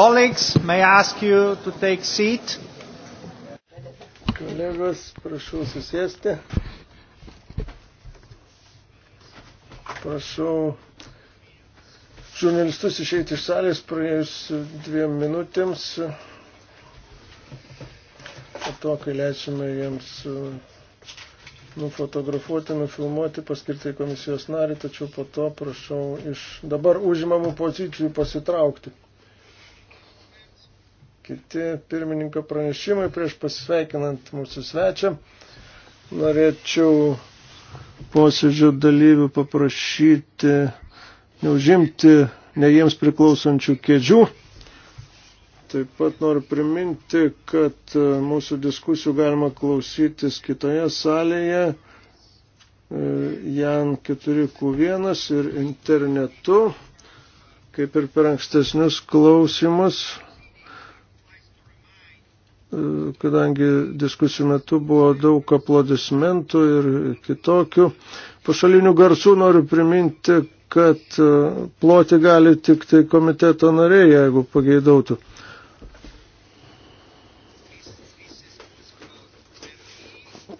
Colleagues, may I ask you to take seat? Kolegos, prašau susėsti. Prašau žurnalistus išeiti iš salės praėjus dviem minutėms. Po to, kai leisime jiems nufotografuoti, nufilmuoti, paskirti komisijos narį, tačiau po to prašau iš dabar užimamų pozicijų pasitraukti kiti pirmininko pranešimai prieš pasveikinant mūsų svečią. Norėčiau posėdžio dalyvių paprašyti neužimti ne jiems priklausančių kėdžių. Taip pat noriu priminti, kad e, mūsų diskusijų galima klausytis kitoje salėje e, Jan 4Q1 ir internetu, kaip ir per ankstesnius klausimus kadangi diskusijų metu buvo daug aplodismentų ir kitokių pašalinių garsų, noriu priminti, kad e, ploti gali tik tai komiteto nariai, jeigu pageidautų.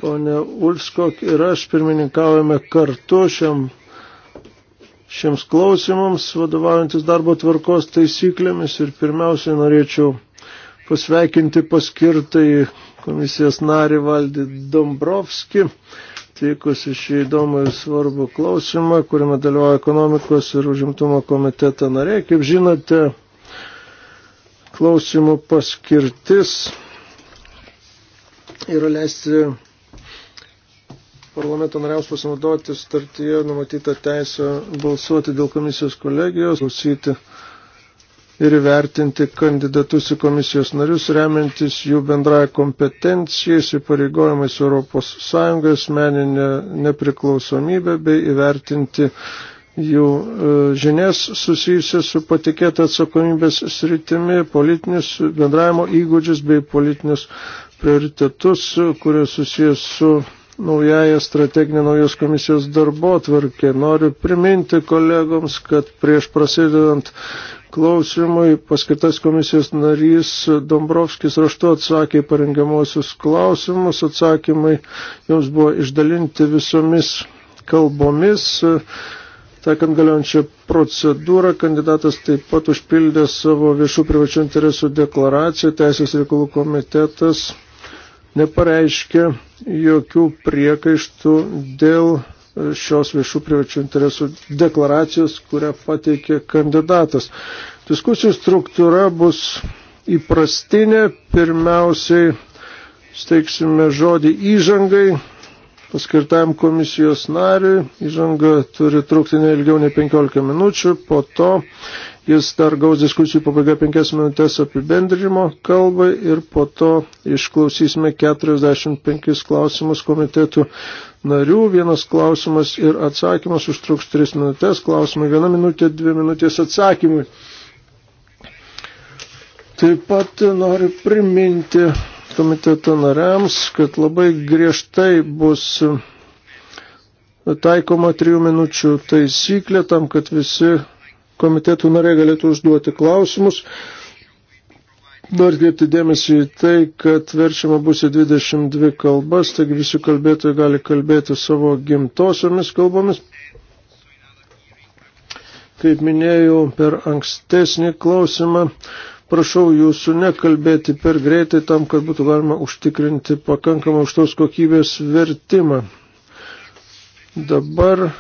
Pone Ulskok ir aš pirmininkaujame kartu šiam, šiems klausimams, vadovaujantis darbo tvarkos taisyklėmis ir pirmiausiai norėčiau pasveikinti paskirtai komisijos narį valdį Dombrovskį, atvykus iš įdomų ir svarbų klausimą, kuriame dalyvauja ekonomikos ir užimtumo komiteto nariai. Kaip žinote, klausimų paskirtis yra leisti parlamento nariams pasinaudoti sutartyje numatytą teisę balsuoti dėl komisijos kolegijos, klausyti ir vertinti kandidatus į komisijos narius, remiantis jų bendrąją kompetenciją, įsipareigojimais Europos Sąjungą, asmeninę nepriklausomybę bei įvertinti jų e, žinias susijusias su patikėta atsakomybės sritimi, politinius bendravimo įgūdžius bei politinius prioritetus, kurie susijęs su naująją strateginę naujos komisijos darbo tvarkę. Noriu priminti kolegoms, kad prieš prasidedant klausimui paskirtas komisijos narys Dombrovskis raštu atsakė į parengiamosius klausimus. Atsakymai jums buvo išdalinti visomis kalbomis. Taikant galiojančią procedūrą, kandidatas taip pat užpildė savo viešų privačių interesų deklaraciją, Teisės reikalų komitetas nepareiškė jokių priekaištų dėl šios viešų privačių interesų deklaracijos, kurią pateikė kandidatas. Diskusijų struktūra bus įprastinė. Pirmiausiai steiksime žodį įžangai paskirtam komisijos nariui. Įžanga turi trukti ne ilgiau nei 15 minučių, po to Jis dar gaus diskusijų pabaiga penkias minutės apibendrimo kalbą ir po to išklausysime 45 klausimus komitetų narių. Vienas klausimas ir atsakymas užtruks 3 minutės. Klausimai 1 minutė, 2 minutės atsakymui. Taip pat noriu priminti komiteto nariams, kad labai griežtai bus taikoma trijų minučių taisyklė tam, kad visi komitetų nariai galėtų užduoti klausimus. Noriu kreipti dėmesį į tai, kad verčiama bus į 22 kalbas, taigi visi kalbėtojai gali kalbėti savo gimtosiomis kalbomis. Kaip minėjau per ankstesnį klausimą, prašau jūsų nekalbėti per greitai tam, kad būtų galima užtikrinti pakankamą aukštos kokybės vertimą. Dabar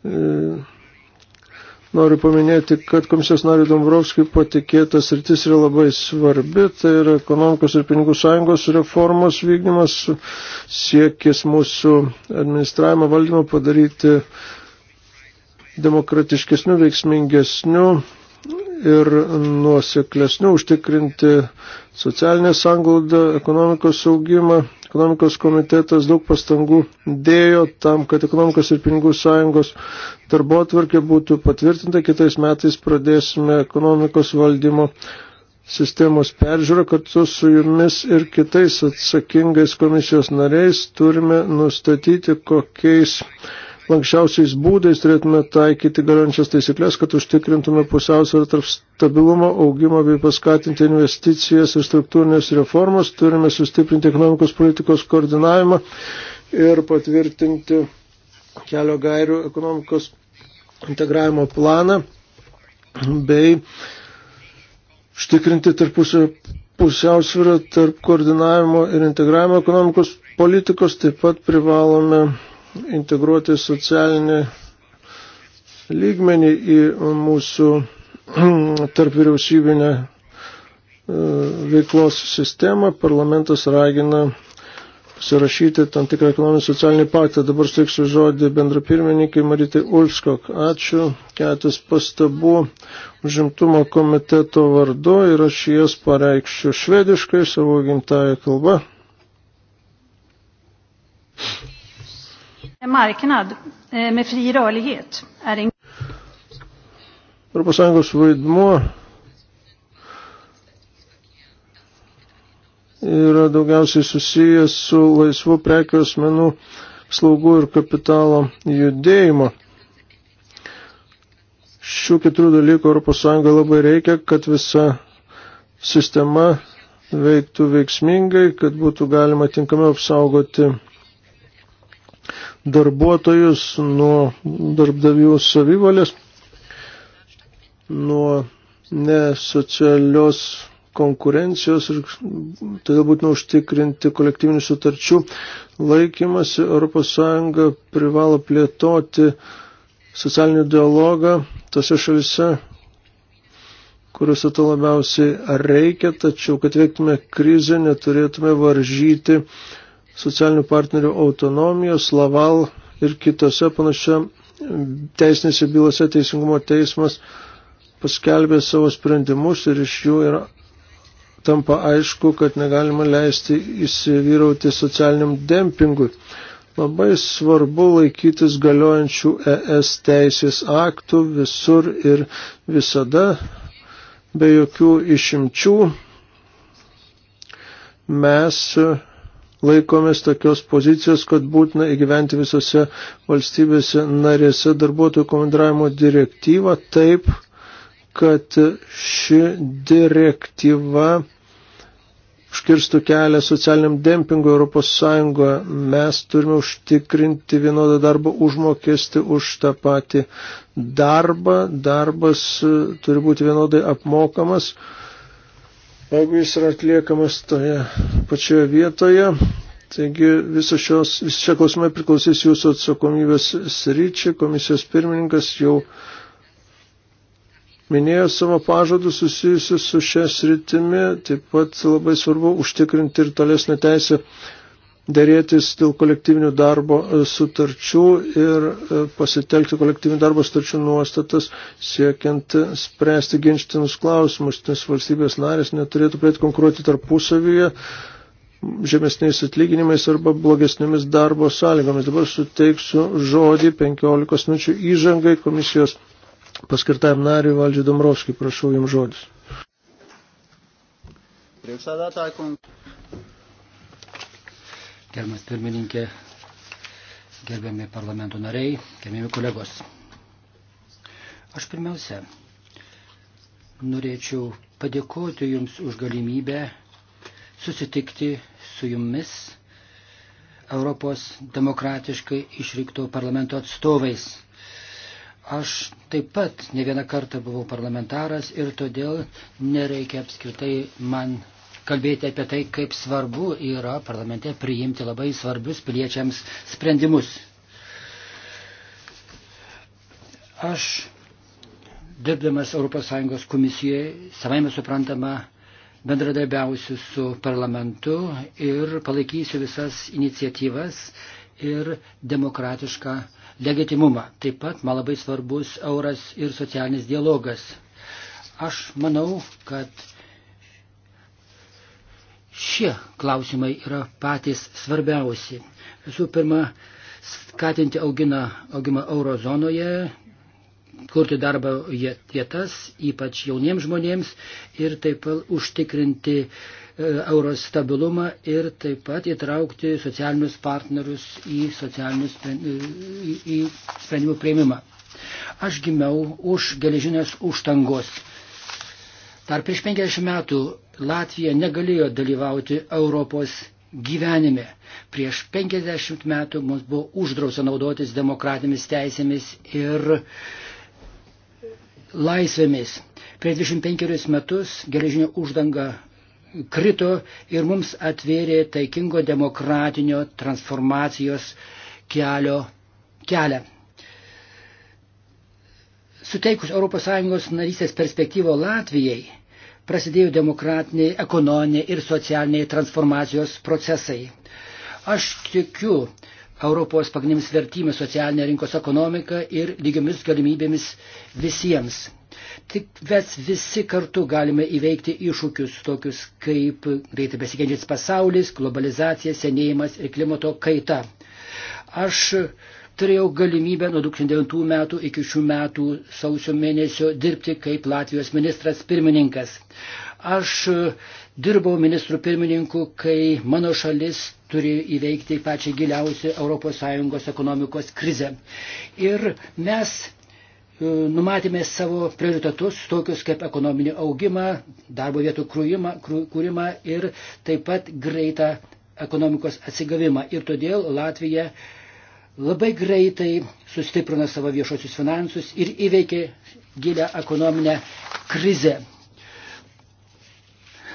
E, noriu paminėti, kad komisijos nariu Dombrovskijui patikėtas rytis yra labai svarbi, tai yra ekonomikos ir pinigų sąjungos reformos vykdymas, siekis mūsų administravimo valdymą padaryti demokratiškesniu, veiksmingesniu ir nuoseklesniu, užtikrinti socialinę sanglaudą, ekonomikos saugimą Ekonomikos komitetas daug pastangų dėjo tam, kad ekonomikos ir pinigų sąjungos darbo atvarkė būtų patvirtinta. Kitais metais pradėsime ekonomikos valdymo sistemos peržiūrą kartu su jumis ir kitais atsakingais komisijos nariais turime nustatyti, kokiais lankščiausiais būdais turėtume taikyti galiojančias taisyklės, kad užtikrintume pusiausvyrą tarp stabilumo, augimo bei paskatinti investicijas ir struktūrinės reformas. Turime sustiprinti ekonomikos politikos koordinavimą ir patvirtinti kelio gairių ekonomikos integravimo planą bei užtikrinti tarpusio pusiausvyrą tarp koordinavimo ir integravimo ekonomikos politikos. Taip pat privalome integruoti socialinį lygmenį į mūsų tarp vyriausybinę e, veiklos sistemą. Parlamentas ragina pasirašyti tam tikrą ekonominį socialinį paktą. Dabar steiksiu žodį bendrapirmininkai Maritai Ulfskok. Ačiū. Ketis pastabų užimtumo komiteto vardu ir aš jas pareikščiu švediškai savo gimtąją kalbą marknad eh, med fri rörlighet är en... Europos Sąjungos vaidmuo yra daugiausiai susijęs su laisvu prekių asmenų slaugų ir kapitalo judėjimo. Šių keturių dalykų ES labai reikia, kad visa sistema veiktų veiksmingai, kad būtų galima tinkamai apsaugoti darbuotojus nuo darbdavių savivalės, nuo nesocialios konkurencijos ir todėl būtina užtikrinti kolektyvinių sutarčių laikymasi. ES privalo plėtoti socialinį dialogą tose šalise, kuriuose to labiausiai reikia, tačiau kad veiktume krizę, neturėtume varžyti uh, socialinių partnerių autonomijos, Laval ir kitose panašia teisinėse bylose teisingumo teismas paskelbė savo sprendimus ir iš jų yra tampa aišku, kad negalima leisti įsivyrauti socialiniam dempingui. Labai svarbu laikytis galiojančių ES teisės aktų visur ir visada, be jokių išimčių. Mes laikomės tokios pozicijos, kad būtina įgyventi visose valstybėse narėse darbuotojų komandiravimo direktyvą taip, kad ši direktyva užkirstų kelią socialiniam dempingui Europos Sąjungoje, mes turime užtikrinti vienodą darbo užmokestį už tą patį darbą. Darbas turi būti vienodai apmokamas jeigu jis yra atliekamas toje pačioje vietoje. Taigi visos šios, visi šie klausimai priklausys jūsų atsakomybės sryčiai. Komisijos pirmininkas jau minėjo savo pažadus susijusius su šia sritimi. Taip pat labai svarbu užtikrinti ir tolesnę teisę dėrėtis dėl kolektyvinių darbo e, sutarčių ir e, pasitelkti kolektyvinių darbo sutarčių nuostatas, siekiant e, spręsti ginčytinus klausimus, nes valstybės narės neturėtų pradėti konkuruoti tarpusavyje žemesniais atlyginimais arba blogesnėmis darbo sąlygomis. Dabar suteiksiu žodį 15 minučių įžangai komisijos paskirtajam nariui Valdžiu Domrovskijui. Prašau jums žodis. Prieš Gerbiamas pirmininkė, gerbiami parlamento nariai, gerbiami kolegos. Aš pirmiausia norėčiau padėkoti Jums už galimybę susitikti su Jumis Europos demokratiškai išrikto parlamento atstovais. Aš taip pat ne vieną kartą buvau parlamentaras ir todėl nereikia apskritai man kalbėti apie tai, kaip svarbu yra parlamente priimti labai svarbius piliečiams sprendimus. Aš, dirbdamas ES komisijoje, savai mes suprantama, bendradarbiausiu su parlamentu ir palaikysiu visas iniciatyvas ir demokratišką legitimumą. Taip pat man labai svarbus euras ir socialinis dialogas. Aš manau, kad šie klausimai yra patys svarbiausi. Visų pirma, skatinti augina, augimą eurozonoje, kurti darbo vietas, ypač jauniems žmonėms ir taip pat užtikrinti e, euro stabilumą ir taip pat įtraukti socialinius partnerius į, socialinius, e, į, į sprendimų prieimimą. Aš gimiau už geležinės užtangos Dar prieš 50 metų Latvija negalėjo dalyvauti Europos gyvenime. Prieš 50 metų mums buvo uždrausta naudotis demokratinėmis teisėmis ir laisvėmis. Prieš 25 metus geležinio uždanga krito ir mums atvėrė taikingo demokratinio transformacijos kelio kelią. Suteikus ES narystės perspektyvo Latvijai, prasidėjo demokratiniai, ekonominiai ir socialiniai transformacijos procesai. Aš tikiu Europos pagrindinėmis vertybėmis socialinė rinkos ekonomika ir lygiomis galimybėmis visiems. Tik mes visi kartu galime įveikti iššūkius tokius kaip greitai besikeičiantis pasaulis, globalizacija, senėjimas ir klimato kaita. Aš turėjau galimybę nuo 2009 metų iki šių metų sausio mėnesio dirbti kaip Latvijos ministras pirmininkas. Aš e, dirbau ministrų pirmininku, kai mano šalis turi įveikti pačią giliausią ES ekonomikos krizę. Ir mes e, numatėme savo prioritetus, tokius kaip ekonominį augimą, darbo vietų krūjimą, kūrimą ir taip pat greitą ekonomikos atsigavimą. Ir todėl Latvija uh, labai greitai sustiprino savo viešosius finansus ir įveikė gilę ekonominę krizę.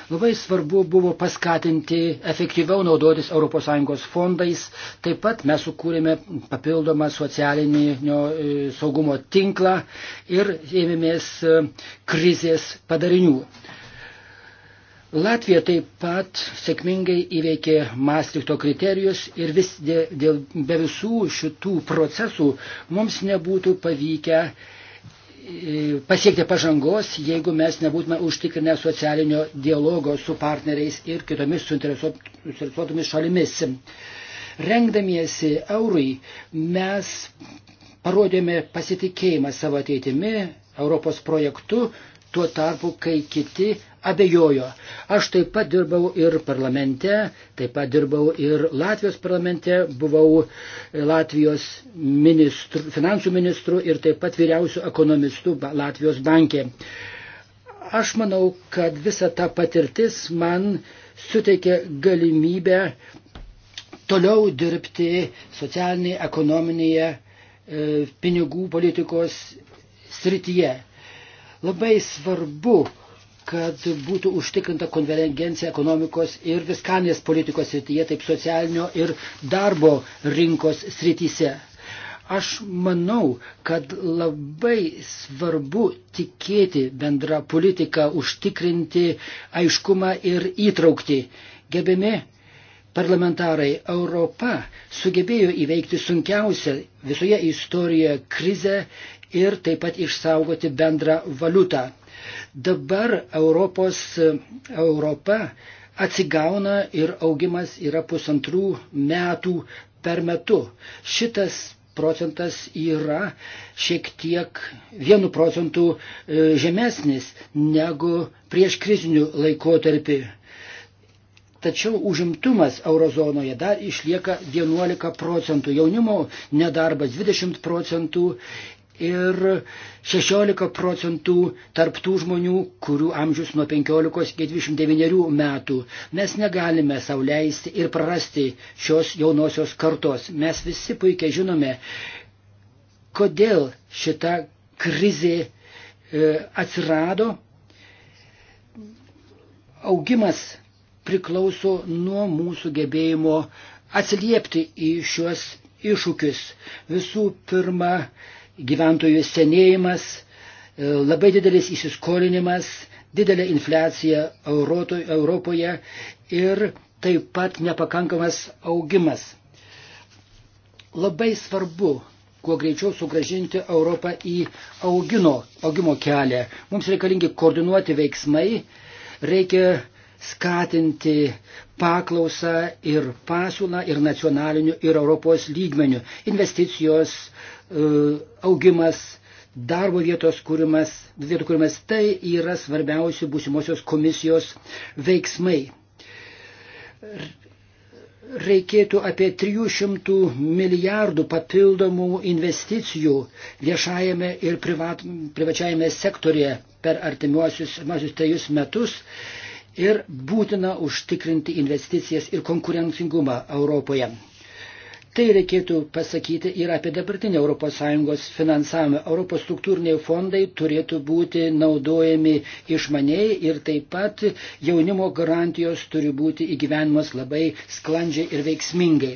Labai svarbu buvo paskatinti efektyviau naudotis ES fondais. Taip pat mes sukūrėme papildomą socialinio e, saugumo tinklą ir ėmėmės e, krizės padarinių. Latvija taip pat sėkmingai įveikė Maastrichto kriterijus ir vis dėl, dėl be visų šitų procesų mums nebūtų pavykę e, pasiekti pažangos, jeigu mes nebūtume užtikrinę socialinio dialogo su partneriais ir kitomis suinteresuotomis šalimis. Rengdamiesi eurui mes parodėme pasitikėjimą savo ateitimi, Europos projektu, tuo tarpu, kai kiti abejojo. Aš taip pat dirbau ir parlamente, taip pat dirbau ir Latvijos parlamente, buvau e, Latvijos ministru, finansų ministru ir taip pat vyriausių ekonomistų Latvijos bankė. Aš manau, kad visa ta patirtis man suteikė galimybę toliau dirbti socialinėje, ekonominėje, e, pinigų politikos srityje. Labai svarbu, kad būtų užtikrinta konvergencija ekonomikos ir viskanės politikos srityje, taip socialinio ir darbo rinkos srityse. Aš manau, kad labai svarbu tikėti bendrą politiką, užtikrinti aiškumą ir įtraukti. Gebimi parlamentarai, Europa sugebėjo įveikti sunkiausią visoje istorijoje krizę ir taip pat išsaugoti bendrą valiutą. Dabar Europos, Europa atsigauna ir augimas yra pusantrų metų per metu. Šitas procentas yra šiek tiek vienu procentu e, žemesnis negu prieš krizinių laikotarpį. Tačiau užimtumas eurozonoje dar išlieka 11 procentų, jaunimo nedarbas 20 procentų ir 16 procentų tarptų žmonių, kurių amžius nuo 15 iki 29 metų. Mes negalime sauliaisti ir prarasti šios jaunosios kartos. Mes visi puikiai žinome, kodėl šita krizė e, atsirado. Augimas priklauso nuo mūsų gebėjimo atsiliepti į šiuos iššūkius. Visų pirma, gyventojų senėjimas, e, labai didelis įsiskolinimas, didelė infliacija Europoje ir taip pat nepakankamas augimas. Labai svarbu kuo greičiau sugražinti Europą į augino, augimo kelią. Mums reikalingi koordinuoti veiksmai, reikia skatinti paklausą ir pasiūlą ir nacionaliniu, ir Europos lygmeniu. Investicijos, E, augimas, darbo vietos kūrimas, vietų kūrimas, tai yra svarbiausi būsimosios komisijos veiksmai. Reikėtų apie 300 milijardų papildomų investicijų viešajame ir privat, privačiajame sektorėje per artimiausius trejus metus ir būtina užtikrinti investicijas ir konkurencingumą Europoje. Tai reikėtų pasakyti ir apie dabartinį ES finansavimą. Europos struktūriniai fondai turėtų būti naudojami išmaniai ir taip pat jaunimo garantijos turi būti įgyvenimas labai sklandžiai ir veiksmingai.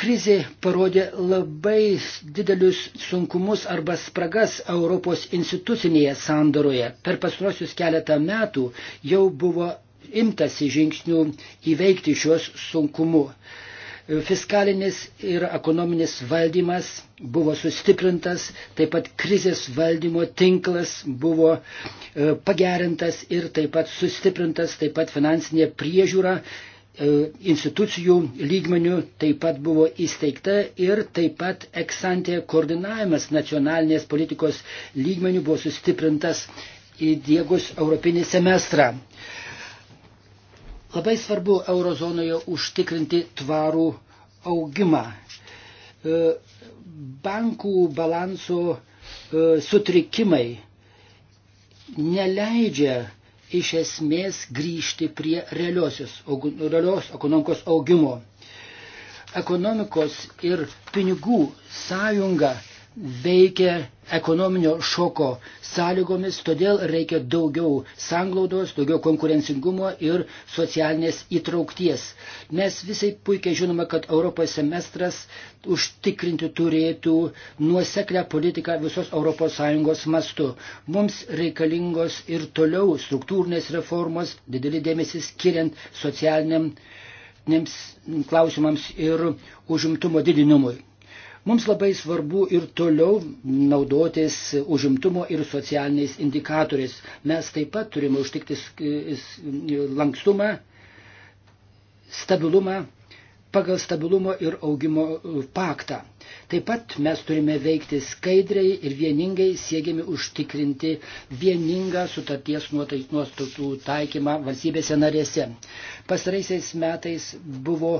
Krizė parodė labai didelius sunkumus arba spragas Europos institucinėje sandoroje. Per pastarosius keletą metų jau buvo imtasi žingsnių įveikti šios sunkumu. Fiskalinis ir ekonominis valdymas buvo sustiprintas, taip pat krizės valdymo tinklas buvo e, pagerintas ir taip pat sustiprintas, taip pat finansinė priežiūra e, institucijų lygmenių taip pat buvo įsteigta ir taip pat eksantė koordinavimas nacionalinės politikos lygmenių buvo sustiprintas įdėgus Europinį semestrą. Labai svarbu eurozonoje užtikrinti tvarų augimą. E, bankų balanso e, sutrikimai neleidžia iš esmės grįžti prie realiosios, realios ekonomikos augimo. Ekonomikos ir pinigų sąjunga veikia ekonominio šoko sąlygomis, todėl reikia daugiau sanglaudos, daugiau konkurencingumo ir socialinės įtraukties. Mes visai puikiai žinome, kad Europos semestras užtikrinti turėtų nuoseklę politiką visos ES mastu. Mums reikalingos ir toliau struktūrinės reformos, didelį dėmesį skiriant socialiniams klausimams ir užimtumo didinimui. Mums labai svarbu ir toliau naudotis užimtumo ir socialiniais indikatoriais. Mes taip pat turime užtikti e, e, lankstumą, stabilumą pagal stabilumo ir augimo paktą. Taip pat mes turime veikti skaidriai ir vieningai siekiami užtikrinti vieningą sutarties nuostatų taikymą valstybėse narėse. Pastaraisiais metais buvo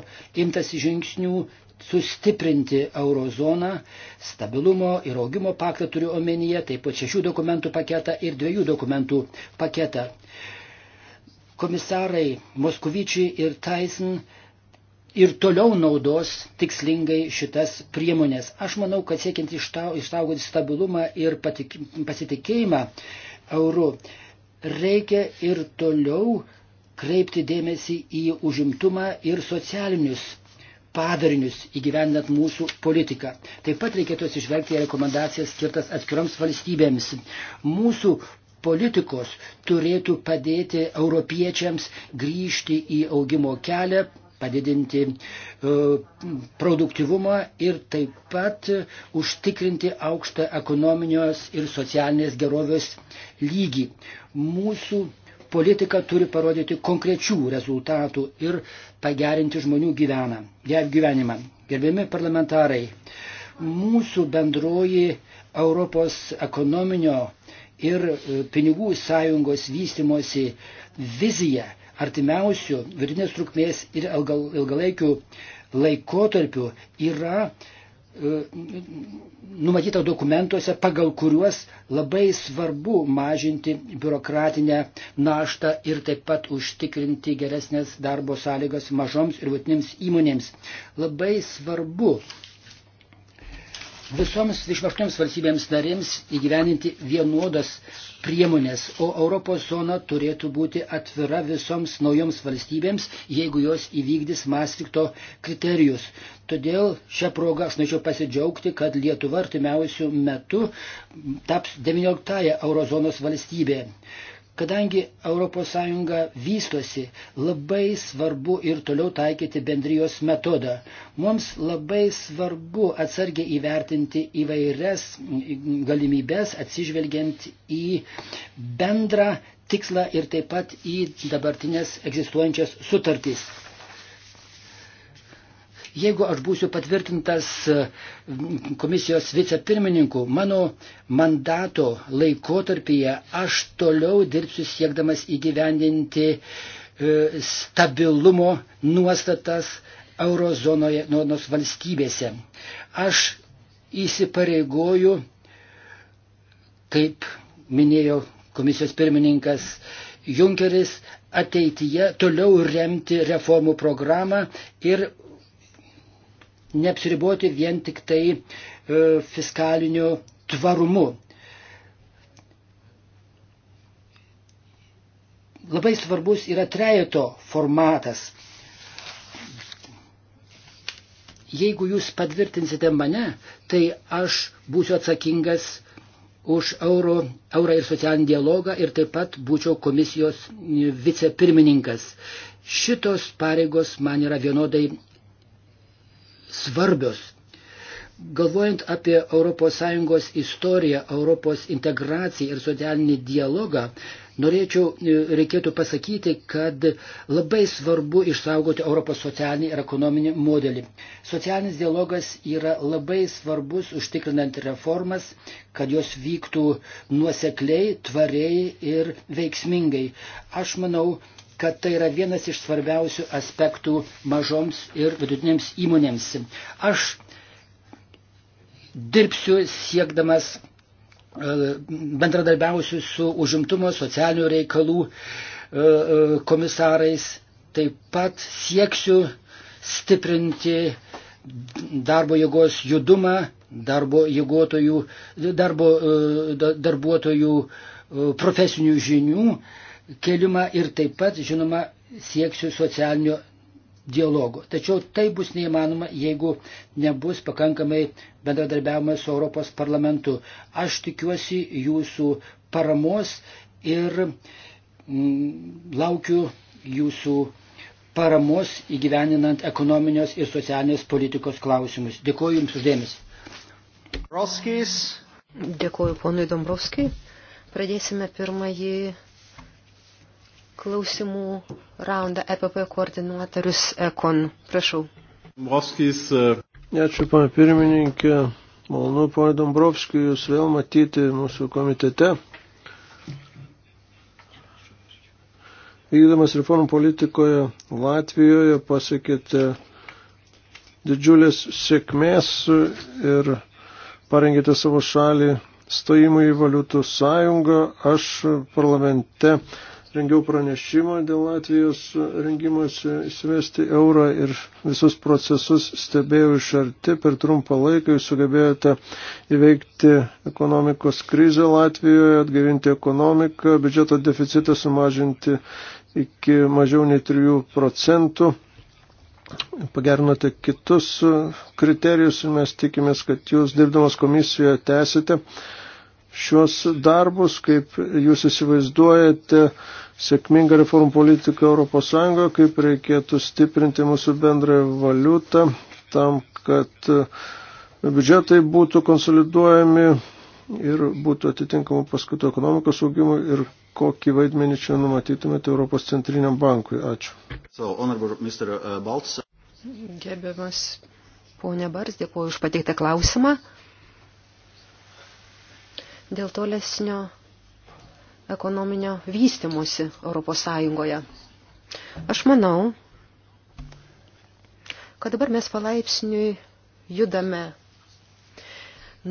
imtas žingsnių sustiprinti eurozoną, stabilumo ir augimo paktą turiu omenyje, taip pat šešių dokumentų paketą ir dviejų dokumentų paketą. Komisarai Moskovičiai ir Tyson ir toliau naudos tikslingai šitas priemonės. Aš manau, kad siekiant išsaugoti stabilumą ir patik, pasitikėjimą eurų, reikia ir toliau kreipti dėmesį į užimtumą ir socialinius padarinius įgyvendant mūsų politiką. Taip pat reikėtų atsižvelgti į rekomendacijas skirtas atskiroms valstybėms. Mūsų politikos turėtų padėti europiečiams grįžti į augimo kelią, padidinti e, produktivumą ir taip pat užtikrinti aukštą ekonominios ir socialinės gerovės lygį. Mūsų politika turi parodyti konkrečių rezultatų ir pagerinti žmonių gyveną, gyvenimą. Gerbiami parlamentarai, mūsų bendroji Europos ekonominio ir e, pinigų sąjungos vystimosi vizija artimiausių vidutinės trukmės ir ilgalaikių laikotarpių yra numatyta dokumentuose, pagal kuriuos labai svarbu mažinti biurokratinę naštą ir taip pat užtikrinti geresnės darbo sąlygas mažoms ir vidutinėms įmonėms. Labai svarbu visoms 28 valstybėms narėms įgyveninti vienodas priemonės, o Europos zona turėtų būti atvira visoms naujoms valstybėms, jeigu jos įvykdys Mastrikto kriterijus. Todėl šią progą aš norėčiau pasidžiaugti, kad Lietuva artimiausių metų taps 19-ąją eurozonos valstybė. Kadangi ES vystosi, labai svarbu ir toliau taikyti bendrijos metodą. Mums labai svarbu atsargiai įvertinti įvairias galimybės atsižvelgiant į bendrą tikslą ir taip pat į dabartinės egzistuojančias sutartys. Jeigu aš būsiu patvirtintas e, komisijos vicepirmininku, mano mandato laikotarpyje aš toliau dirbsiu siekdamas įgyvendinti e, stabilumo nuostatas eurozonoje nuonos valstybėse. Aš įsipareigoju, kaip minėjo komisijos pirmininkas Junkeris, ateityje toliau remti reformų programą ir neapsiriboti vien tik tai e, fiskaliniu tvarumu. Labai svarbus yra trejeto formatas. Jeigu jūs patvirtinsite mane, tai aš būsiu atsakingas už euro, eurą ir socialinį dialogą ir taip pat būčiau komisijos vicepirmininkas. Šitos pareigos man yra vienodai svarbios. Galvojant apie ES istoriją, Europos integraciją ir socialinį dialogą, norėčiau, e, reikėtų pasakyti, kad labai svarbu išsaugoti Europos socialinį ir ekonominį modelį. Socialinis dialogas yra labai svarbus užtikrinant reformas, kad jos vyktų nuosekliai, tvariai ir veiksmingai. Aš manau, kad tai yra vienas iš svarbiausių aspektų mažoms ir vidutinėms įmonėms. Aš dirbsiu siekdamas e, bendradarbiausiu su užimtumo socialinių reikalų e, e, komisarais, taip pat sieksiu stiprinti darbo jėgos judumą, darbo, jėgotojų, darbo darbuotojų profesinių žinių keliumą ir taip pat, žinoma, sieksiu socialinio dialogo. Tačiau tai bus neįmanoma, jeigu nebus pakankamai bendradarbiavimas su Europos parlamentu. Aš tikiuosi jūsų paramos ir mm, laukiu jūsų paramos įgyveninant ekonominės ir socialinės politikos klausimus. Dėkuoju Jums uždėmesi. Roskis. Dėkuoju ponui Dombrovskijui. Pradėsime pirmąjį klausimų raundą EPP koordinatorius Ekon. Prašau. Dombrovskis. E, Ačiū, pana pirmininkė. Malonu, pana Dombrovskį, jūs vėl matyti mūsų komitete. Vykdamas reformų politikoje Latvijoje pasiekėte didžiulės sėkmės ir parengėte savo šalį stojimui į valiutų sąjungą. Aš parlamente rengiau pranešimą dėl Latvijos rengimosi įsivesti eurą ir visus procesus stebėjau iš arti per trumpą laiką. Jūs sugebėjote įveikti ekonomikos krizę Latvijoje, atgaivinti ekonomiką, biudžeto deficitą sumažinti iki mažiau nei 3 procentų. Pagerinote kitus kriterijus ir mes tikimės, kad jūs dirbdamas komisijoje tęsite šios darbus, kaip jūs įsivaizduojate sėkmingą reformų politiką ES, kaip reikėtų stiprinti mūsų bendrąją valiutą tam, kad e, biudžetai būtų konsoliduojami ir būtų atitinkamų paskatų ekonomikos augimui ir kokį vaidmenį čia numatytumėte Europos centriniam bankui. Ačiū. So, uh, Gerbiamas ponė Bars, dėkuoju už pateiktą klausimą dėl tolesnio ekonominio vystimusi Europos Sąjungoje. Aš manau, kad dabar mes palaipsniui judame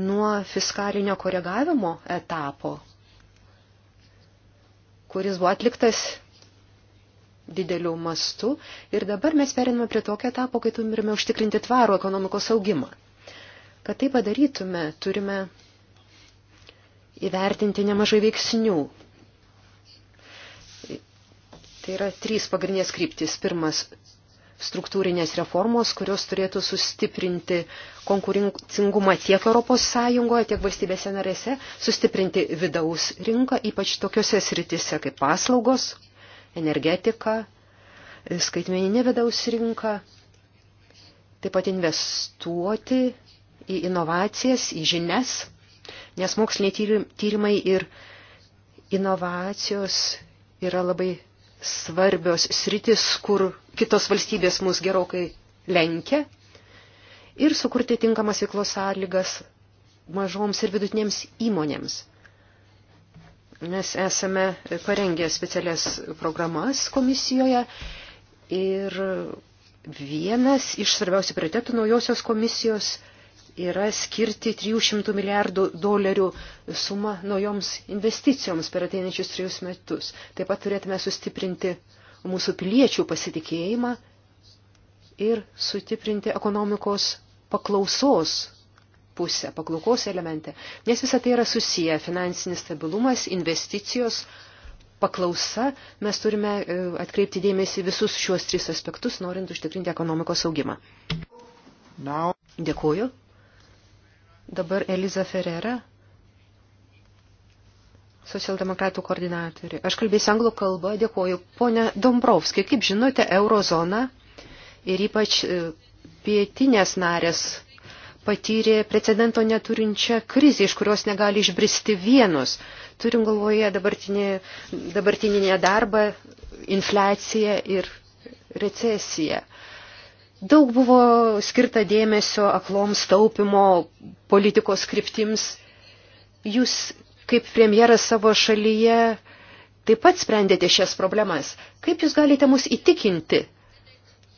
nuo fiskalinio koregavimo etapo, kuris buvo atliktas dideliu mastu ir dabar mes periname prie tokio etapo, kai turime užtikrinti tvarų ekonomikos augimą. Kad tai padarytume, turime įvertinti nemažai veiksnių. Tai yra trys pagrindinės kryptis. Pirmas - struktūrinės reformos, kurios turėtų sustiprinti konkurencingumą tiek ES, tiek valstybėse narėse, sustiprinti vidaus rinką, ypač tokiuose sritise kaip paslaugos, energetika, skaitmeninė vidaus rinka, taip pat investuoti į inovacijas, į žinias nes moksliniai tyrimai ir inovacijos yra labai svarbios sritis, kur kitos valstybės mus gerokai lenkia ir sukurti tinkamas veiklos sąlygas mažoms ir vidutinėms įmonėms. Mes esame parengę specialias programas komisijoje ir vienas iš svarbiausių prioritetų naujosios komisijos – yra skirti 300 milijardų dolerių sumą naujoms investicijoms per ateinančius trejus metus. Taip pat turėtume sustiprinti mūsų piliečių pasitikėjimą ir sutiprinti ekonomikos paklausos pusę, paklaukos elemente, nes visą tai yra susiję finansinis stabilumas, investicijos, paklausa, mes turime e, atkreipti dėmesį visus šiuos tris aspektus, norint užtikrinti ekonomikos augimą. Now. Dėkuoju. Dabar Eliza Ferrera, socialdemokratų koordinatorių. Aš kalbėsiu anglų kalbą, dėkuoju. Pone Dombrovski, kaip žinote, eurozona ir ypač e, pietinės narės patyrė precedento neturinčią krizę, iš kurios negali išbristi vienus. Turim galvoje dabartinį, dabartinį nedarbą, infliaciją ir recesiją. Daug buvo skirta dėmesio akloms taupimo politikos kryptims. Jūs kaip premjeras savo šalyje taip pat sprendėte šias problemas. Kaip jūs galite mus įtikinti,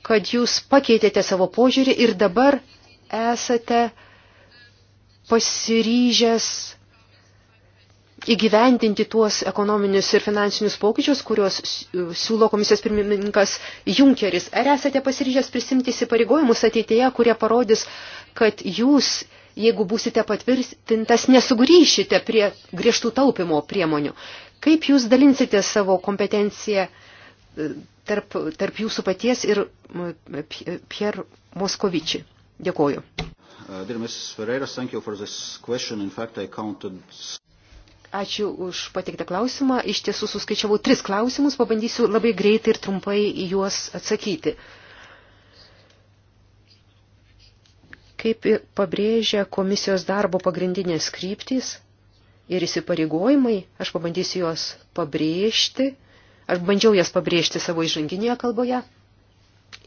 kad jūs pakeitėte savo požiūrį ir dabar esate pasiryžęs įgyvendinti tuos ekonominius ir finansinius pokyčius, kuriuos e, siūlo komisijos pirmininkas Junkeris. Ar esate pasiryžęs prisimti įsipareigojimus ateityje, kurie parodys, kad jūs, jeigu būsite patvirtintas, nesugrįšite prie griežtų taupimo priemonių? Kaip jūs dalinsite savo kompetenciją e, tarp, tarp jūsų paties ir Pierre Moskovičiai? Dėkoju. Uh, dear Mrs. Ferreira, thank you for this question. In fact, I counted Ačiū už pateiktą klausimą. Iš tiesų suskaičiavau tris klausimus, pabandysiu labai greitai ir trumpai į juos atsakyti. Kaip pabrėžia komisijos darbo pagrindinės kryptys ir įsipareigojimai, aš pabandysiu juos pabrėžti. Aš bandžiau jas pabrėžti savo įžanginėje kalboje.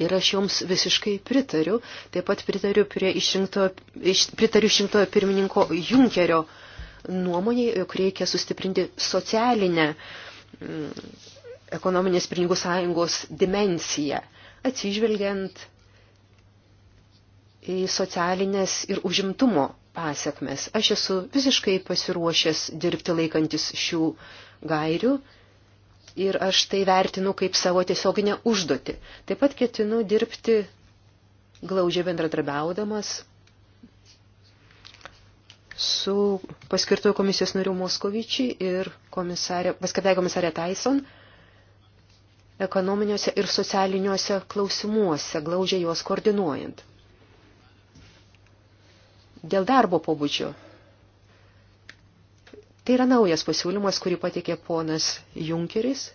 Ir aš joms visiškai pritariu. Taip pat pritariu, prie išrinkto, iš, pritariu išrinktojo pirmininko Junkerio uh, nuomonė, jog reikia sustiprinti socialinę mm, ekonominės pinigų sąjungos dimensiją, atsižvelgiant į socialinės ir užimtumo pasiekmes. Aš esu visiškai pasiruošęs dirbti laikantis šių gairių ir aš tai vertinu kaip savo tiesioginę užduotį. Taip pat ketinu dirbti glaudžiai bendradarbiaudamas su paskirtojo komisijos nariu Moskovičiai ir komisarė, paskirtai komisarė Tyson ekonominiuose ir socialiniuose klausimuose, glaudžiai juos koordinuojant. Dėl darbo pobūdžio. Tai yra naujas pasiūlymas, kurį patikė ponas Junkeris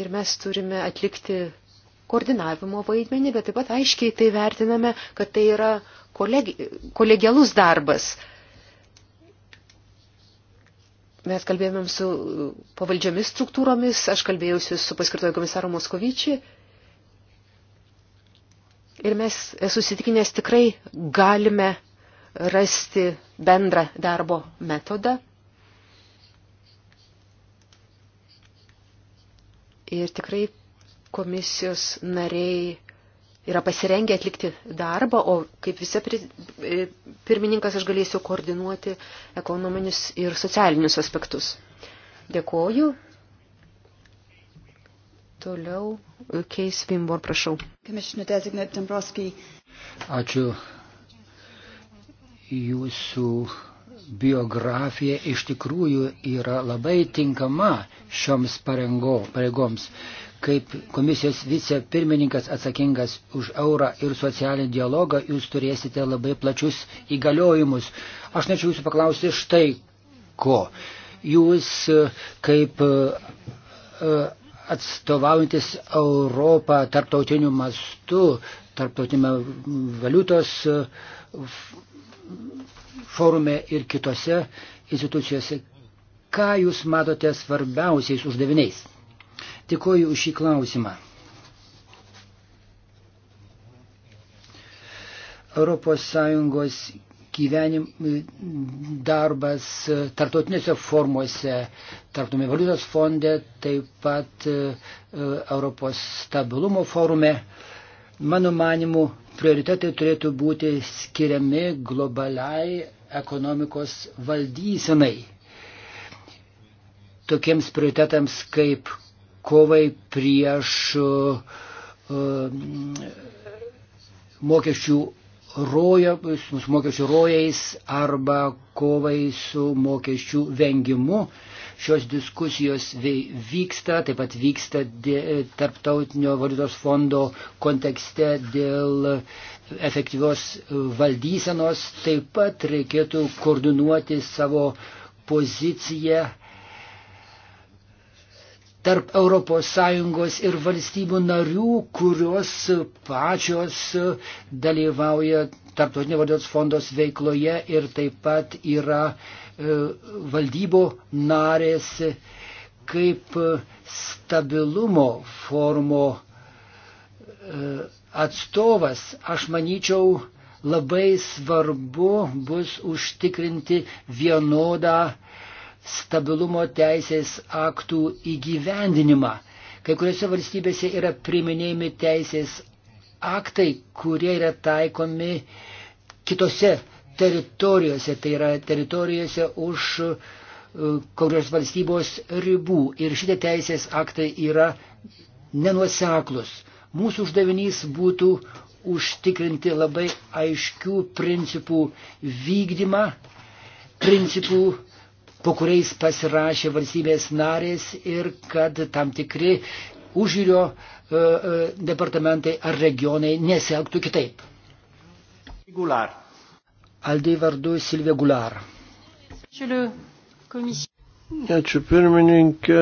ir mes turime atlikti koordinavimo vaidmenį, bet taip pat aiškiai tai vertiname, kad tai yra kolegi, kolegialus darbas. Mes kalbėjomėm su pavaldžiomis struktūromis, aš kalbėjausi su paskirtojo komisaro Moskovyčiai ir mes susitikinęs tikrai galime rasti bendrą darbo metodą. Ir tikrai komisijos nariai yra pasirengę atlikti darbą, o kaip visi e, pirmininkas aš galėsiu koordinuoti ekonominius ir socialinius aspektus. Dėkuoju. Toliau e, Keis Vimbor, prašau. Ačiū. Jūsų biografija iš tikrųjų yra labai tinkama šioms pareigoms kaip komisijos vicepirmininkas atsakingas už eurą ir socialinį dialogą, jūs turėsite labai plačius įgaliojimus. Aš nečiau jūsų paklausti štai ko. Jūs kaip e, atstovaujantis Europą tarptautiniu mastu, tarptautinio valiutos e, forume ir kitose institucijose, ką jūs matote svarbiausiais uždaviniais? Tikoju už šį klausimą. ES gyvenim, darbas tartotinėse formuose, tartumė valiutos fonde, taip pat e, Europos stabilumo forume. Mano manimu, prioritetai turėtų būti skiriami globaliai ekonomikos valdysenai. Tokiems prioritetams kaip kovai prieš e, mokesčių, rojo, su mokesčių rojais arba kovai su mokesčių vengimu. Šios diskusijos vyksta, taip pat vyksta Tarptautinio valiutos fondo kontekste dėl efektyvios valdysenos. Taip pat reikėtų koordinuoti savo poziciją tarp ES ir valstybių narių, kurios pačios dalyvauja Tarptautinio valiutos fondos veikloje ir taip pat yra e, valdybo narės kaip stabilumo formo e, atstovas, aš manyčiau, labai svarbu bus užtikrinti vienodą stabilumo teisės aktų įgyvendinimą. Kai kuriuose valstybėse yra priminėjami teisės aktai, kurie yra taikomi kitose teritorijose, tai yra teritorijose už e, kurios valstybos ribų. Ir šitie teisės aktai yra nenuoseklus. Mūsų uždavinys būtų užtikrinti labai aiškių principų vykdymą, principų po kuriais pasirašė valstybės narės ir kad tam tikri užžiūrio e, e, departamentai ar regionai nesielgtų kitaip. Gular. Aldai vardu Silvė Gular. Ačiū pirmininkė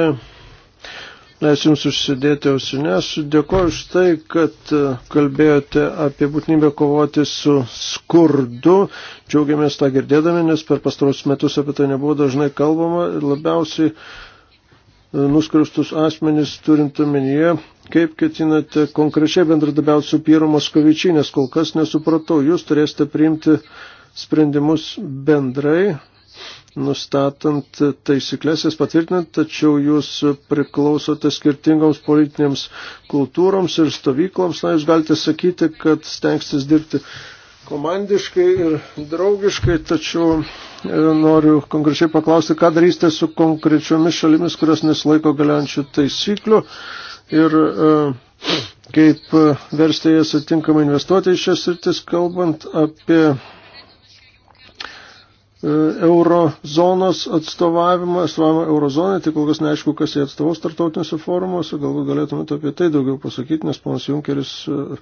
leis jums užsidėti ausinės. Dėkuoju už tai, kad e, kalbėjote apie būtinybę kovoti su skurdu. Džiaugiamės tą girdėdami, nes per pastarus metus apie tai nebuvo dažnai kalbama ir labiausiai e, nuskriustus asmenys turint omenyje, kaip ketinate konkrečiai bendradabiauti su Pyro Moskovičiai, nes kol kas nesupratau, jūs turėsite priimti sprendimus bendrai, nustatant taisyklės, jas patvirtinant, tačiau jūs priklausote skirtingoms politinėms kultūroms ir stovykloms. Na, jūs galite sakyti, kad stengstis dirbti komandiškai ir draugiškai, tačiau e, noriu konkrečiai paklausti, ką darysite su konkrečiomis šalimis, kurios nesilaiko galiančių taisyklių ir e, kaip versti jas atinkamai investuoti į šias rytis, kalbant apie E, eurozonos atstovavimą, atstovavimą eurozonai, tik kol kas neaišku, kas jie atstovaus tartautiniuose forumuose, galbūt galėtumėte apie tai daugiau pasakyti, nes ponas Junkeris e,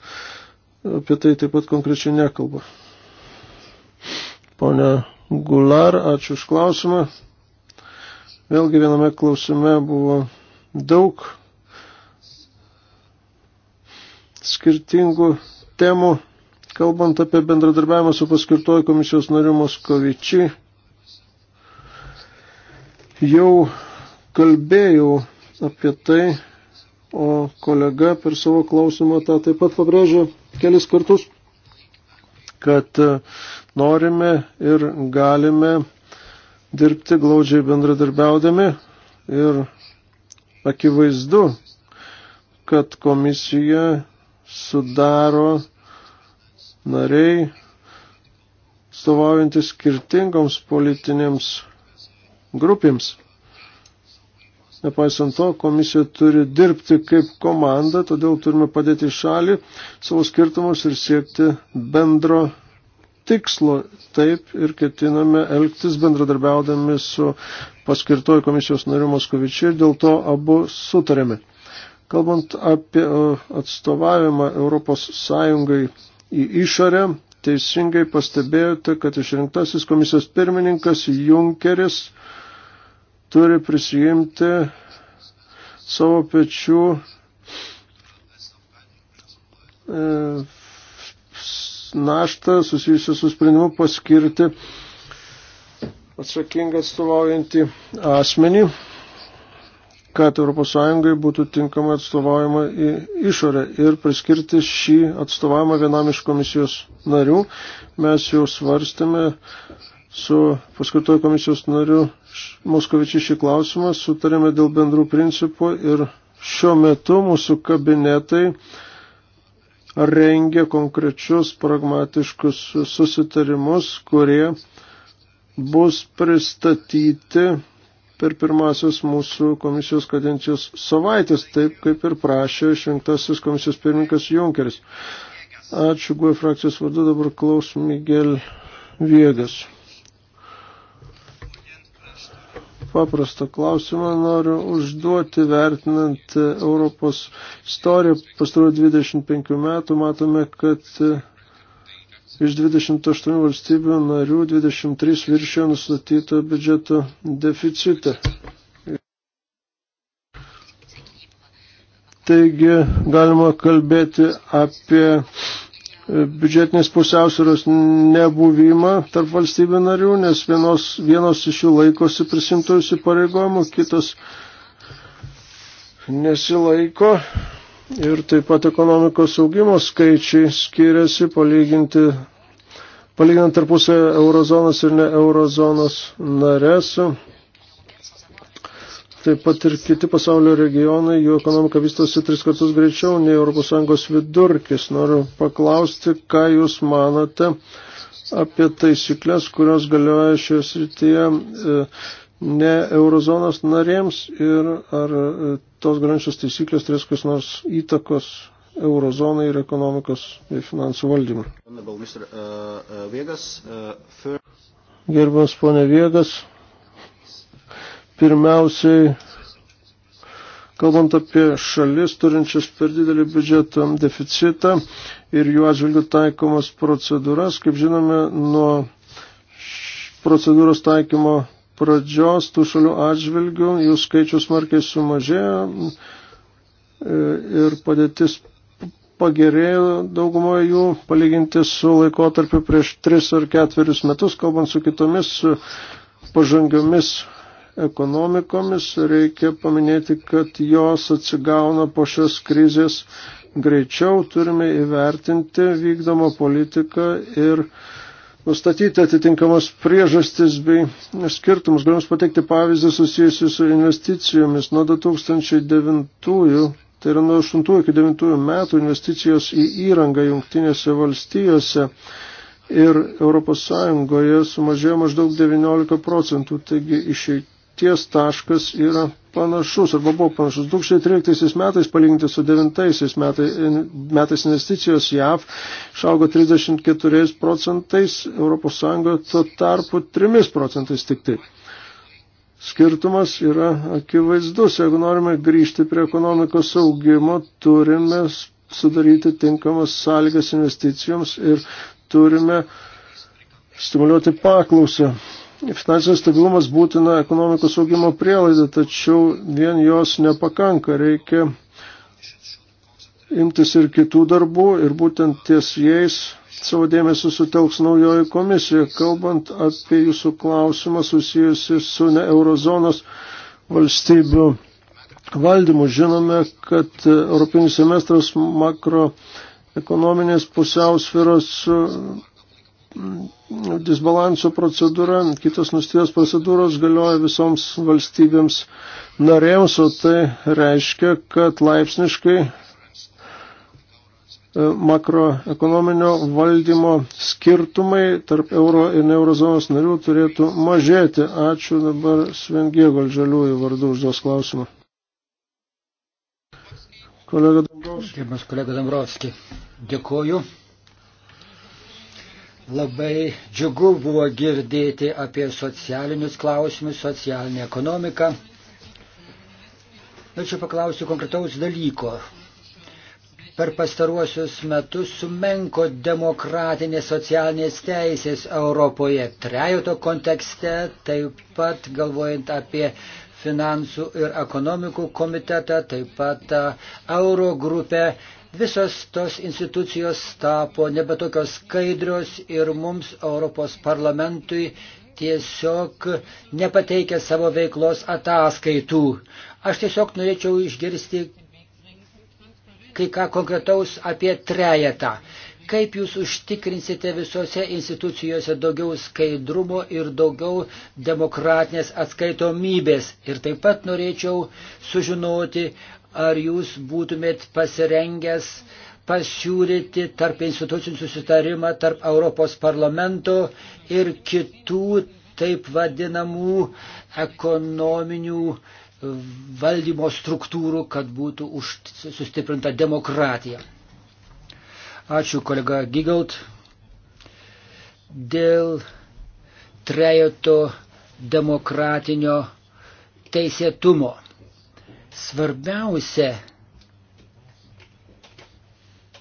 apie tai taip pat konkrečiai nekalba. Pone Gular, ačiū už klausimą. Vėlgi viename klausime buvo daug skirtingų temų Kalbant apie bendradarbiavimą su paskirtoju komisijos nariu Moskovičiai, jau kalbėjau apie tai, o kolega per savo klausimą tą taip pat pabrėžė kelis kartus, kad e, norime ir galime dirbti glaudžiai bendradarbiaudami ir akivaizdu, kad komisija sudaro nariai, stovaujantis skirtingoms politinėms grupėms. Nepaisant to, komisija turi dirbti kaip komanda, todėl turime padėti į šalį savo skirtumus ir siekti bendro tikslo. Taip ir ketiname elgtis bendradarbiaudami su paskirtoju komisijos nariu Moskovičiu ir dėl to abu sutarėme. Kalbant apie e, atstovavimą Europos Sąjungai į išorę. Teisingai pastebėjote, kad išrinktasis komisijos pirmininkas Junkeris turi prisijimti savo pečių e, naštą susijusiu su sprendimu paskirti atsakingą atstovaujantį asmenį kad ES būtų tinkamai atstovaujama į išorę ir priskirti šį atstovavimą vienam iš komisijos narių. Mes jau svarstėme su paskirtoju komisijos nariu Moskovičiu šį klausimą, sutarėme dėl bendrų principų ir šiuo metu mūsų kabinetai rengia konkrečius pragmatiškus susitarimus, kurie bus pristatyti per pirmasis mūsų komisijos kadencijos savaitės, taip kaip ir prašė išrinktasis komisijos pirmininkas Junkeris. Ačiū, GUE frakcijos vardu, dabar klaus Miguel Viegas. Paprastą klausimą noriu užduoti vertinant Europos istoriją pastaruoju 25 metų. Matome, kad Iš 28 valstybių narių 23 viršėjo nustatyto biudžeto deficitą. Taigi galima kalbėti apie biudžetinės pusiausvėros nebuvimą tarp valstybių narių, nes vienos, vienos iš jų laikosi prisimtų įsipareigojimų, kitos nesilaiko ir taip pat ekonomikos augimo skaičiai skiriasi palyginti, palyginant tarpusę eurozonos ir ne eurozonos narės. Taip pat ir kiti pasaulio regionai, jų ekonomika vystosi tris kartus greičiau nei ES vidurkis. Noriu paklausti, ką Jūs manote apie taisyklės, kurios galioja šioje srityje e, ne eurozonos narėms ir ar e, tos grančios taisyklės turės kas nors įtakos eurozonai ir ekonomikos bei finansų valdymui. Uh, uh, uh, Gerbiamas ponė Viegas, pirmiausiai, kalbant apie šalis turinčias per didelį biudžeto deficitą ir jų atžvilgių taikomas procedūras, kaip žinome, nuo procedūros taikymo pradžios tų šalių atžvilgių jų skaičius smarkiai sumažėjo e, ir padėtis pagerėjo daugumoje jų palyginti su laikotarpiu prieš 3 ar 4 metus, kalbant su kitomis pažangiomis ekonomikomis. Reikia paminėti, kad jos atsigauna po šios krizės greičiau, turime įvertinti vykdomą politiką ir uh, nustatyti atitinkamas priežastis bei skirtumus. Galim pateikti pavyzdį susijusiu su investicijomis. Nuo 2009, tai yra nuo 8 iki 9 metų investicijos į įrangą jungtinėse valstijose ir Europos Sąjungoje sumažėjo maždaug 19 procentų. Taigi išeit ties taškas yra panašus, arba buvo panašus. 2013 metais palyginti su 2009 metais, metais investicijos JAV šaugo 34 procentais, ES tuo tarpu 3 procentais tik tai. Skirtumas yra akivaizdus. Jeigu norime grįžti prie ekonomikos saugimo, turime sudaryti tinkamas sąlygas investicijoms ir turime stimuliuoti paklausą. Finansinis stabilumas būtina ekonomikos augimo prielaida, tačiau vien jos nepakanka, reikia imtis ir kitų darbų ir būtent ties jais savo dėmesį sutelks naujoji komisija, kalbant apie jūsų klausimą susijusi su ne eurozonos valstybių valdymu. Žinome, kad Europinis semestras makroekonominės pusiausviros disbalanso procedūra, kitos nustijos procedūros galioja visoms valstybėms narėms, o tai reiškia, kad laipsniškai e, makroekonominio valdymo skirtumai tarp euro ir eurozonos narių turėtų mažėti. Ačiū dabar Svengėgol žaliųjų vardu už jos klausimą. Kolega Dombrovski. Kolega Dombrovski. Dėkoju. Labai džiugu buvo girdėti apie socialinius klausimus, socialinę ekonomiką. Norėčiau paklausiu konkretaus dalyko. Per pastaruosius metus sumenko demokratinės socialinės teisės Europoje trejoto kontekste, taip pat galvojant apie finansų ir ekonomikų komitetą, taip pat euro grupę Visos tos institucijos tapo nebe tokios skaidrios ir mums Europos parlamentui tiesiog nepateikia savo veiklos ataskaitų. Aš tiesiog norėčiau išgirsti kai ką konkretaus apie trejetą. Kaip jūs užtikrinsite visose institucijose daugiau skaidrumo ir daugiau demokratinės atskaitomybės? Ir taip pat norėčiau sužinoti, ar jūs būtumėt pasirengęs pasiūlyti tarp institucijų susitarimą tarp Europos parlamento ir kitų taip vadinamų ekonominių valdymo struktūrų, kad būtų už, sustiprinta demokratija. Ačiū kolega Gigaut. Dėl trejoto demokratinio teisėtumo. Svarbiausia,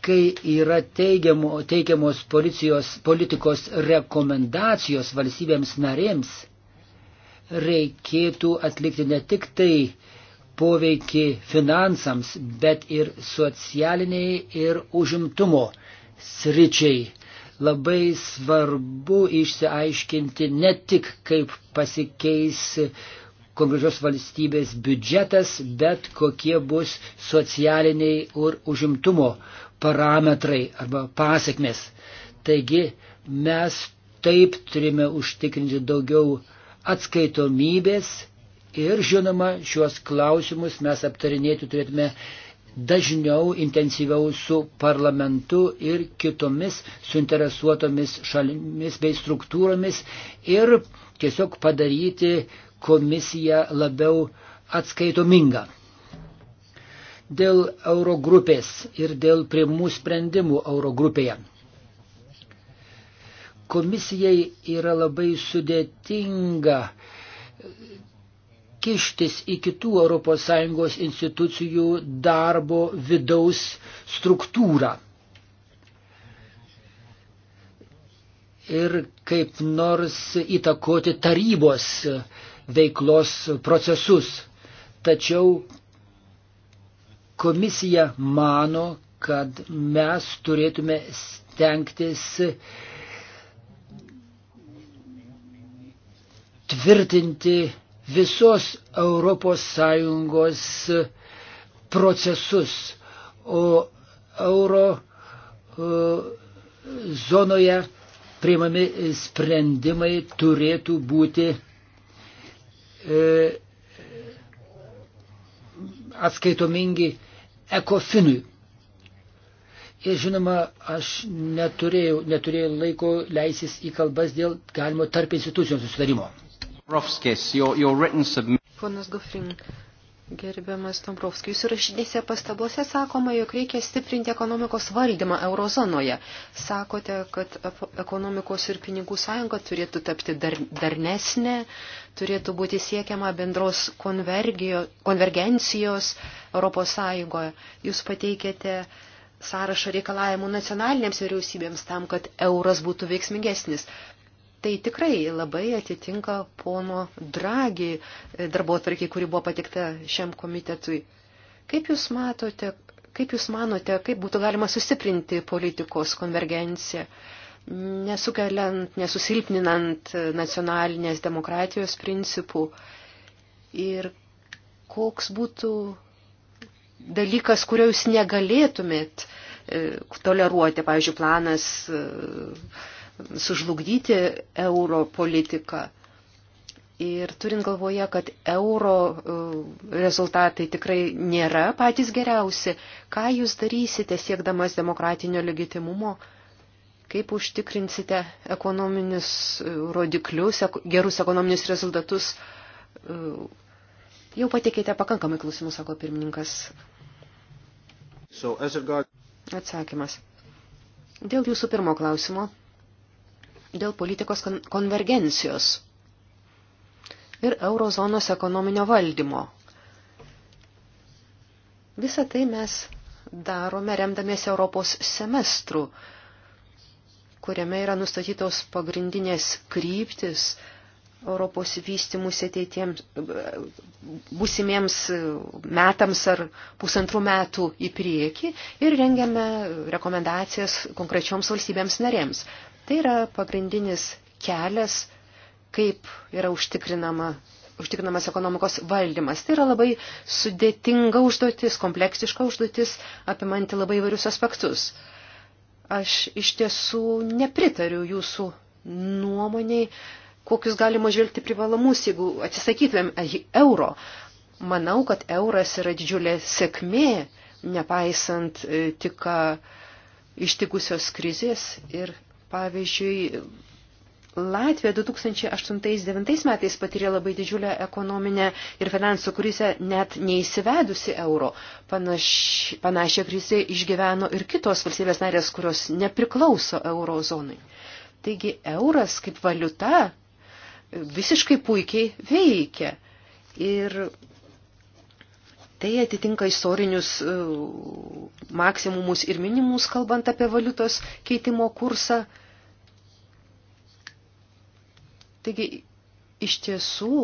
kai yra teigiamo, teigiamos policijos, politikos rekomendacijos valstybėms narėms, reikėtų atlikti ne tik tai poveikį finansams, bet ir socialiniai ir užimtumo sričiai. Labai svarbu išsiaiškinti ne tik, kaip pasikeis konkrečios valstybės biudžetas, bet kokie bus socialiniai ir užimtumo parametrai arba pasiekmes. Taigi mes taip turime užtikrinti daugiau atskaitomybės ir žinoma, šiuos klausimus mes aptarinėti turėtume dažniau, intensyviau su parlamentu ir kitomis suinteresuotomis šalimis bei struktūromis ir tiesiog padaryti komisiją labiau atskaitominga. Dėl Eurogrupės ir dėl primų sprendimų Eurogrupėje. Komisijai yra labai sudėtinga kištis į kitų ES institucijų darbo vidaus struktūrą. ir kaip nors įtakoti tarybos veiklos procesus. Tačiau komisija mano, kad mes turėtume stengtis tvirtinti visos ES procesus, o euro e, zonoje priimami sprendimai turėtų būti E, atskaitomingi ekofinui. Ir žinoma, aš neturėjau, neturėjau laiko leisis į kalbas dėl galimo tarp institucijos susidarimo. Ponas Gofrin, Gerbiamas Tombrovskis, jūsų rašydėse pastabose sakoma, jog reikia stiprinti ekonomikos valdymą eurozonoje. Sakote, kad ekonomikos ir pinigų sąjunga turėtų tapti dar, darnesnė, turėtų būti siekiama bendros konvergencijos Europos sąjungoje. Jūs pateikėte sąrašą reikalavimų nacionalinėms vyriausybėms tam, kad euras būtų veiksmingesnis tai tikrai labai atitinka pono Dragi darbo atvarkiai, kuri buvo patikta šiam komitetui. Kaip Jūs matote, kaip Jūs manote, kaip būtų galima sustiprinti politikos konvergenciją, nesukeliant, nesusilpninant nacionalinės demokratijos principų ir koks būtų dalykas, kurio Jūs negalėtumėt e, toleruoti, pavyzdžiui, planas e, sužlugdyti euro politiką. Ir turint galvoje, kad euro e, rezultatai tikrai nėra patys geriausi, ką jūs darysite siekdamas demokratinio legitimumo, kaip užtikrinsite ekonominius e, rodiklius, gerus ekonominius rezultatus. E, jau patikėte pakankamai klausimų, sako pirmininkas. Atsakymas. Dėl jūsų pirmo klausimo dėl politikos konvergencijos ir eurozonos ekonominio valdymo. Visą tai mes darome remdamiesi Europos semestru, kuriame yra nustatytos pagrindinės kryptis Europos vystimus ateitiems būsimiems metams ar pusantrų metų į priekį ir rengiame rekomendacijas konkrečioms valstybėms narėms. Tai yra pagrindinis kelias, kaip yra užtikrinama, užtikrinamas ekonomikos valdymas. Tai yra labai sudėtinga užduotis, kompleksiška užduotis, apimanti labai įvairius aspektus. Aš iš tiesų nepritariu jūsų nuomoniai, kokius galima žvelgti privalomus, jeigu atsisakytumėm e- euro. Manau, kad euras yra didžiulė sėkmė, nepaisant e, tik ištikusios krizės ir Pavyzdžiui, Latvija 2008-2009 metais patyrė labai didžiulę ekonominę ir finansų krizę net neįsivedusi euro. Panaš, panašią krizę išgyveno ir kitos valstybės narės, kurios nepriklauso eurozonai. Taigi euras kaip valiuta visiškai puikiai veikia. Ir tai atitinka istorinius e, maksimumus ir minimumus, kalbant apie valiutos keitimo kursą. Taigi, iš tiesų,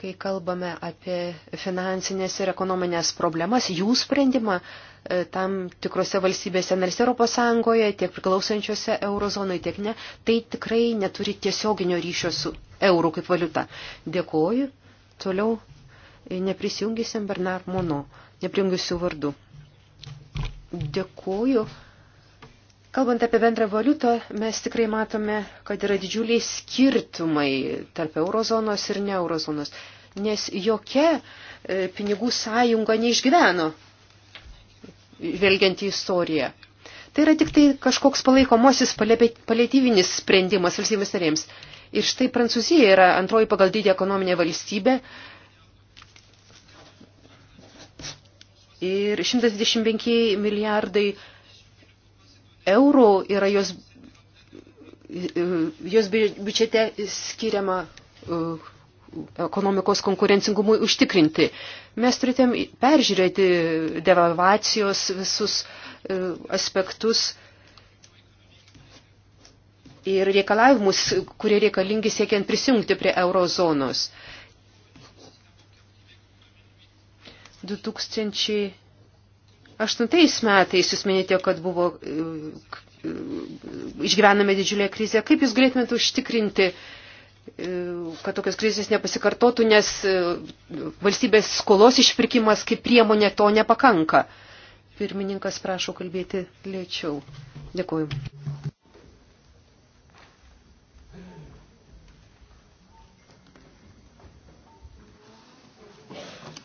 kai kalbame apie finansinės ir ekonominės problemas, jų sprendimą e, tam tikrose valstybėse, nors Europos Sąjungoje, tiek priklausančiose eurozonai, tiek ne, tai tikrai neturi tiesioginio ryšio su eurų kaip valiuta. Dėkoju. Toliau e, neprisijungysim Bernard Mono, neprijungysiu vardu. Dėkoju. Kalbant apie bendrą valiutą, mes tikrai matome, kad yra didžiuliai skirtumai tarp eurozonos ir ne eurozonos, nes jokia e, pinigų sąjunga neišgyveno, vėlgiant į istoriją. Tai yra tik tai kažkoks palaikomosis palėtyvinis sprendimas valstybės narėms. Ir štai Prancūzija yra antroji pagal dydį ekonominė valstybė, ir 125 milijardai eurų yra jos, jos biudžete skiriama uh, ekonomikos konkurencingumui užtikrinti. Mes turėtėm peržiūrėti devalvacijos visus uh, aspektus ir reikalavimus, kurie reikalingi siekiant prisijungti prie eurozonos. 2000 Aštuntais metais jūs minėjote, kad buvo e, išgyvename didžiulę krizę. Kaip jūs galėtumėte užtikrinti, e, kad tokios krizės nepasikartotų, nes e, valstybės skolos išpirkimas kaip priemonė to nepakanka? Pirmininkas prašo kalbėti lėčiau. Dėkuoju.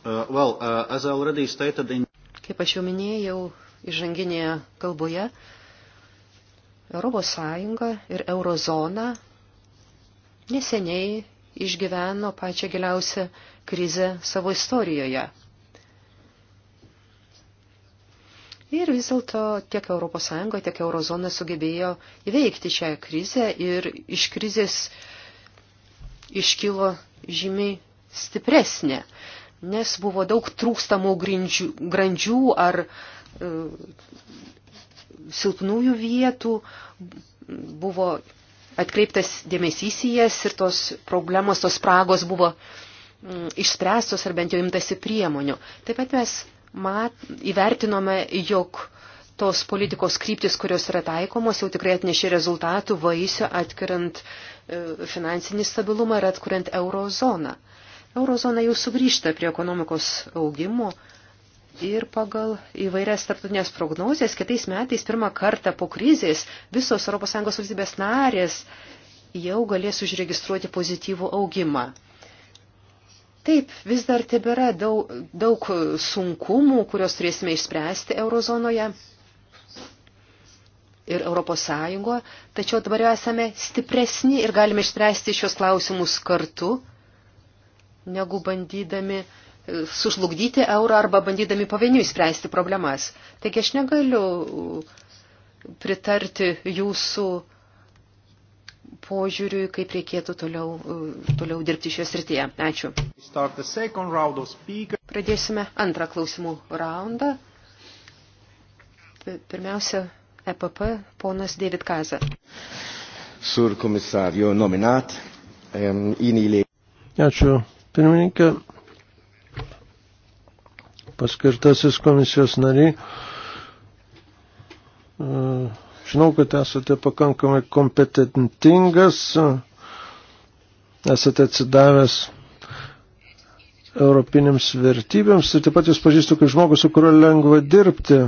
Uh, well, uh, as I already stated in Kaip aš jau minėjau įžanginėje kalboje, Europos Sąjunga ir eurozona neseniai išgyveno pačią giliausią krizę savo istorijoje. Ir vis dėlto tiek ES, tiek Eurozona sugebėjo įveikti šią krizę ir iš krizės iškilo žymiai stipresnė nes buvo daug trūkstamų grindžių, grandžių ar e, silpnųjų vietų, buvo atkreiptas dėmesys į jas ir tos problemos, tos spragos buvo m, mm, išspręstos ar bent jau imtasi priemonių. Taip pat mes mat, įvertinome, jog tos politikos kryptis, kurios yra taikomos, jau tikrai atnešė rezultatų vaisių atkuriant e, finansinį stabilumą ir atkuriant eurozoną. Eurozona jau sugrįžta prie ekonomikos augimo ir pagal įvairias tarptautinės prognozijas kitais metais pirmą kartą po krizės visos ES valstybės narės jau galės užregistruoti pozityvų augimą. Taip, vis dar tebėra daug, daug sunkumų, kuriuos turėsime išspręsti eurozonoje ir Europos Sąjungoje, tačiau dabar jau esame stipresni ir galime išspręsti šios klausimus kartu negu bandydami e, sužlugdyti eurą arba bandydami pavieniui spręsti problemas. Taigi aš negaliu pritarti jūsų požiūriui, kaip reikėtų toliau, e, toliau dirbti šioje srityje. Ačiū. Pradėsime antrą klausimų raundą. Pirmiausia, EPP, ponas David Kaza. Sur komisario nominat, um, inilė. Ačiū, pirmininkė, paskirtasis komisijos nariai. E, žinau, kad esate pakankamai kompetentingas, esate atsidavęs europinėms vertybėms ir taip pat jūs pažįstu kaip žmogus, su kuriuo lengva dirbti.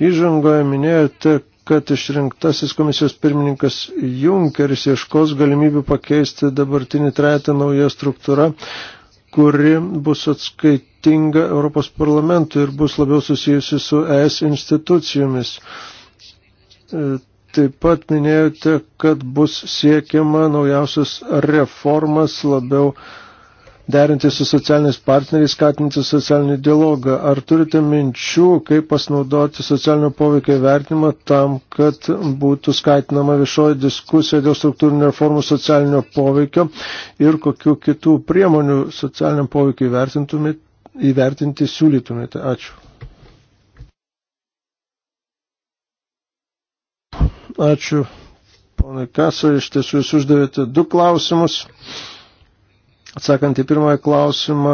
Įžangoje minėjote, kad išrinktasis komisijos pirmininkas Junkeris ieškos galimybių pakeisti dabartinį tretą naują struktūrą, kuri bus atskaitinga Europos parlamentui ir bus labiau susijusi su ES institucijomis. E, taip pat minėjote, kad bus siekiama naujausias reformas labiau uh, derinti su socialiniais partneriais, skatinti socialinį dialogą. Ar turite minčių, kaip pasinaudoti socialinio poveikio vertinimą tam, kad būtų skatinama viešoji diskusija dėl struktūrinio reformų socialinio poveikio ir kokiu kitų priemonių socialiniam poveikiu įvertinti siūlytumėte? Ačiū. Ačiū. Ponai Kasa, iš tiesų jūs uždavėte du klausimus. Atsakant į pirmąjį klausimą,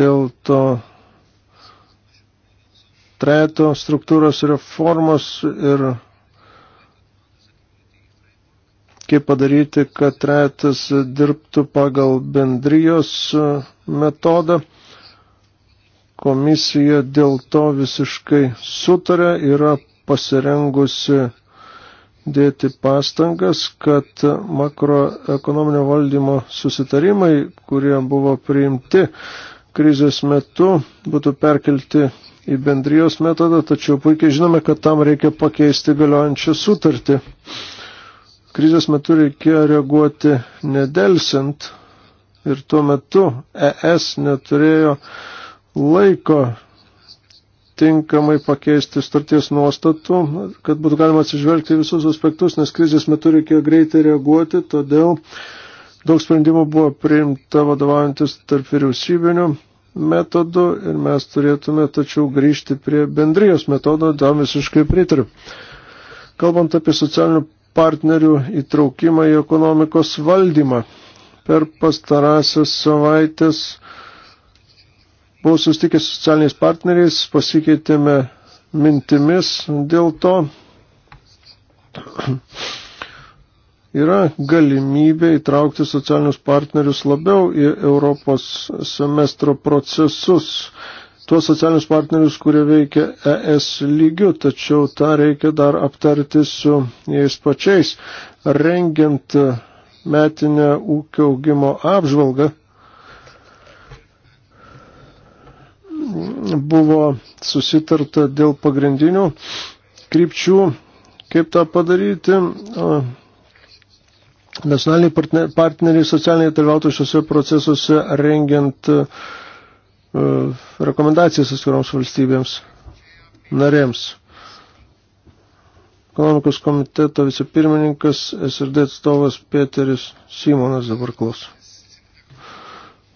dėl to trejato struktūros reformos ir kaip padaryti, kad trejatas dirbtų pagal bendrijos metodą. Komisija dėl to visiškai sutarė, yra pasirengusi dėti pastangas, kad makroekonominio valdymo susitarimai, kurie buvo priimti krizės metu, būtų perkelti į bendrijos metodą, tačiau puikiai žinome, kad tam reikia pakeisti galiojančią sutartį. Krizės metu reikėjo reaguoti nedelsint ir tuo metu ES neturėjo laiko tinkamai pakeisti starties nuostatų, kad būtų galima atsižvelgti visus aspektus, nes krizės metu reikėjo greitai reaguoti, todėl daug sprendimų buvo priimta vadovaujantis tarp vyriausybinių metodų ir mes turėtume tačiau grįžti prie bendrijos metodo, tam visiškai pritariu. Kalbant apie socialinių partnerių įtraukimą į ekonomikos valdymą, per pastarąsias savaitės Buvau sustikęs su socialiniais partneriais, pasikeitėme mintimis dėl to. Yra galimybė įtraukti socialinius partnerius labiau į Europos semestro procesus tuos socialinius partnerius, kurie veikia ES lygiu, tačiau tą reikia dar aptarti su jais pačiais. Rengiant metinę ūkio augimo apžvalgą, buvo susitarta dėl pagrindinių krypčių, kaip tą padaryti. Nacionaliniai partneriai socialiniai dalyvautų šiuose procesuose rengiant e, rekomendacijas atskiroms valstybėms narėms. Ekonomikos komiteto vicepirmininkas SRD atstovas Pėteris Simonas dabar klauso.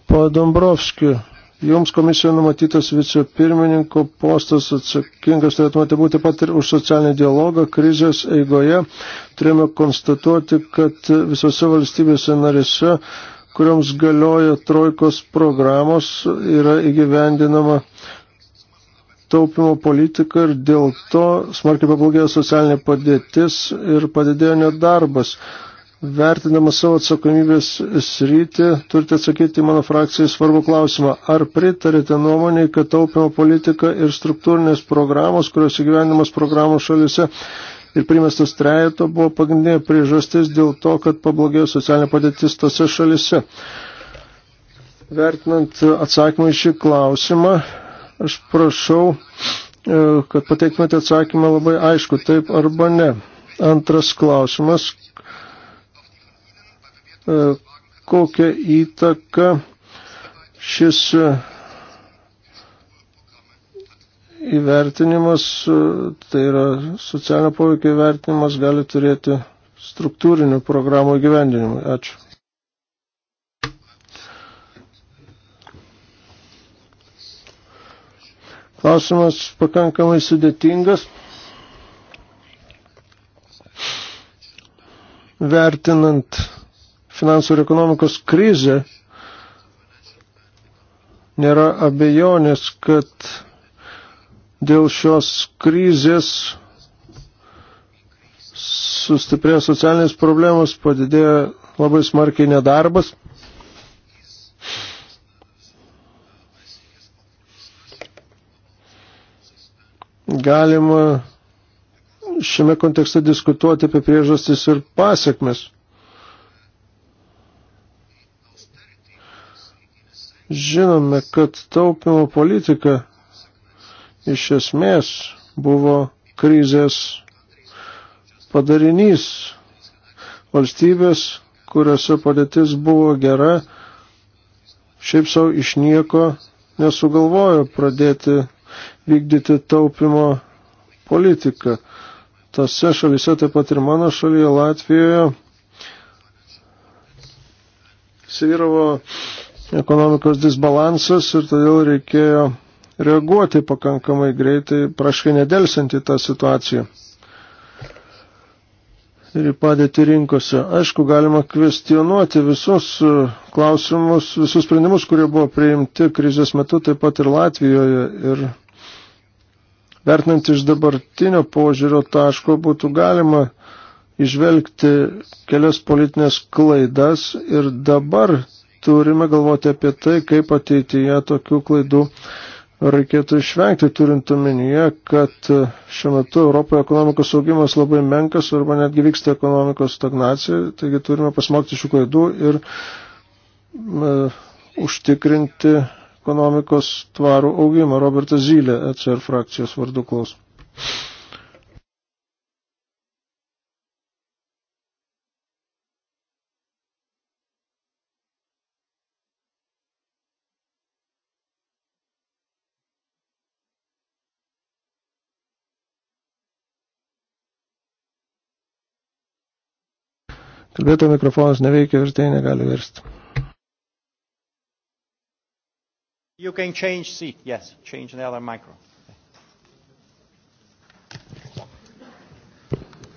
Po Dombrovskiu Jums komisijoje numatytas vicepirmininko postas atsakingas turėtumėte būti pat ir už socialinį dialogą. Krizės eigoje turėjome konstatuoti, kad visose valstybėse narėse, kuriams galioja trojkos programos, yra įgyvendinama taupimo politika ir dėl to smarkiai pablogėjo socialinė padėtis ir padidėjo nedarbas. darbas vertinama savo atsakomybės sritį, turite atsakyti mano frakcijai svarbų klausimą. Ar pritarite nuomonėj, kad taupimo politika ir struktūrinės programos, kurios įgyvenimas programų šalise ir primestas trejato buvo pagrindinė priežastis dėl to, kad pablogėjo socialinė padėtis tose šalise. Vertinant atsakymą į šį klausimą, aš prašau, e, kad pateiktumėte atsakymą labai aišku, taip arba ne. Antras klausimas, E, kokią įtaką šis įvertinimas, tai yra socialinio poveikio įvertinimas, gali turėti struktūrinių programų įgyvendinimui. Ačiū. Klausimas pakankamai sudėtingas. Vertinant finansų ir ekonomikos krizę, nėra abejonės, kad dėl šios krizės sustiprėjo socialinės problemos, padidėjo labai smarkiai nedarbas. Galima šiame kontekste diskutuoti apie priežastis ir pasiekmes. Žinome, kad taupimo politika iš esmės buvo krizės padarinys. Valstybės, kuriuose padėtis buvo gera, šiaip savo iš nieko nesugalvojo pradėti vykdyti taupimo politiką. Tose šalise, taip pat ir mano šalyje, Latvijoje, įsivyravo ekonomikos disbalansas ir todėl reikėjo reaguoti pakankamai greitai, praškai nedelsinti tą situaciją ir į padėtį rinkose. Aišku, galima kvestionuoti visus e, klausimus, visus sprendimus, kurie buvo priimti krizės metu, taip pat ir Latvijoje. Ir vertinant iš dabartinio požiūrio taško būtų galima išvelgti kelias politinės klaidas ir dabar turime galvoti apie tai, kaip ateityje tokių klaidų reikėtų išvengti, turint omenyje, kad šiuo metu Europoje ekonomikos augimas labai menkas arba netgi vyksta ekonomikos stagnacija, taigi turime pasimokti šių klaidų ir e, užtikrinti ekonomikos tvarų augimą. Robertas Zylė, ECR frakcijos vardu klaus. Kalbėto mikrofonas neveikia, vertėjai negali versti. You can change seat, yes, change the other micro.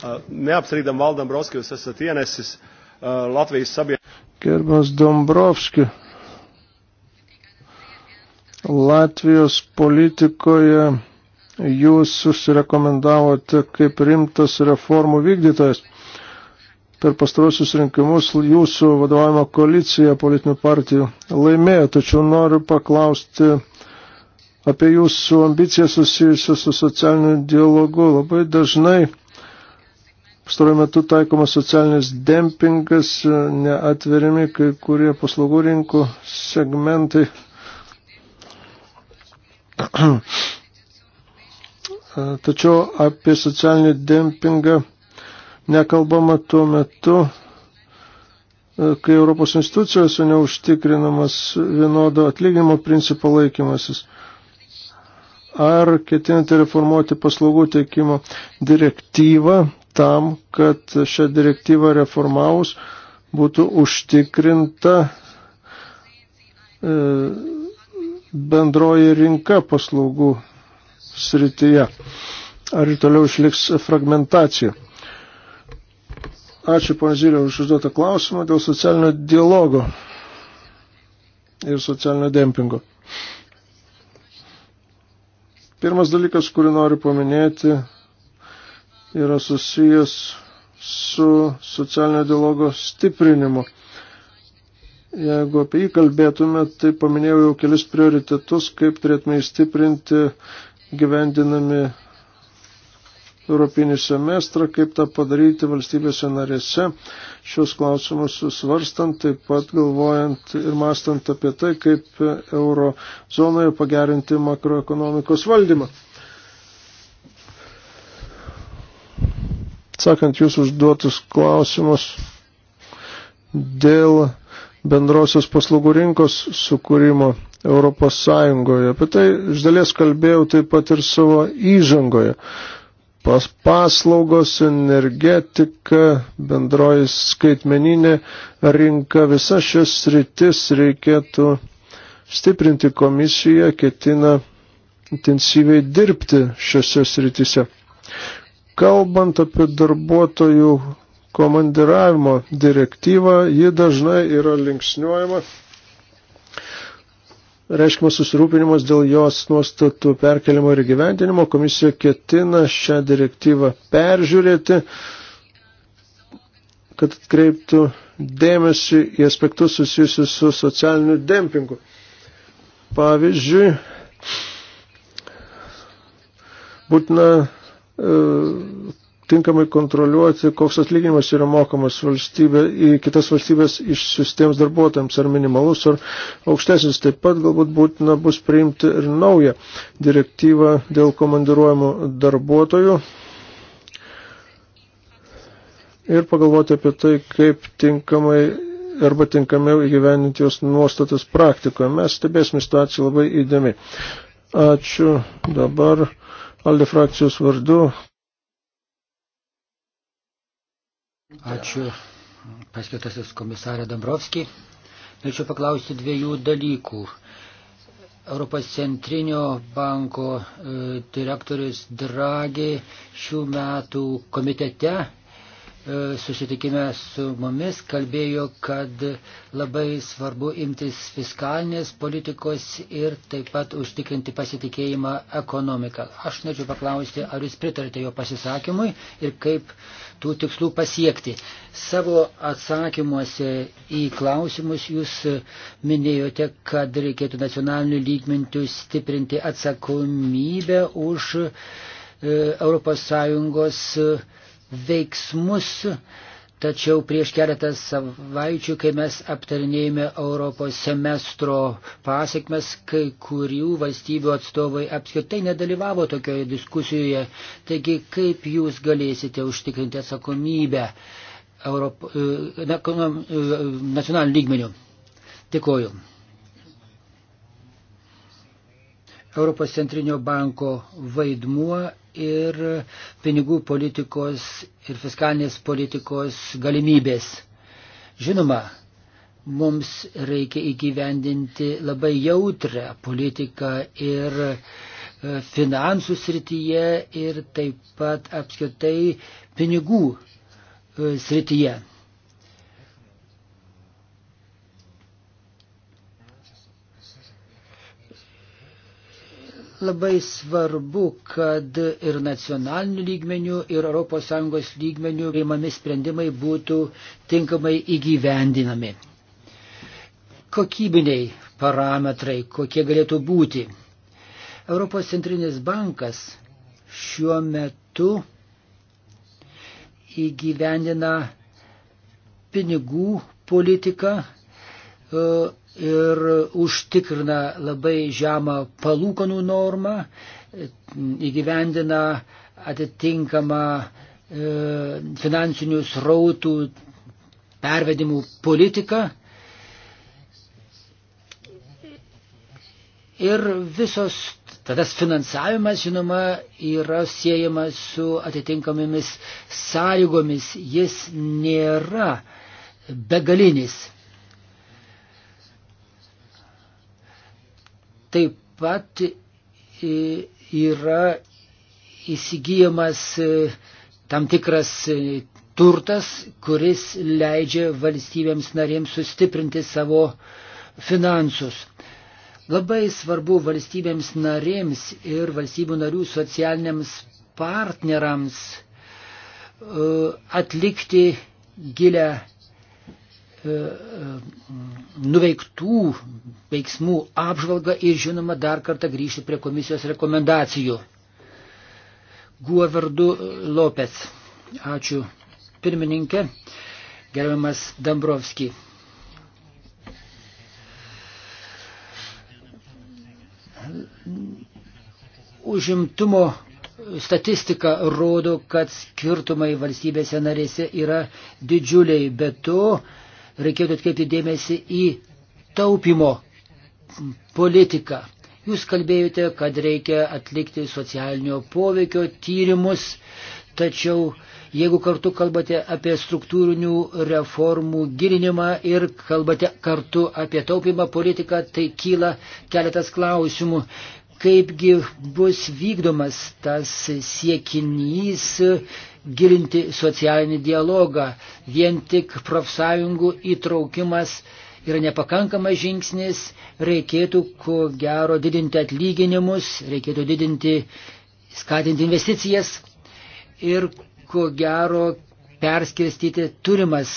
Uh, Neapstrīdam valdam Brovskiju, jūs esat ienesis uh, Latvijas sabiedrības. Gerbamas Dombrovski. Latvijos politikoje jūs susirekomendavote kaip rimtas reformų vykdytojas per pastarosius rinkimus jūsų vadovavimo koalicija politinių partijų laimėjo, tačiau noriu paklausti apie jūsų ambiciją susijusią su socialiniu dialogu. Labai dažnai pastaruoju metu taikomas socialinis dempingas, neatveriami kai kurie paslaugų rinkų segmentai. Tačiau apie socialinį dempingą nekalbama tuo metu, e, kai Europos institucijose neužtikrinamas vienodo atlyginimo principo laikymasis. Ar ketinate reformuoti paslaugų teikimo direktyvą tam, kad šią direktyvą reformaus būtų užtikrinta e, bendroji rinka paslaugų srityje. Ar ir toliau išliks fragmentacija? Ačiū, pana Zylė, už užduotą klausimą dėl socialinio dialogo ir socialinio dempingo. Pirmas dalykas, kurį noriu paminėti, yra susijęs su socialinio dialogo stiprinimu. Jeigu apie jį kalbėtume, tai paminėjau jau kelis prioritetus, kaip turėtume įstiprinti gyvendinami europinį semestrą, kaip tą padaryti valstybėse narėse, šios klausimus svarstant, taip pat galvojant ir mastant apie tai, kaip euro zonoje pagerinti makroekonomikos valdymą. Atsakant jūsų užduotus klausimus dėl bendrosios paslaugų rinkos sukūrimo Europos Sąjungoje. Apie tai iš dalies kalbėjau taip pat ir savo įžangoje pas paslaugos, energetika, bendroji skaitmeninė rinka, visas šias rytis reikėtų stiprinti komisiją, ketina intensyviai dirbti šiose sritise. Kalbant apie darbuotojų komandiravimo direktyvą, ji dažnai yra linksniuojama reiškimas susirūpinimas dėl jos nuostatų perkelimo ir gyventinimo. Komisija ketina šią direktyvą peržiūrėti, kad atkreiptų dėmesį į aspektus susijusius su socialiniu dempingu. Pavyzdžiui, būtina e, tinkamai kontroliuoti, koks atlyginimas yra mokamas valstybė, į kitas valstybės išsiustiems darbuotojams, ar minimalus, ar aukštesnis. Taip pat galbūt būtina bus priimti ir naują direktyvą dėl komandiruojamų darbuotojų ir pagalvoti apie tai, kaip tinkamai arba tinkamiau įgyveninti jos nuostatas praktikoje. Mes stebėsime situaciją labai įdėmiai. Ačiū dabar. Aldi frakcijos vardu Ačiū, paskirtasis komisarė Dambrovski. Norėčiau paklausti dviejų dalykų. Europos centrinio banko e, direktorius Dragi šių metų komitete E, susitikime su mumis kalbėjo, kad labai svarbu imtis fiskalinės politikos ir taip pat užtikrinti pasitikėjimą ekonomiką. Aš norėčiau paklausti, ar jūs pritarite jo pasisakymui ir kaip tų tikslų pasiekti. Savo atsakymuose į klausimus jūs minėjote, kad reikėtų nacionalinių lygmentių stiprinti atsakomybę už ES veiksmus. Tačiau prieš keletą savaičių, kai mes aptarinėjome Europos semestro pasiekmes, kai kurių valstybių atstovai apskritai nedalyvavo tokioje diskusijoje. Taigi, kaip jūs galėsite užtikrinti atsakomybę Europo, e, na, e, nacionaliniu lygmeniu? Dėkoju. Europos centrinio banko vaidmuo ir pinigų politikos ir fiskalinės politikos galimybės. Žinoma, mums reikia įgyvendinti labai jautrę politiką ir e, finansų srityje ir taip pat apskritai pinigų e, srityje. Labai svarbu, kad ir nacionalinių lygmenių, ir ES lygmenių priimami sprendimai būtų tinkamai įgyvendinami. Kokybiniai parametrai, kokie galėtų būti. Europos centrinis bankas šiuo metu įgyvendina pinigų politiką E, ir užtikrina labai žemą palūkanų normą, e, įgyvendina atitinkamą e, finansinių srautų pervedimų politiką. Ir visos Tadas finansavimas, žinoma, yra siejamas su atitinkamomis sąlygomis, jis nėra begalinis. taip pat e, yra įsigijamas e, tam tikras e, turtas, kuris leidžia valstybėms narėms sustiprinti savo finansus. Labai svarbu valstybėms narėms ir valstybių narių socialiniams partneriams atlikti gilę E, nuveiktų veiksmų apžvalgą ir žinoma dar kartą grįžti prie komisijos rekomendacijų. Guo vardu Lopes. Ačiū pirmininkė, gerbiamas Dambrovski. Užimtumo statistika rodo, kad skirtumai valstybėse narėse yra didžiuliai, bet to reikėtų atkreipti dėmesį į taupimo politiką. Jūs kalbėjote, kad reikia atlikti socialinio poveikio tyrimus, tačiau jeigu kartu kalbate apie struktūrinių reformų gilinimą ir kalbate kartu apie taupimą politiką, tai kyla keletas klausimų kaipgi bus vykdomas tas siekinys gilinti socialinį dialogą. Vien tik profsąjungų įtraukimas yra nepakankamas žingsnis, reikėtų ko gero didinti atlyginimus, reikėtų didinti, skatinti investicijas ir ko gero perskirstyti turimas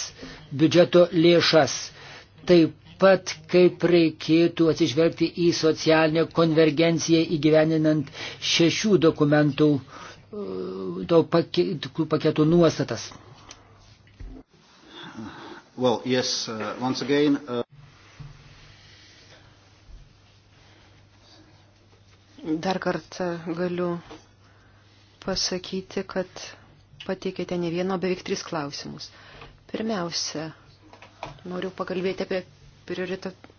biudžeto lėšas. Taip pat kaip reikėtų atsižvelgti į socialinę konvergenciją įgyveninant šešių dokumentų uh, paketų, paketų nuostatas. Well, yes, uh, once again, uh... Dar kartą galiu pasakyti, kad pateikėte ne vieną, beveik tris klausimus. Pirmiausia, noriu pakalbėti apie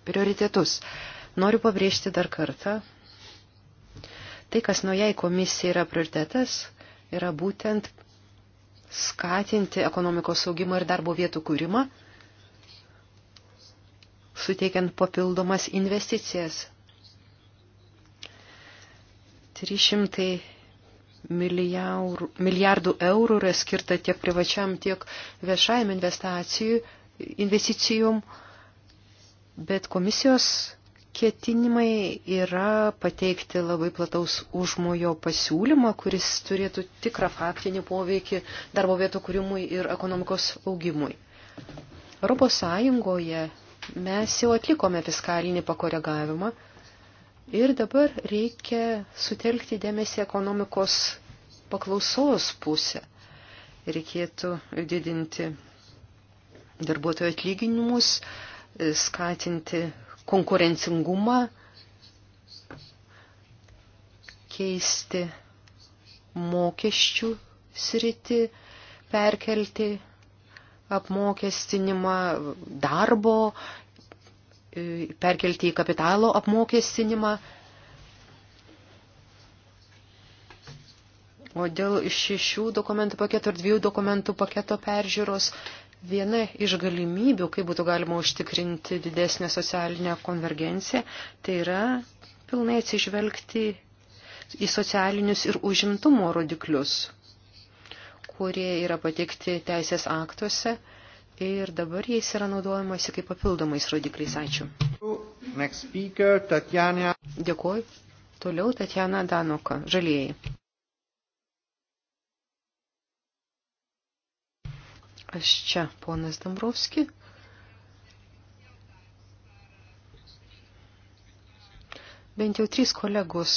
prioritetus. Noriu pabrėžti dar kartą. Tai, kas naujai komisija yra prioritetas, yra būtent skatinti ekonomikos saugimą ir darbo vietų kūrimą, suteikiant papildomas investicijas. 300 milijarų, milijardų eurų yra skirta tiek privačiam, tiek viešajam investicijom bet komisijos ketinimai yra pateikti labai plataus užmojo pasiūlymą, kuris turėtų tikrą faktinį poveikį darbo vietų kūrimui ir ekonomikos augimui. Europos Sąjungoje mes jau atlikome fiskalinį pakoregavimą ir dabar reikia sutelkti dėmesį ekonomikos paklausos pusę. Reikėtų didinti darbuotojų atlyginimus, skatinti konkurencingumą, keisti mokesčių sritį, perkelti apmokestinimą darbo, e, perkelti į kapitalo apmokestinimą. O dėl šešių dokumentų paketo ir dviejų dokumentų paketo peržiūros Viena iš galimybių, kaip būtų galima užtikrinti didesnę socialinę konvergenciją, tai yra pilnai atsižvelgti į socialinius ir užimtumo rodiklius, kurie yra patikti teisės aktuose ir dabar jais yra naudojamasi kaip papildomais rodikliais. Ačiū. Speaker, Dėkuoju. Toliau Tatjana Danoka, žalieji. Aš čia, ponas Dambrovski. Bent jau trys kolegos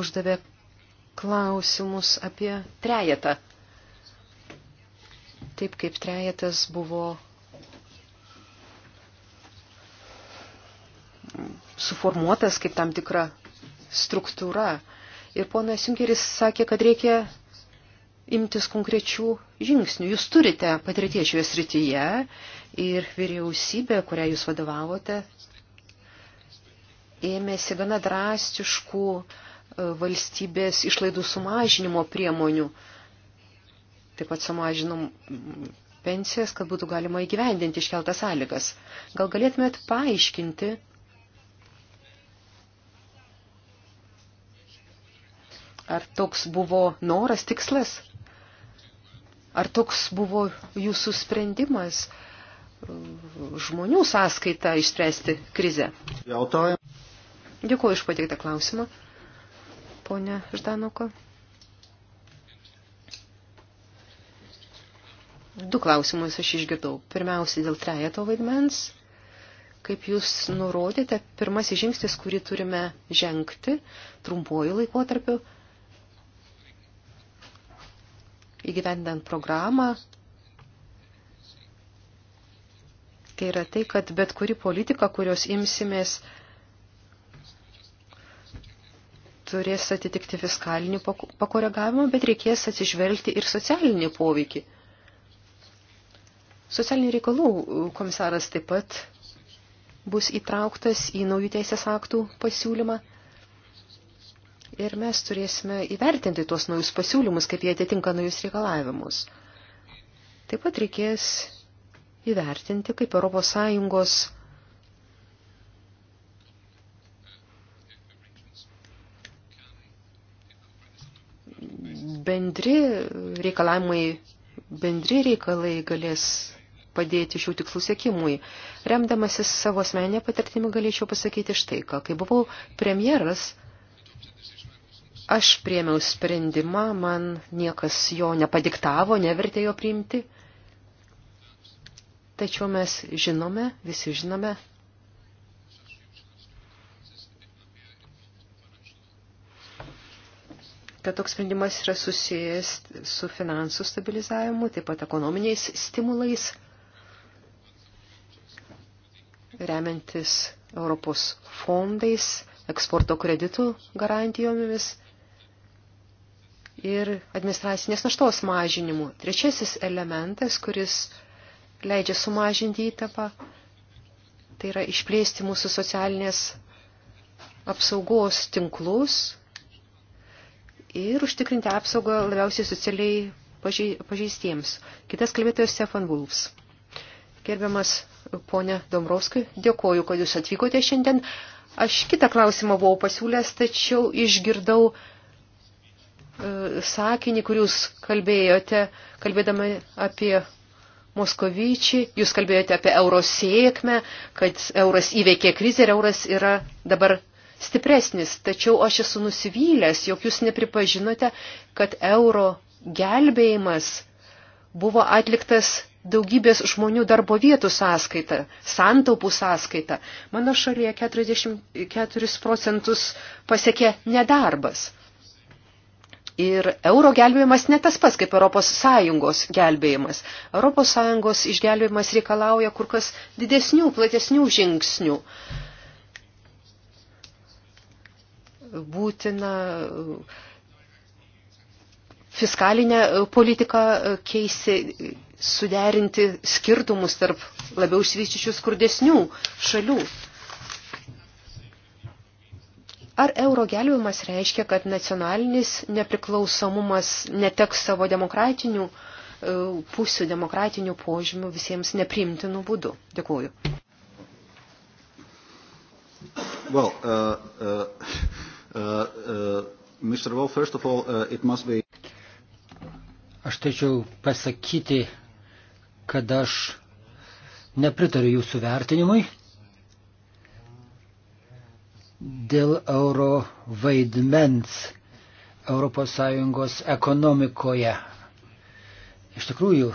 uždavė klausimus apie trejetą. Taip kaip trejetas buvo suformuotas kaip tam tikra struktūra. Ir ponas Junkeris sakė, kad reikia imtis konkrečių žingsnių. Jūs turite patirties šioje srityje ir vyriausybė, kurią jūs vadovavote, ėmėsi gana drastiškų e, valstybės išlaidų sumažinimo priemonių. Taip pat sumažinom pensijas, kad būtų galima įgyvendinti iškeltas sąlygas. Gal galėtumėt paaiškinti, ar toks buvo noras, tikslas? Ar toks buvo jūsų sprendimas uh, žmonių sąskaitą išspręsti krizę? Jautojam. Dėkuoju iš pateiktą klausimą, ponė Ždanuko. Du klausimus aš išgirdau. Pirmiausia, dėl trejeto vaidmens. Kaip jūs nurodėte, pirmasis žingsnis, kurį turime žengti trumpuoju laikotarpiu, įgyvendant programą, tai yra tai, kad bet kuri politika, kurios imsimės, turės atitikti fiskalinį pakoregavimą, bet reikės atsižvelgti ir socialinį poveikį. Socialinių reikalų komisaras taip pat bus įtrauktas į naujų teisės aktų pasiūlymą ir mes turėsime įvertinti tuos naujus pasiūlymus, kaip jie atitinka naujus reikalavimus. Taip pat reikės įvertinti, kaip ES bendri reikalavimai, bendri reikalai galės padėti šių tikslų siekimui. Remdamasis savo asmenę patirtimį galėčiau pasakyti štai ką. Kai buvau premjeras, Aš priemiau sprendimą, man niekas jo nepadiktavo, nevertė jo priimti. Tačiau mes žinome, visi žinome, kad toks sprendimas yra susijęs su finansų stabilizavimu, taip pat ekonominiais stimulais, remiantis Europos fondais, eksporto kreditų garantijomis ir administracinės naštos mažinimu. Trečiasis elementas, kuris leidžia sumažinti įtapą, tai yra išplėsti mūsų socialinės apsaugos tinklus ir užtikrinti apsaugą labiausiai socialiai pažeistiems. Kitas kalbėtojas Stefan Wolfs. Gerbiamas ponė Domrovskai, dėkoju, kad jūs atvykote šiandien. Aš kitą klausimą buvau pasiūlęs, tačiau išgirdau uh, E, sakinį, kurį jūs kalbėjote, kalbėdama apie Moskovyčį, jūs kalbėjote apie euro sėkmę, kad euras įveikė krizę ir euras yra dabar stipresnis. Tačiau aš esu nusivylęs, jog jūs nepripažinote, kad euro gelbėjimas buvo atliktas daugybės žmonių darbo vietų sąskaita, santaupų sąskaita. Mano šalyje 44 procentus pasiekė nedarbas. Ir euro gelbėjimas ne tas pats kaip ES gelbėjimas. ES išgelbėjimas reikalauja kur kas didesnių, platesnių žingsnių. Būtina uh, fiskalinę uh, politiką uh, keisti, suderinti skirtumus tarp labiau išsivyščiusių skurdesnių šalių. Ar euro gelbėjimas reiškia, kad nacionalinis nepriklausomumas neteks savo demokratinių e, pusių, demokratinių požymių visiems neprimtinų būdų? Dėkuoju. Well, uh, uh, uh, uh Mr. Wolf, first of all, uh, it must be... Aš tačiau pasakyti, kad aš nepritariu jūsų vertinimui dėl euro vaidmens ES ekonomikoje. Iš tikrųjų,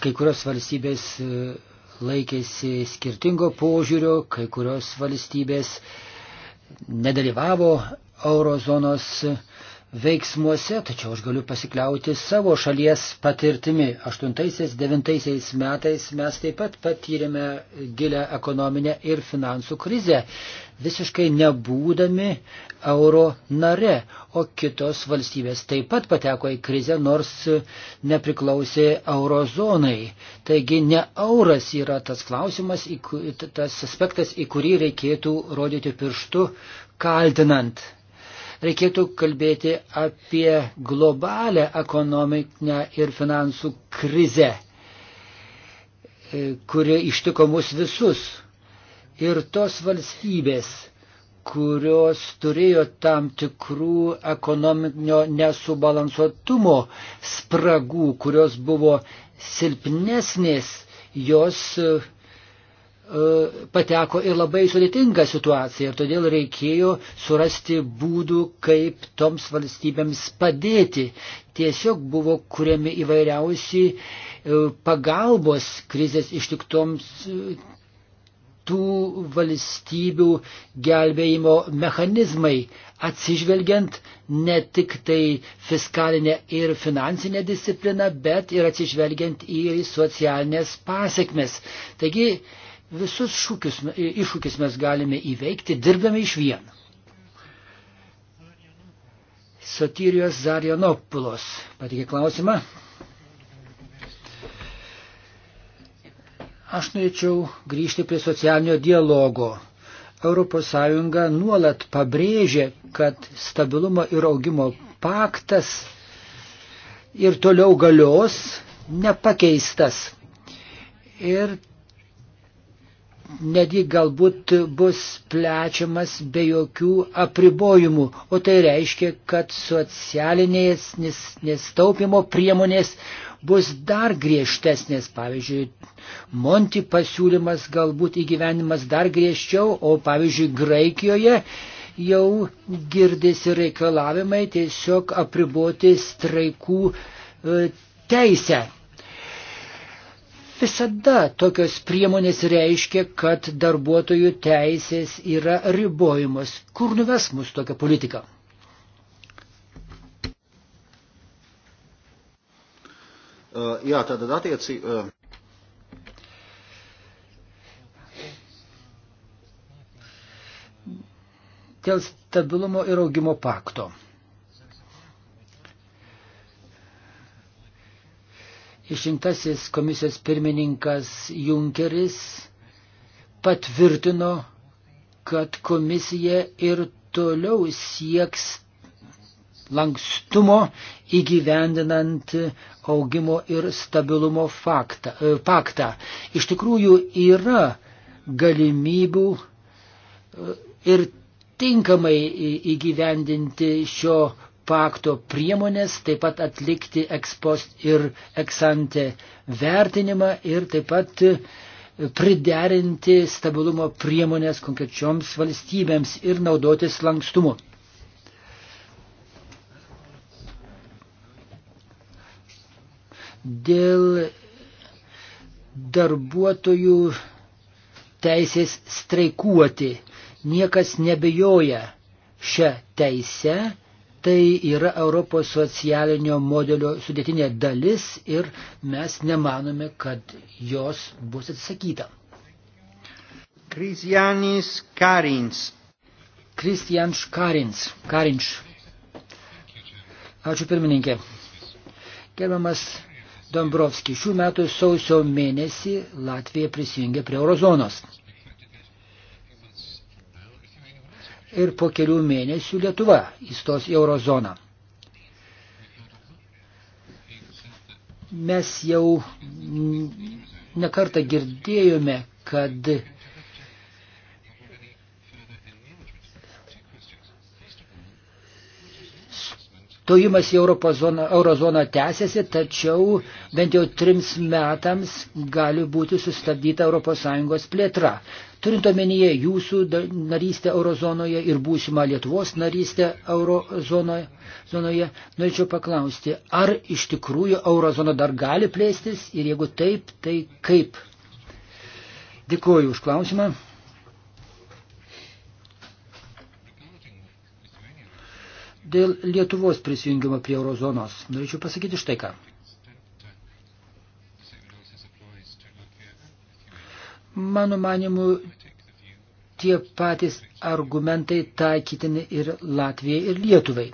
kai kurios valstybės e, laikėsi skirtingo požiūrio, kai kurios valstybės nedalyvavo eurozonos veiksmuose, tačiau aš galiu pasikliauti savo šalies patirtimi. 8-9 metais mes taip pat patyrėme gilę ekonominę ir finansų krizę, visiškai nebūdami euro nare, o kitos valstybės taip pat pateko į krizę, nors nepriklausė eurozonai. Taigi ne euras yra tas klausimas, tas aspektas, į kurį reikėtų rodyti pirštu, kaltinant reikėtų kalbėti apie globalę ekonominę ir finansų krizę, e, kuri ištiko mus visus. Ir tos valstybės, kurios turėjo tam tikrų ekonominio nesubalansuotumo spragų, kurios buvo silpnesnės, jos uh, pateko ir labai sudėtinga situacija ir todėl reikėjo surasti būdų, kaip toms valstybėms padėti. Tiesiog buvo kuriami įvairiausi e, pagalbos krizės ištiktoms e, tų valstybių gelbėjimo mechanizmai, atsižvelgiant ne tik tai fiskalinę ir finansinę discipliną, bet ir atsižvelgiant į socialinės pasiekmes. Taigi Visus šūkius, e, iššūkis mes galime įveikti, dirbdami iš vieną. Sotirijos Zarianopulos patikė klausimą. Aš norėčiau grįžti prie socialinio dialogo. ES nuolat pabrėžė, kad stabilumo ir augimo paktas ir toliau galios nepakeistas. Ir netgi galbūt bus plečiamas be jokių apribojimų, o tai reiškia, kad socialinės nestaupimo priemonės bus dar griežtesnės. Pavyzdžiui, Monti pasiūlymas galbūt įgyvenimas dar griežčiau, o pavyzdžiui, Graikijoje jau girdisi reikalavimai tiesiog apriboti straikų e, teisę. Visada tokios priemonės reiškia, kad darbuotojų teisės yra ribojamos. Kur nuves mus tokia politika? Uh, jā, tātad attieci. Uh... Dėl stabilumo ir augimo pakto. Išrinktasis komisijos pirmininkas Junkeris patvirtino, kad komisija ir toliau sieks lankstumo įgyvendinant augimo ir stabilumo faktą, e, paktą. Iš tikrųjų yra galimybių e, ir tinkamai įgyvendinti šio pakto priemonės, taip pat atlikti ekspost ir eksante vertinimą ir taip pat e, priderinti stabilumo priemonės konkrečioms valstybėms ir naudotis lankstumu. Dėl darbuotojų teisės streikuoti niekas nebejoja šią teisę Tai yra Europos socialinio modelio sudėtinė dalis ir mes nemanome, kad jos bus atsakyta. Kristianis Karins. Kristianš Karins. Karinš. Ačiū pirmininkė. Gerbiamas Dombrovskis, šių metų sausio mėnesį Latvija prisijungė prie eurozonos. ir po kelių mėnesių Lietuva įstos į eurozoną. Mes jau nekartą girdėjome, kad Stojimas į eurozoną, eurozoną tęsiasi, tačiau bent jau trims metams gali būti sustabdyta ES plėtra. Turint omenyje jūsų narystę eurozonoje ir būsimą Lietuvos narystę eurozonoje, zonoje, norėčiau paklausti, ar iš tikrųjų eurozona dar gali plėstis ir jeigu taip, tai kaip? Dėkuoju už klausimą. Dėl Lietuvos prisijungimo prie eurozonos norėčiau pasakyti štai ką. Mano manimu, tie patys argumentai taikytini ir Latvijai, ir Lietuvai.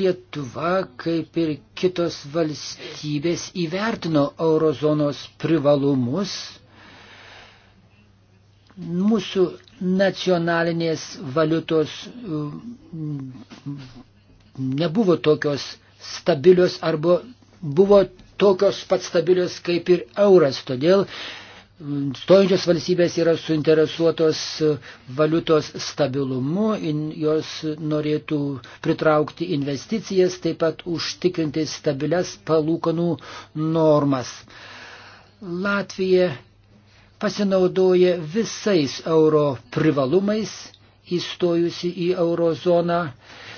Lietuva, kaip ir kitos valstybės, įvertino eurozonos privalumus. Mūsų nacionalinės valiutos mm, nebuvo tokios stabilios arba buvo tokios pat stabilios kaip ir euras. Todėl Stojančios valstybės yra suinteresuotos valiutos stabilumu, jos norėtų pritraukti investicijas, taip pat užtikrinti stabilias palūkanų normas. Latvija pasinaudoja visais euro privalumais įstojusi į eurozoną.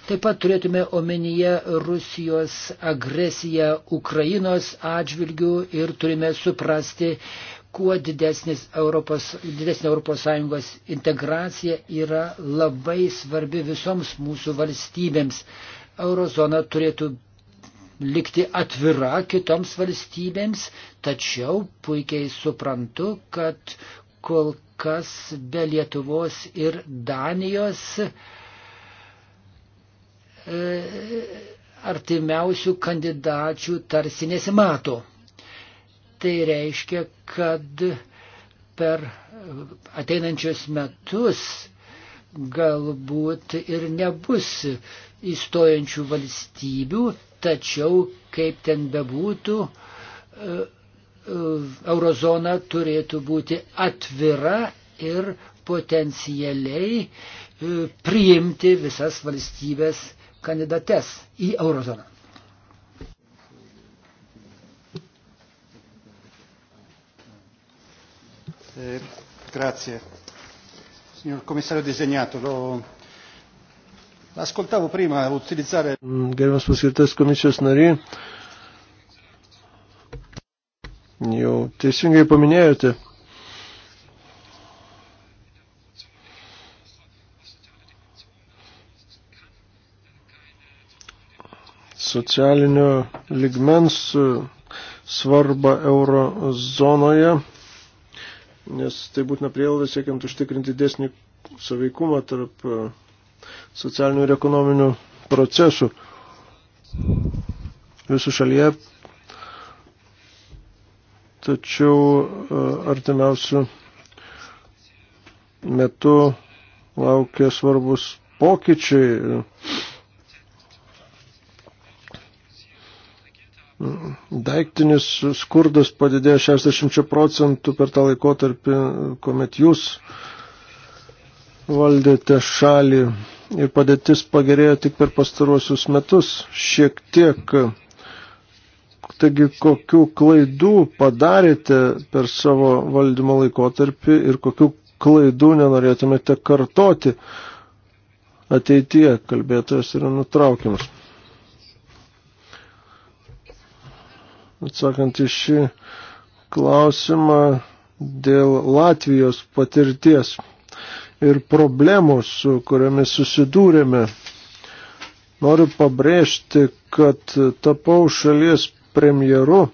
Taip pat turėtume omenyje Rusijos agresiją Ukrainos atžvilgių ir turime suprasti, kuo didesnis Europos, didesnė ES integracija yra labai svarbi visoms mūsų valstybėms. Eurozona turėtų likti atvira kitoms valstybėms, tačiau puikiai suprantu, kad kol kas be Lietuvos ir Danijos e, artimiausių kandidačių tarsi nesimato. Tai reiškia, kad per ateinančius metus galbūt ir nebus įstojančių valstybių, tačiau kaip ten bebūtų, e, e, eurozona turėtų būti atvira ir potencialiai e, priimti visas valstybės kandidates į eurozoną. Eh, grazie. Signor commissario designato, lo... ascoltavo prima utilizzare. Mm, gerbiamas paskirtas komisijos nariai, jau teisingai paminėjote. socialinio ligmens svarbą euro zonoje nes tai būtina prielaida siekiant užtikrinti dėsnį saveikumą tarp e, socialinių ir ekonominių procesų visų šalyje. Tačiau e, artimiausių metų laukia svarbus pokyčiai daiktinis skurdas padidėjo 60 procentų per tą laikotarpį, kuomet jūs valdėte šalį ir padėtis pagerėjo tik per pastaruosius metus šiek tiek. Taigi, kokių klaidų padarėte per savo valdymo laikotarpį ir kokių klaidų nenorėtumėte kartoti ateityje, kalbėtojas yra nutraukiamas. atsakant į šį klausimą dėl Latvijos patirties ir problemų, su kuriamis susidūrėme. Noriu pabrėžti, kad tapau šalies premjeru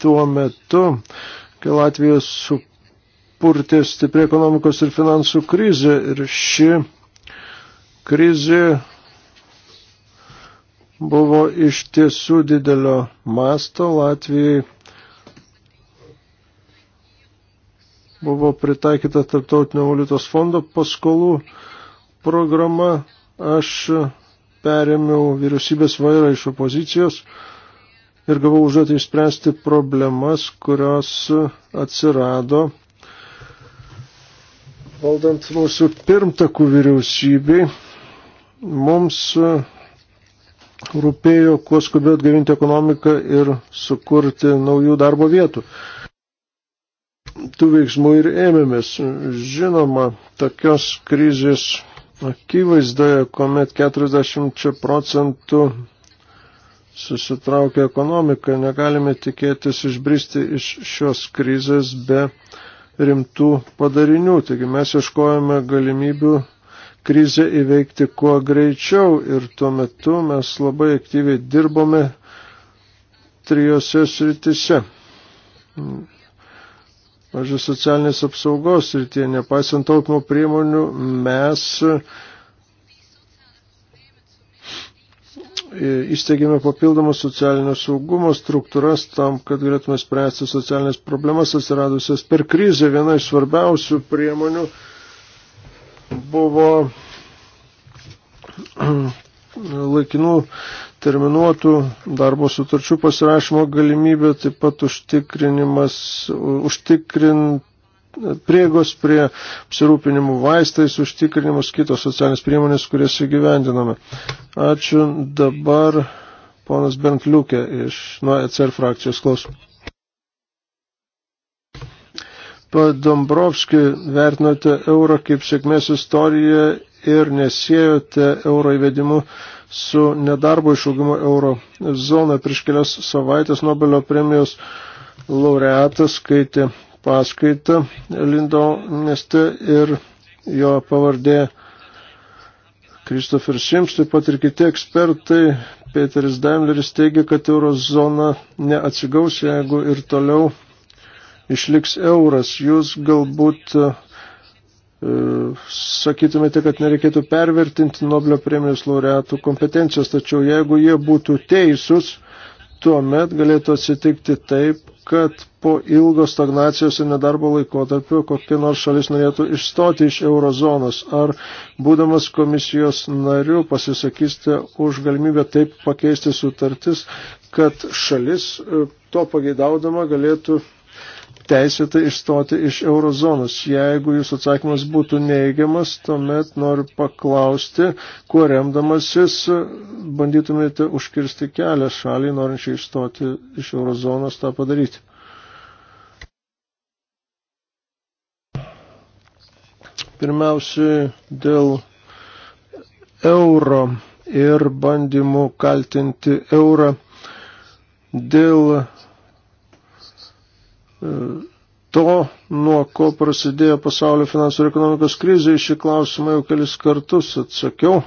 tuo metu, kai Latvijos supurtė stipri ekonomikos ir finansų krizė ir ši krizė buvo iš tiesų didelio masto Latvijai. Buvo pritaikyta Tarptautinio valiutos fondo paskolų programa. Aš perėmiau vyriausybės vairą iš opozicijos ir gavau užduotį išspręsti problemas, kurios atsirado valdant mūsų pirmtakų vyriausybei. Mums rūpėjo, kuo skubiau atgavinti ekonomiką ir sukurti naujų darbo vietų. Tų veiksmų ir ėmėmės. Žinoma, tokios krizės akivaizdoje, kuomet 40 procentų susitraukia ekonomika, negalime tikėtis išbristi iš šios krizės be rimtų padarinių. Taigi mes ieškojame galimybių krizę įveikti kuo greičiau ir tuo metu mes labai aktyviai dirbome trijose sritise. Pavyzdžiui, socialinės apsaugos srityje, nepaisant taupimo priemonių, mes įsteigėme papildomas socialinio saugumo struktūras tam, kad galėtume spręsti socialinės problemas atsiradusias per krizę. Viena iš svarbiausių priemonių buvo laikinų terminuotų darbo sutarčių pasirašymo galimybė, taip pat užtikrinimas, užtikrint priegos prie apsirūpinimų vaistais, užtikrinimas kitos socialinės priemonės, kurias įgyvendiname. Ačiū dabar ponas Bent Liukė iš nuo ECR frakcijos klausimų. Dombrovskį vertinote eurą kaip sėkmės istoriją ir nesėjote euro įvedimu su nedarbo išaugimu euro zoną. Prieš kelias savaitės Nobelio premijos laureatas skaitė paskaitą Lindo mieste ir jo pavardė Kristofer Šims, taip pat ir kiti ekspertai, Peteris Daimleris teigia, kad eurozona neatsigaus, jeigu ir toliau išliks euras. Jūs galbūt e, e, sakytumėte, kad nereikėtų pervertinti Nobelio premijos laureatų kompetencijos, tačiau jeigu jie būtų teisūs, tuomet galėtų atsitikti taip, kad po ilgo stagnacijos ir nedarbo laikotarpio kokia nors šalis norėtų išstoti iš eurozonos. Ar būdamas komisijos nariu pasisakysite už galimybę taip pakeisti sutartis, kad šalis e, to pageidaudama galėtų teisėtai išstoti iš eurozonos. Jeigu jūsų atsakymas būtų neigiamas, tuomet noriu paklausti, kuo remdamasis bandytumėte užkirsti kelią šaliai, norinčiai išstoti iš eurozonos tą padaryti. Pirmiausiai dėl euro ir bandymų kaltinti eurą dėl to, nuo ko prasidėjo pasaulio finansų ir ekonomikos krizė, šį klausimą jau kelis kartus atsakiau.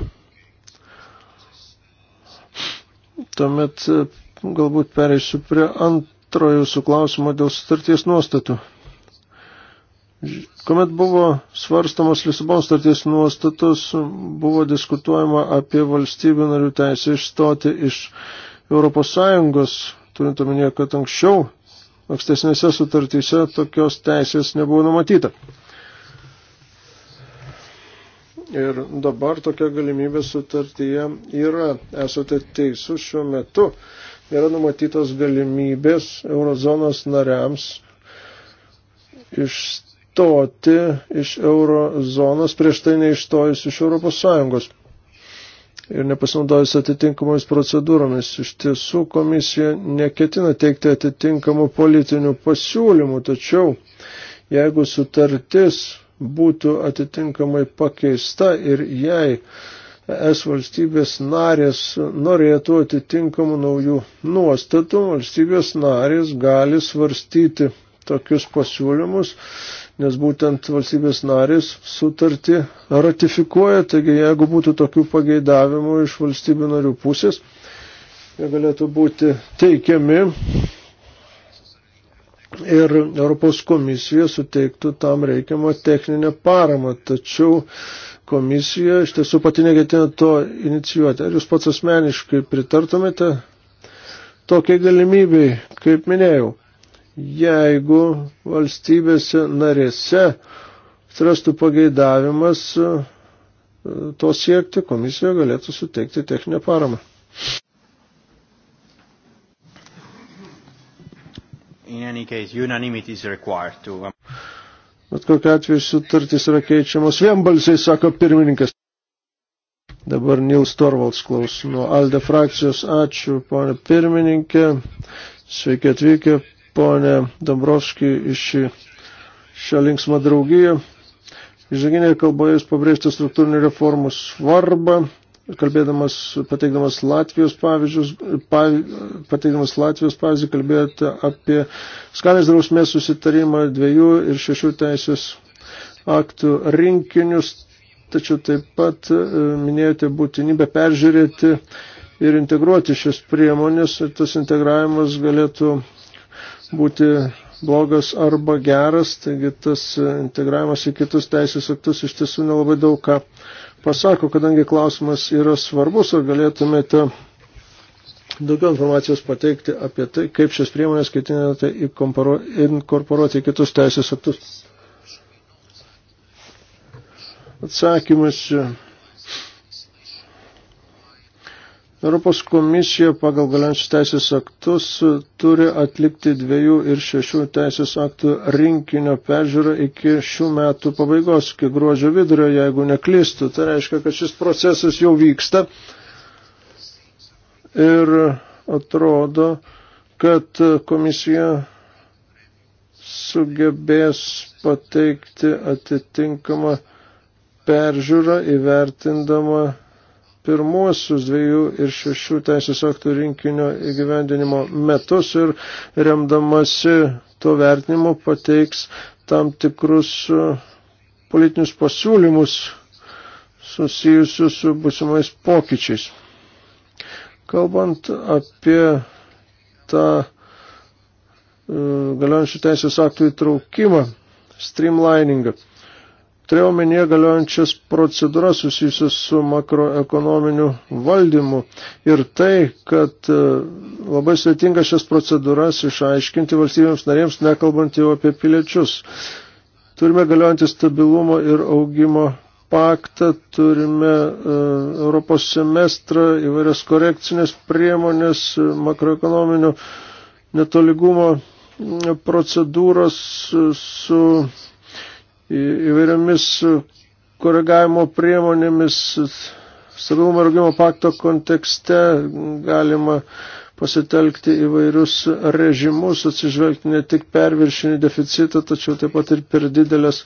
Tuomet e, galbūt pereisiu prie antro jūsų klausimo dėl sutarties nuostatų. Komet buvo svarstamos Lisabonos starties nuostatos, buvo diskutuojama apie valstybių narių teisę išstoti iš Europos Sąjungos, turint omenyje, kad anksčiau Ankstesnėse sutartyse tokios teisės nebuvo numatyta. Ir dabar tokia galimybė sutartyje yra. Esate teisūs šiuo metu. Yra numatytos galimybės eurozonos nariams išstoti iš eurozonos prieš tai neištojus iš Europos Sąjungos ir nepasinaudojus atitinkamomis procedūromis. Iš tiesų komisija neketina teikti atitinkamų politinių pasiūlymų, tačiau jeigu sutartis būtų atitinkamai pakeista ir jei es valstybės narės norėtų atitinkamų naujų nuostatų, valstybės narės gali svarstyti tokius pasiūlymus nes būtent valstybės narės sutartį ratifikuoja, taigi jeigu būtų tokių pageidavimų iš valstybių narių pusės, jie galėtų būti teikiami ir Europos komisija suteiktų tam reikiamą techninę paramą, tačiau komisija iš tiesų pati negetina to inicijuoti. Ar jūs pats asmeniškai pritartumėte tokiai galimybei, kaip minėjau? jeigu valstybėse narėse atsirastų pageidavimas e, to siekti, komisija galėtų suteikti techninę paramą. Um, Bet kokiu atveju sutartys yra keičiamos vienbalsiai, sako pirmininkas. Dabar Nils Torvalds klaus nuo Alde frakcijos. Ačiū, ponė pirmininkė. Sveiki atvykę, ponė Dombrovskį iš šią linksmą draugiją. Įžaginėje kalboje jis pabrėžta struktūrinių reformų svarbą, kalbėdamas, pateikdamas Latvijos pavyzdžius, pav, pateikdamas Latvijos pavyzdį, kalbėjote apie skalės drausmės susitarimą dviejų ir šešių teisės aktų rinkinius, tačiau taip pat e, minėjote būtinybę peržiūrėti ir integruoti šias priemonės ir tas integravimas galėtų būti blogas arba geras, taigi tas integravimas į kitus teisės aktus iš tiesų nelabai daug ką pasako, kadangi klausimas yra svarbus, ar galėtumėte daugiau informacijos pateikti apie tai, kaip šias priemonės ketinate inkorporuoti į kitus teisės aktus. Atsakymas Europos komisija pagal galiančius teisės aktus turi atlikti dviejų ir šešių teisės aktų rinkinio peržiūrą iki šių metų pabaigos, iki gruodžio vidurio, jeigu neklystu. Tai reiškia, kad šis procesas jau vyksta ir atrodo, kad komisija sugebės pateikti atitinkamą peržiūrą įvertindama pirmuosius dviejų ir šešių teisės aktų rinkinio įgyvendinimo metus ir remdamasi to vertinimo pateiks tam tikrus e, politinius pasiūlymus susijusius su būsimais pokyčiais. Kalbant apie tą e, galiojančių teisės aktų įtraukimą, streamliningą. Turėjau menyje galiojančias procedūras susijusias su makroekonominiu valdymu ir tai, kad e, labai sveitinga šias procedūras išaiškinti valstybėms narėms, nekalbant jau apie piliečius. Turime galiojantį stabilumo ir augimo paktą, turime e, Europos semestrą, įvairias korekcinės priemonės, makroekonominio netoligumo procedūros su įvairiomis e, koregavimo priemonėmis stabilumo ir augimo pakto kontekste galima pasitelkti įvairius režimus, atsižvelgti ne tik perviršinį deficitą, tačiau taip pat ir per didelės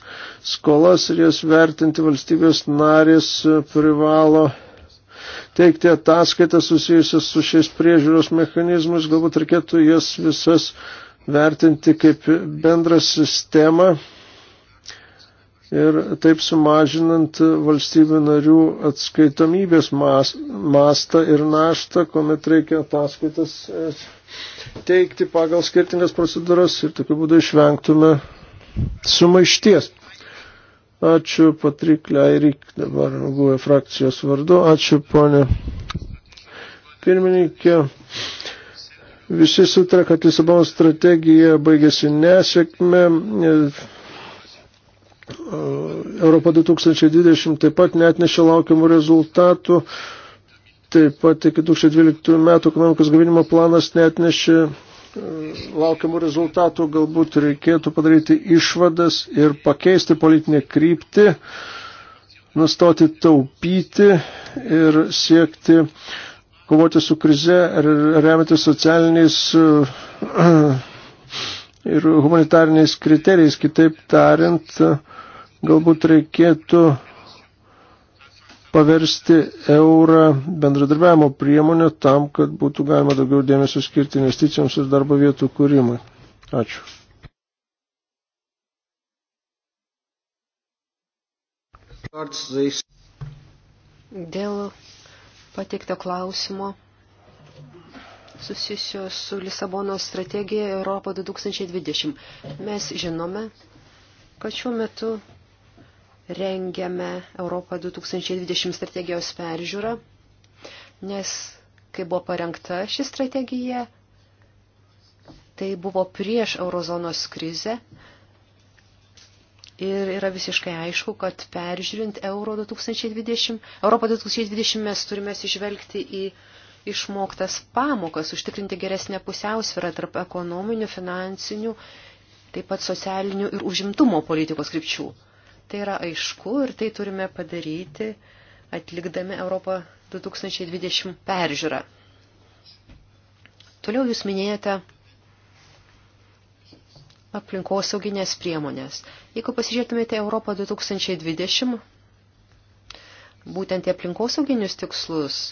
skolas ir jas vertinti valstybės narės privalo teikti ataskaitą susijusias su šiais priežiūros mechanizmus, galbūt reikėtų jas visas vertinti kaip bendrą sistemą ir taip sumažinant valstybių narių atskaitomybės mas, mastą ir naštą, kuomet reikia ataskaitas e, teikti pagal skirtingas procedūras ir tokiu būdu išvengtume sumaišties. Ačiū Patrik Leirik, dabar buvo e frakcijos vardu. Ačiū ponė pirmininkė. Visi sutra, kad Lisabono strategija baigėsi nesėkmė Europa 2020 taip pat netnešė laukiamų rezultatų. Taip pat iki 2012 metų ekonomikos gavinimo planas netnešė e, laukiamų rezultatų. Galbūt reikėtų padaryti išvadas ir pakeisti politinę kryptį, nustoti taupyti ir siekti kovoti su krize, remti socialiniais e, ir humanitariniais kriterijais. Kitaip tariant, Galbūt reikėtų paversti eurą bendradarbiavimo priemonę tam, kad būtų galima daugiau dėmesio skirti investicijoms ir darbo vietų kūrimui. Ačiū. Dėl pateikto klausimo susijusio su Lisabonos strategija Europo 2020. Mes žinome, kad šiuo metu rengiame Europą 2020 strategijos peržiūrą, nes kai buvo parengta ši strategija, tai buvo prieš eurozonos krizę ir yra visiškai aišku, kad peržiūrint Euro 2020, Europą 2020 mes turime išvelgti į išmoktas pamokas, užtikrinti geresnę pusiausvyrą tarp ekonominių, finansinių, taip pat socialinių ir užimtumo politikos krypčių. Tai yra aišku ir tai turime padaryti atlikdami Europą 2020 peržiūrą. Toliau jūs minėjote aplinkosauginės priemonės. Jeigu pasižiūrėtumėte Europą 2020, būtent į aplinkosauginius tikslus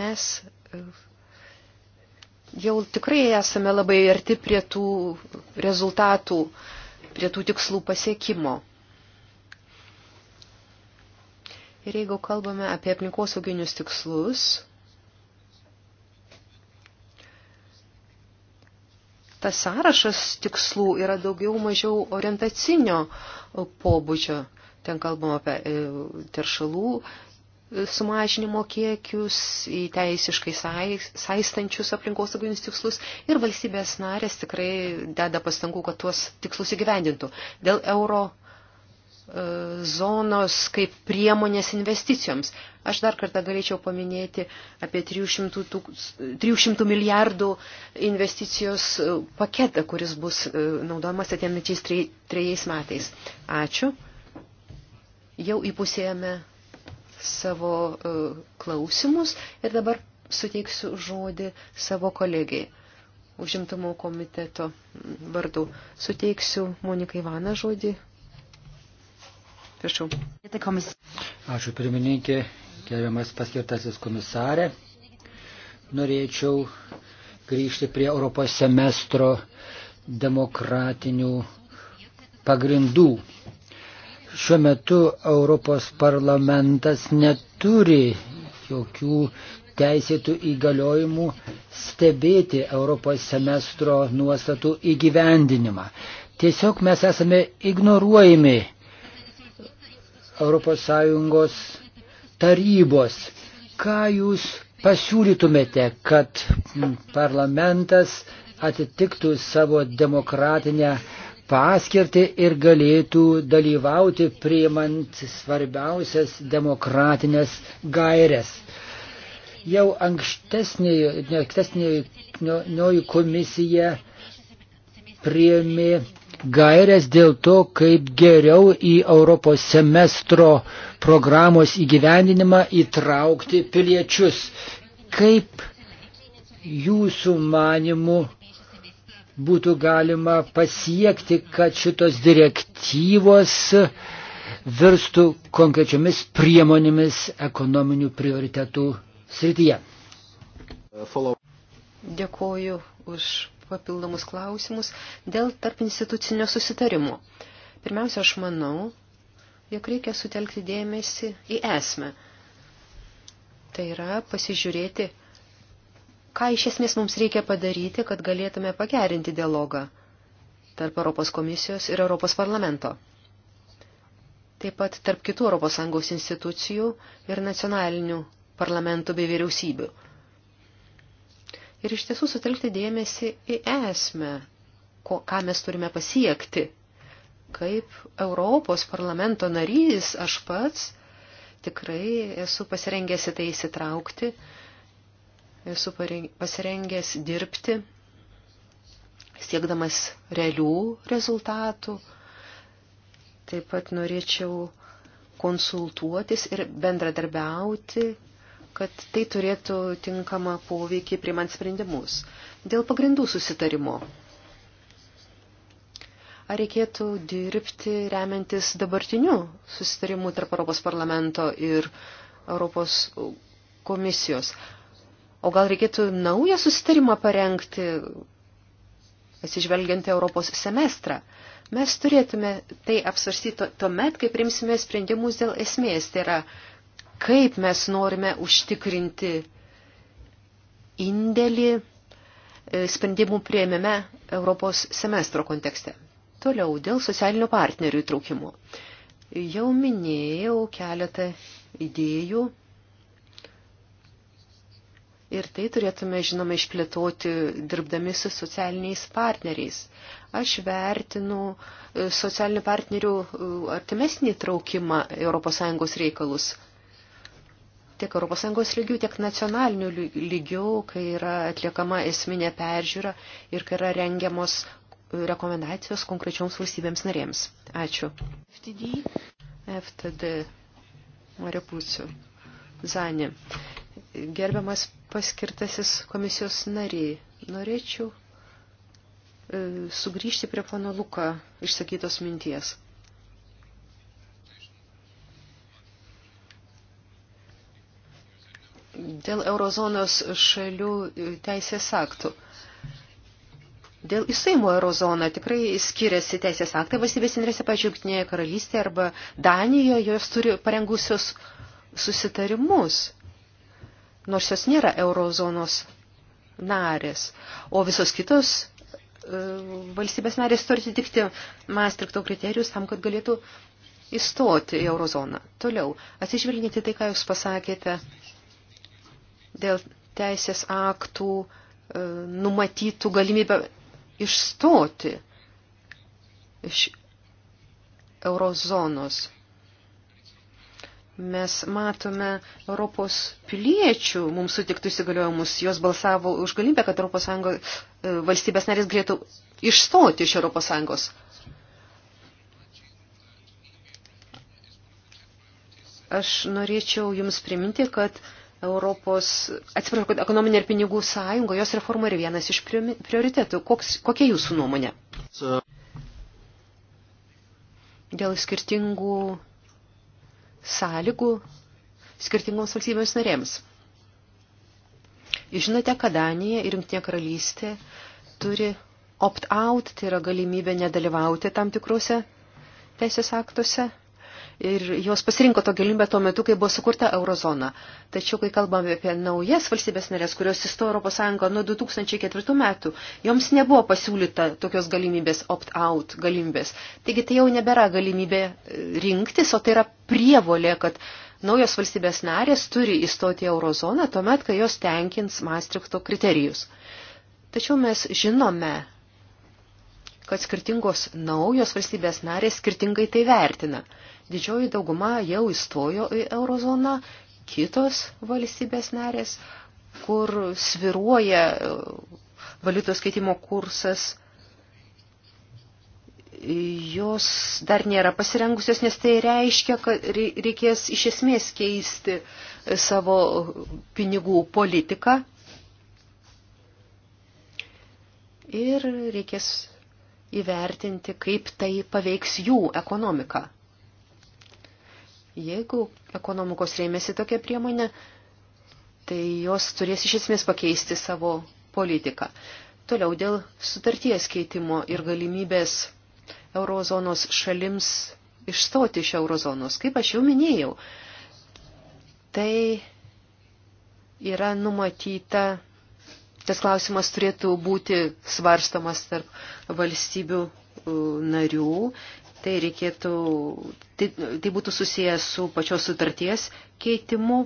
mes jau tikrai esame labai arti prie tų rezultatų, prie tų tikslų pasiekimo. Ir jeigu kalbame apie aplinkosauginius tikslus, tas sąrašas tikslų yra daugiau mažiau orientacinio pobūdžio. Ten kalbama apie e, teršalų sumažinimo kiekius, į teisiškai saistančius aplinkosauginius tikslus ir valstybės narės tikrai deda pastangų, kad tuos tikslus įgyvendintų. Dėl euro e, zonos kaip priemonės investicijoms. Aš dar kartą galėčiau paminėti apie 300, tuk, 300 milijardų investicijos e, paketą, kuris bus e, naudojamas atėmečiais trejais metais. Ačiū. Jau įpusėjame savo e, klausimus ir dabar suteiksiu žodį savo kolegijai. Užimtumo komiteto vardu suteiksiu Monikai Vaną žodį. Prašau. Ačiū pirmininkė, gerbiamas paskirtasis komisarė. Norėčiau grįžti prie Europos semestro demokratinių pagrindų šiuo metu Europos parlamentas neturi jokių teisėtų įgaliojimų stebėti Europos semestro nuostatų įgyvendinimą. Tiesiog mes esame ignoruojami ES tarybos. Ką jūs pasiūlytumėte, kad parlamentas atitiktų savo demokratinę uh, paskirtį ir galėtų dalyvauti priimant svarbiausias demokratinės gairias. Jau ankstesnioji komisija priėmė gairias dėl to, kaip geriau į Europos semestro programos įgyvendinimą įtraukti piliečius. Kaip jūsų manimu būtų galima pasiekti, kad šitos direktyvos virstų konkrečiomis priemonėmis ekonominių prioritetų srityje. Dėkoju už papildomus klausimus dėl tarp institucinio susitarimo. Pirmiausia, aš manau, jog reikia sutelkti dėmesį į esmę. Tai yra pasižiūrėti, Ką iš esmės mums reikia padaryti, kad galėtume pagerinti dialogą tarp Europos komisijos ir Europos parlamento? Taip pat tarp kitų ES institucijų ir nacionalinių parlamentų bei vyriausybių. Ir iš tiesų sutelkti dėmesį į esmę, ko, ką mes turime pasiekti. Kaip Europos parlamento narys aš pats tikrai esu pasirengęs į tai įsitraukti esu pasirengęs dirbti, siekdamas realių rezultatų. Taip pat norėčiau konsultuotis ir bendradarbiauti, kad tai turėtų tinkamą poveikį primant sprendimus. Dėl pagrindų susitarimo. Ar reikėtų dirbti remiantis dabartiniu susitarimu tarp Europos parlamento ir Europos komisijos? O gal reikėtų naują susitarimą parengti, pasižvelgiant Europos semestrą? Mes turėtume tai apsvarstyti tuomet, kai primsime sprendimus dėl esmės. Tai yra, kaip mes norime užtikrinti indėlį e, sprendimų prieimime Europos semestro kontekste. Toliau, dėl socialinių partnerių įtraukimų. Jau minėjau keletą idėjų Ir tai turėtume, žinoma, išplėtoti dirbdami su socialiniais partneriais. Aš vertinu e, socialinių partnerių e, artimesnį traukimą ES reikalus. Tiek ES lygių, tiek nacionalinių lygių, kai yra atliekama esminė peržiūra ir kai yra rengiamos e, rekomendacijos konkrečioms valstybėms narėms. Ačiū. FTD. FTD. Marepūciu. Zani. Gerbiamas paskirtasis komisijos nariai. Norėčiau e, sugrįžti prie pono Luka išsakytos minties. Dėl eurozonos šalių e, teisės aktų. Dėl įsaimo eurozoną tikrai skiriasi teisės aktai valstybės interese, pažiūrėjau, Junktinėje karalystėje arba Danijoje, jos turi parengusios susitarimus nors jos nėra eurozonos narės, o visos kitos e, valstybės narės turi atitikti Maastrichto kriterijus tam, kad galėtų įstoti į eurozoną. Toliau, atsižvelginti tai, ką jūs pasakėte dėl teisės aktų e, numatytų galimybę išstoti iš eurozonos mes matome Europos piliečių mums sutiktų įsigaliojimus. Jos balsavo už galimybę, kad Europos Sąjungos e, valstybės narės galėtų išstoti iš Europos Sąjungos. Aš norėčiau Jums priminti, kad Europos, atsiprašau, kad ekonominė ir pinigų sąjunga, jos reforma yra vienas iš prioritetų. Koks, kokia Jūsų nuomonė? Dėl skirtingų sąlygų skirtingoms valstybėms narėms. Žinote, kad Danija ir Junktinė karalystė turi opt-out, tai yra galimybė nedalyvauti tam tikrose teisės aktuose ir jos pasirinko to galimybę tuo metu, kai buvo sukurta eurozona. Tačiau, kai kalbame apie naujas valstybės narės, kurios įstojo Europos Sąjungą nuo 2004 metų, joms nebuvo pasiūlyta tokios galimybės opt-out galimybės. Taigi tai jau nebėra galimybė e, rinktis, o tai yra prievolė, kad naujos valstybės narės turi įstoti eurozoną tuomet, kai jos tenkins Maastrichto kriterijus. Tačiau mes žinome, kad skirtingos naujos valstybės narės skirtingai tai vertina. Didžioji dauguma jau įstojo į eurozoną, kitos valstybės narės, kur sviruoja e, valiutos keitimo kursas, jos dar nėra pasirengusios, nes tai reiškia, kad reikės iš esmės keisti e, savo pinigų politiką ir reikės įvertinti, kaip tai paveiks jų ekonomiką. Jeigu ekonomikos rėmėsi tokia priemonė, tai jos turės iš esmės pakeisti savo politiką. Toliau dėl sutarties keitimo ir galimybės eurozonos šalims išstoti iš eurozonos, kaip aš jau minėjau, tai yra numatyta, tas klausimas turėtų būti svarstomas tarp valstybių uh, narių Tai reikėtų, tai, tai būtų susijęs su pačios sutarties keitimu,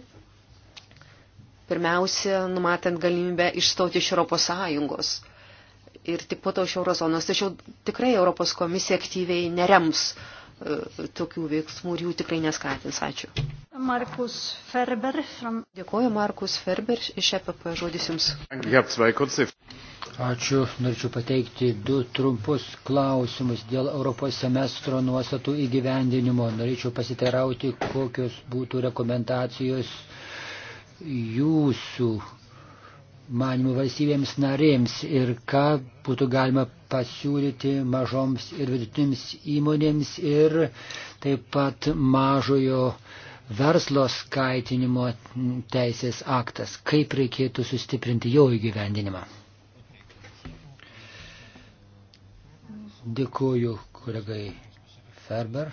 pirmiausia, numatant galimybę išstoti iš Europos Sąjungos ir tik po to iš Eurozonos. Tačiau tikrai Europos komisija aktyviai nerems e, tokių veiksmų ir jų tikrai neskatins. Ačiū. Markus Ferber. From... Dėkuoju, Markus Ferber iš EPP. Žodis Jums. Ačiū. Norėčiau pateikti du trumpus klausimus dėl Europos semestro nuostatų įgyvendinimo. Norėčiau pasiteirauti, kokios būtų rekomendacijos jūsų manimų valstybėms narėms ir ką būtų galima pasiūlyti mažoms ir vidutinėms įmonėms ir taip pat mažojo verslo skaitinimo teisės aktas. Kaip reikėtų sustiprinti jo įgyvendinimą? Dėkuoju kolegai Ferber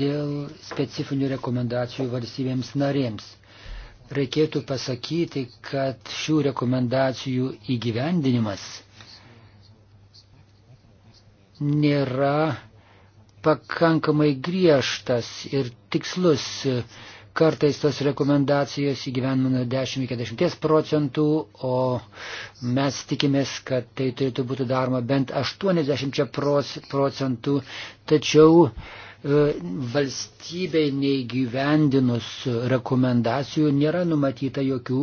dėl specifinių rekomendacijų valstybėms narėms. Reikėtų pasakyti, kad šių rekomendacijų įgyvendinimas nėra pakankamai griežtas ir tikslus kartais tos rekomendacijos įgyvenimo 10-40 procentų, o mes tikimės, kad tai turėtų būti daroma bent 80 procentų, tačiau e, valstybei neįgyvendinus rekomendacijų nėra numatyta jokių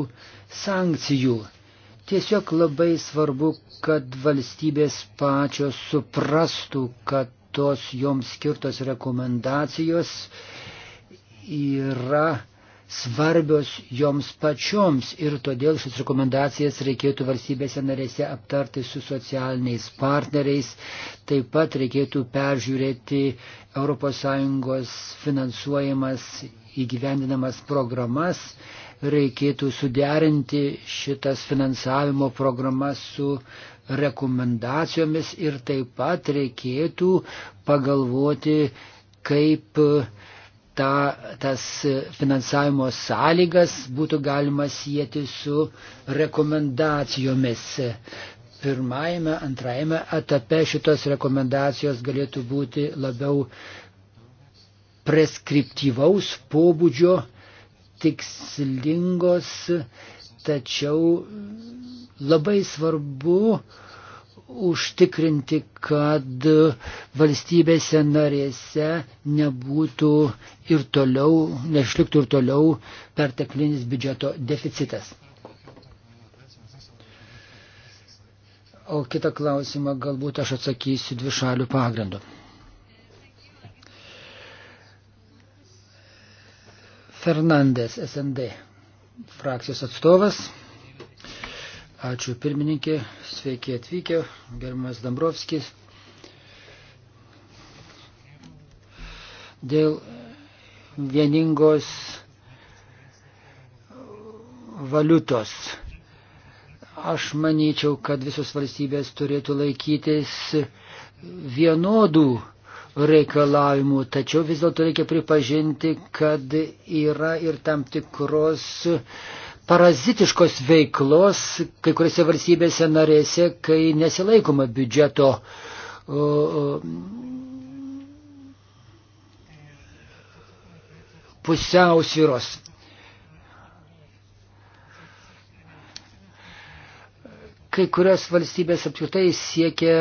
sankcijų. Tiesiog labai svarbu, kad valstybės pačios suprastų, kad tos joms skirtos rekomendacijos uh, yra svarbios joms pačioms ir todėl šis rekomendacijas reikėtų valstybėse narėse aptarti su socialiniais partneriais. Taip pat reikėtų peržiūrėti ES finansuojamas įgyvendinamas programas, reikėtų suderinti šitas finansavimo programas su rekomendacijomis ir taip pat reikėtų pagalvoti, kaip ta, tas finansavimo sąlygas būtų galima sieti su rekomendacijomis. Pirmajame, antrajame etape šitos rekomendacijos galėtų būti labiau preskriptyvaus pobūdžio, tikslingos, tačiau labai svarbu užtikrinti, kad valstybėse narėse nebūtų ir toliau, neišliktų ir toliau perteklinis biudžeto deficitas. O kitą klausimą galbūt aš atsakysiu dvi šalių pagrindu. Fernandes SND frakcijos atstovas. Ačiū pirmininkė, sveiki atvykę, gerbiamas Dambrovskis. Dėl vieningos valiutos. Aš manyčiau, kad visos valstybės turėtų laikytis vienodų reikalavimų, tačiau vis dėlto reikia pripažinti, kad yra ir tam tikros uh, parazitiškos veiklos kai kuriuose valstybėse narėse, kai nesilaikoma biudžeto pusiausvyros. Kai kurios valstybės apskritai siekia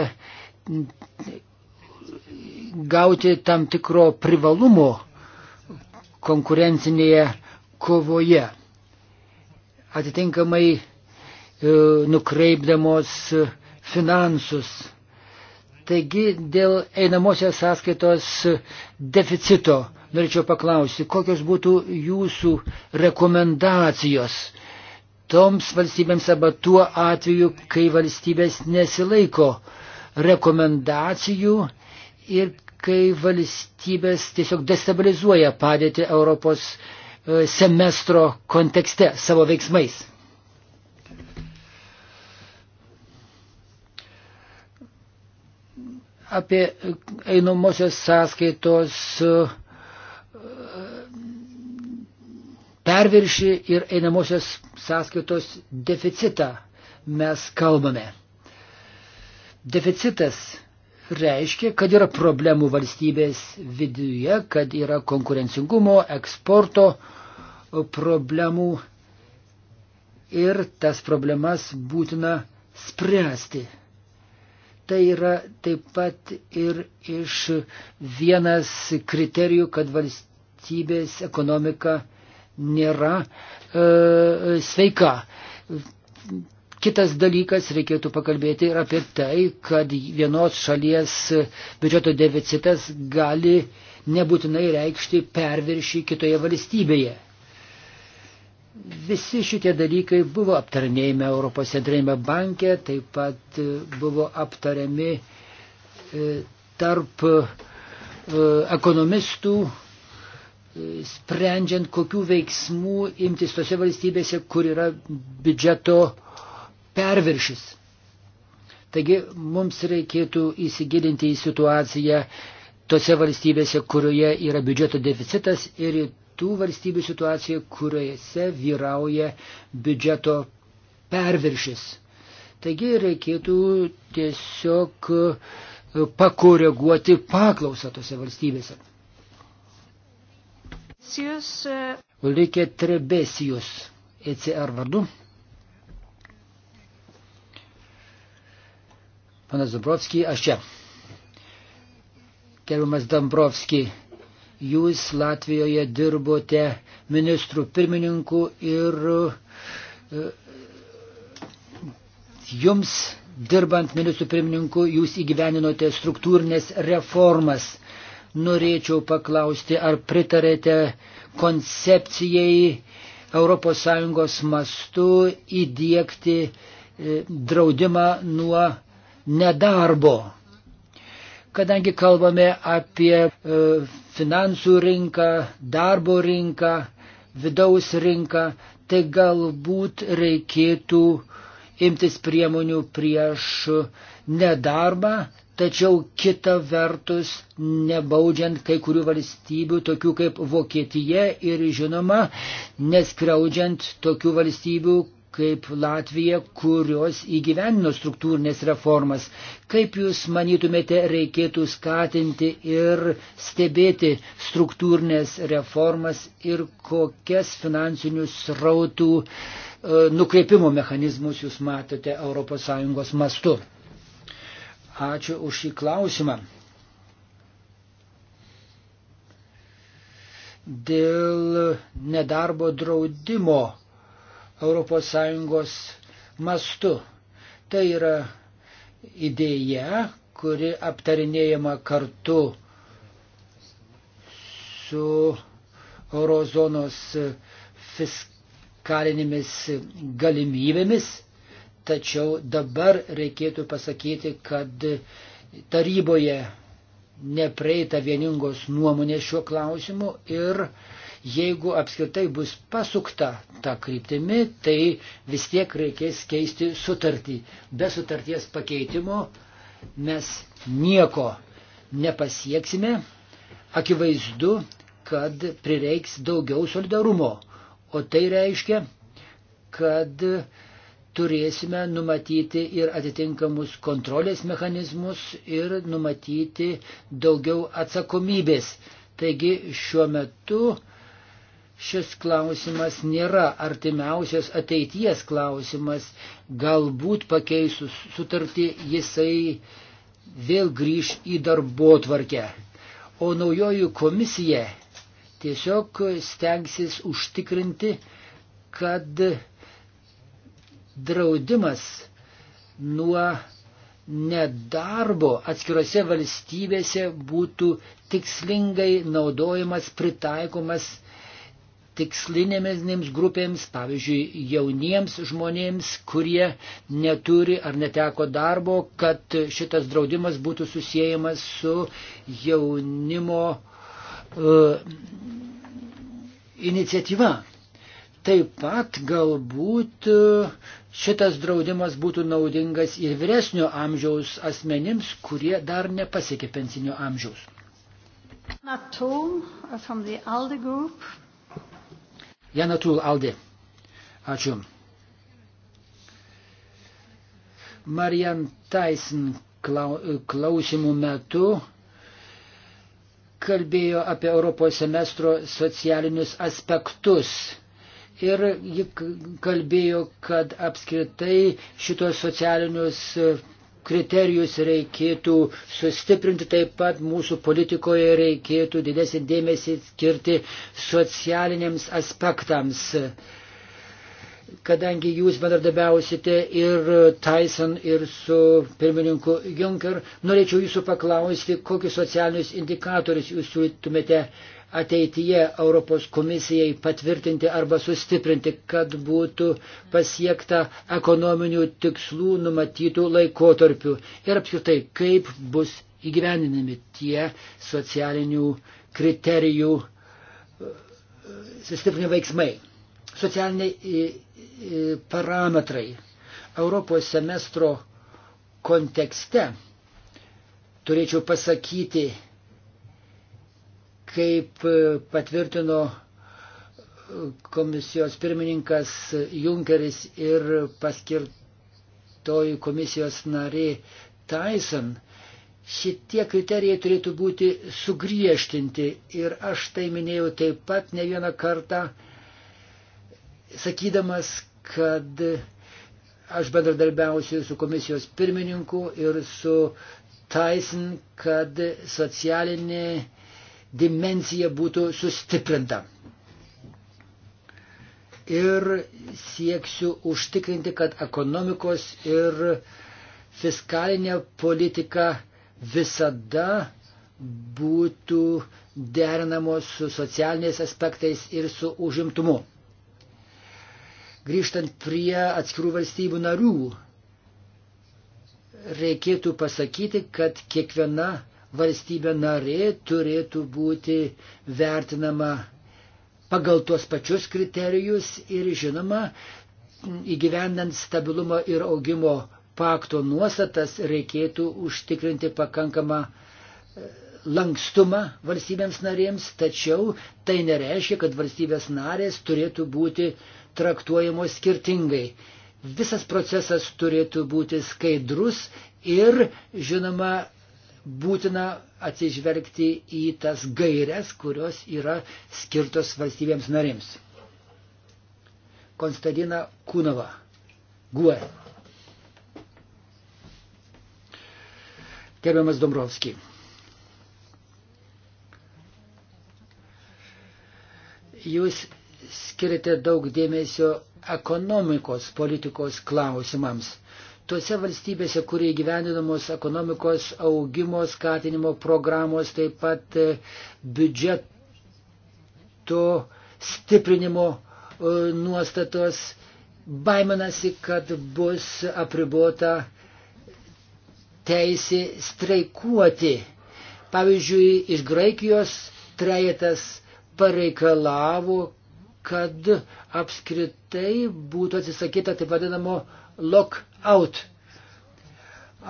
gauti tam tikro privalumo konkurencinėje kovoje atitinkamai e, nukreipdamos e, finansus. Taigi dėl einamosios sąskaitos e, deficito norėčiau paklausti, kokios būtų jūsų rekomendacijos toms valstybėms arba tuo atveju, kai valstybės nesilaiko rekomendacijų ir kai valstybės tiesiog destabilizuoja padėti Europos E, semestro kontekste savo veiksmais. Apie einamosios sąskaitos e, perviršį ir einamosios sąskaitos deficitą mes kalbame. Deficitas reiškia, kad yra problemų valstybės viduje, kad yra konkurencingumo, eksporto problemų ir tas problemas būtina spręsti. Tai yra taip pat ir iš vienas kriterijų, kad valstybės ekonomika nėra e, e sveika Kitas dalykas, reikėtų pakalbėti ir apie tai, kad vienos šalies biudžeto deficitas gali nebūtinai reikšti perviršį kitoje valstybėje. Visi šitie dalykai buvo aptarinėjami Europos centrinėme banke, taip pat e, buvo aptariami e, tarp e, ekonomistų, sprendžiant, kokių veiksmų imtis tose valstybėse, kur yra biudžeto perviršis. Taigi mums reikėtų įsigilinti į situaciją tose valstybėse, kurioje yra biudžeto deficitas ir tų valstybių situaciją, kuriuose vyrauja biudžeto perviršis. Taigi reikėtų tiesiog e, pakoreguoti paklausą tose valstybėse. E, Ulrike Trebesijus, ECR vardu. Panas Dubrovski, aš čia. Gerbiamas Dambrovski, jūs Latvijoje dirbote ministrų pirmininku ir e, jums dirbant ministrų pirmininku jūs įgyveninote struktūrinės reformas. Norėčiau paklausti, ar pritarėte koncepcijai ES mastu įdėkti e, draudimą nuo nedarbo. Kadangi kalbame apie e, finansų rinką, darbo rinką, vidaus rinką, tai galbūt reikėtų imtis priemonių prieš nedarbą, tačiau kita vertus nebaudžiant kai kurių valstybių, tokių kaip Vokietija ir žinoma, neskriaudžiant tokių valstybių kaip Latvija, kurios įgyvenino struktūrinės reformas. Kaip Jūs manytumėte, reikėtų skatinti ir stebėti struktūrinės reformas ir kokias finansinius rautų e, nukreipimo mechanizmus Jūs matote ES mastu? Ačiū už šį klausimą. Dėl nedarbo draudimo ES mastu. Tai yra idėja, kuri aptarinėjama kartu su eurozonos fiskalinėmis galimybėmis, tačiau dabar reikėtų pasakyti, kad taryboje nepreita vieningos nuomonės šiuo klausimu ir uh, jeigu apskritai bus pasukta tą kryptimį, tai vis tiek reikės keisti sutartį. Be sutarties pakeitimo mes nieko nepasieksime. Akivaizdu, kad prireiks daugiau solidarumo. O tai reiškia, kad turėsime numatyti ir atitinkamus kontrolės mechanizmus ir numatyti daugiau atsakomybės. Taigi šiuo metu šis klausimas nėra artimiausias ateities klausimas, galbūt pakeisus sutartį jisai vėl grįž į darbo tvarkę. O naujoji komisija tiesiog stengsis užtikrinti, kad draudimas nuo nedarbo atskirose valstybėse būtų tikslingai naudojamas, pritaikomas tikslinėmis grupėms, pavyzdžiui, jauniems žmonėms, kurie neturi ar neteko darbo, kad šitas draudimas būtų susijęjamas su jaunimo uh, iniciatyva. Taip pat galbūt e, šitas draudimas būtų naudingas ir vyresnio amžiaus asmenims, kurie dar nepasiekė pensinio amžiaus. Natu, from the ALDE group. Jana Tūl Aldė. Ačiū. Marian Tyson klausimų metu kalbėjo apie Europos semestro socialinius aspektus. Ir ji kalbėjo, kad apskritai šitos socialinius kriterijus reikėtų sustiprinti, taip pat mūsų politikoje reikėtų didesnį dėmesį skirti socialiniams aspektams kadangi jūs bendradarbiausite ir Tyson, ir su pirmininku Juncker, norėčiau jūsų paklausti, kokius socialinius indikatorius jūs siūlytumėte ateityje Europos komisijai patvirtinti arba sustiprinti, kad būtų pasiekta ekonominių tikslų numatytų laikotarpių ir apskritai, kaip bus įgyveninami tie socialinių kriterijų e, sustiprinimo veiksmai socialiniai parametrai. Europos semestro kontekste turėčiau pasakyti, kaip e, patvirtino e, komisijos pirmininkas Junkeris ir paskirtoji komisijos narė Tyson, šitie kriterijai turėtų būti sugriežtinti ir aš tai minėjau taip pat ne vieną kartą sakydamas, kad aš bendradarbiausiu su komisijos pirmininku ir su Tyson, kad socialinė dimensija būtų sustiprinta. Ir sieksiu užtikrinti, kad ekonomikos ir fiskalinė politika visada būtų derinamos su socialiniais aspektais ir su užimtumu grįžtant prie atskirų valstybių narių, reikėtų pasakyti, kad kiekviena valstybė narė turėtų būti vertinama pagal tuos pačius kriterijus ir žinoma, įgyvendant stabilumo ir augimo pakto nuostatas reikėtų užtikrinti pakankamą e, lankstumą valstybėms narėms, tačiau tai nereiškia, kad valstybės narės turėtų būti traktuojamos skirtingai. Visas procesas turėtų būti skaidrus ir, žinoma, būtina atsižvelgti į tas gairias, kurios yra skirtos valstybėms narėms. Konstantina Kūnova, GUE. Gerbiamas Dombrovski. Jūs skiriate daug dėmesio ekonomikos politikos klausimams. Tuose valstybėse, kurie gyveninamos ekonomikos augimo skatinimo programos, taip pat e, biudžeto stiprinimo e, nuostatos, baiminasi, kad bus apribota teisė streikuoti. Pavyzdžiui, iš Graikijos trejetas pareikalavo, kad apskritai būtų atsisakyta taip vadinamo lock-out.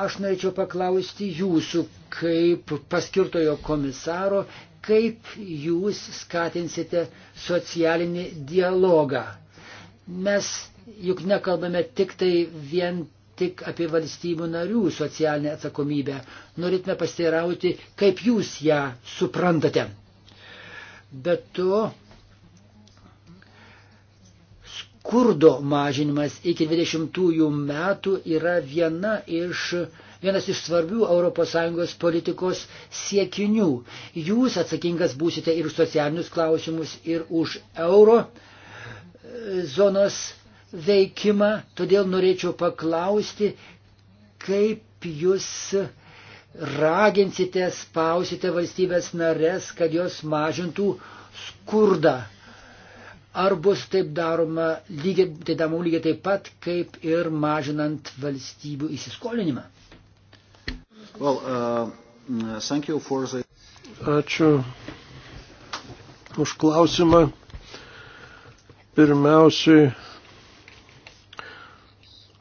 Aš norėčiau paklausti jūsų kaip paskirtojo komisaro, kaip jūs skatinsite socialinį dialogą. Mes juk nekalbame tik tai vien tik apie valstybių narių socialinę atsakomybę. Norėtume pasteirauti, kaip jūs ją suprantate. Bet to skurdo mažinimas iki 20 metų yra viena iš, vienas iš svarbių ES politikos siekinių. Jūs atsakingas būsite ir už socialinius klausimus, ir už euro e, zonos veikimą, todėl norėčiau paklausti, kaip jūs raginsite, spausite valstybės narės, kad jos mažintų skurdą Ar bus taip daroma lygiai, tai daroma lygiai taip pat, kaip ir mažinant valstybių įsiskolinimą? Well, uh, the... Ačiū už klausimą. Pirmiausiai,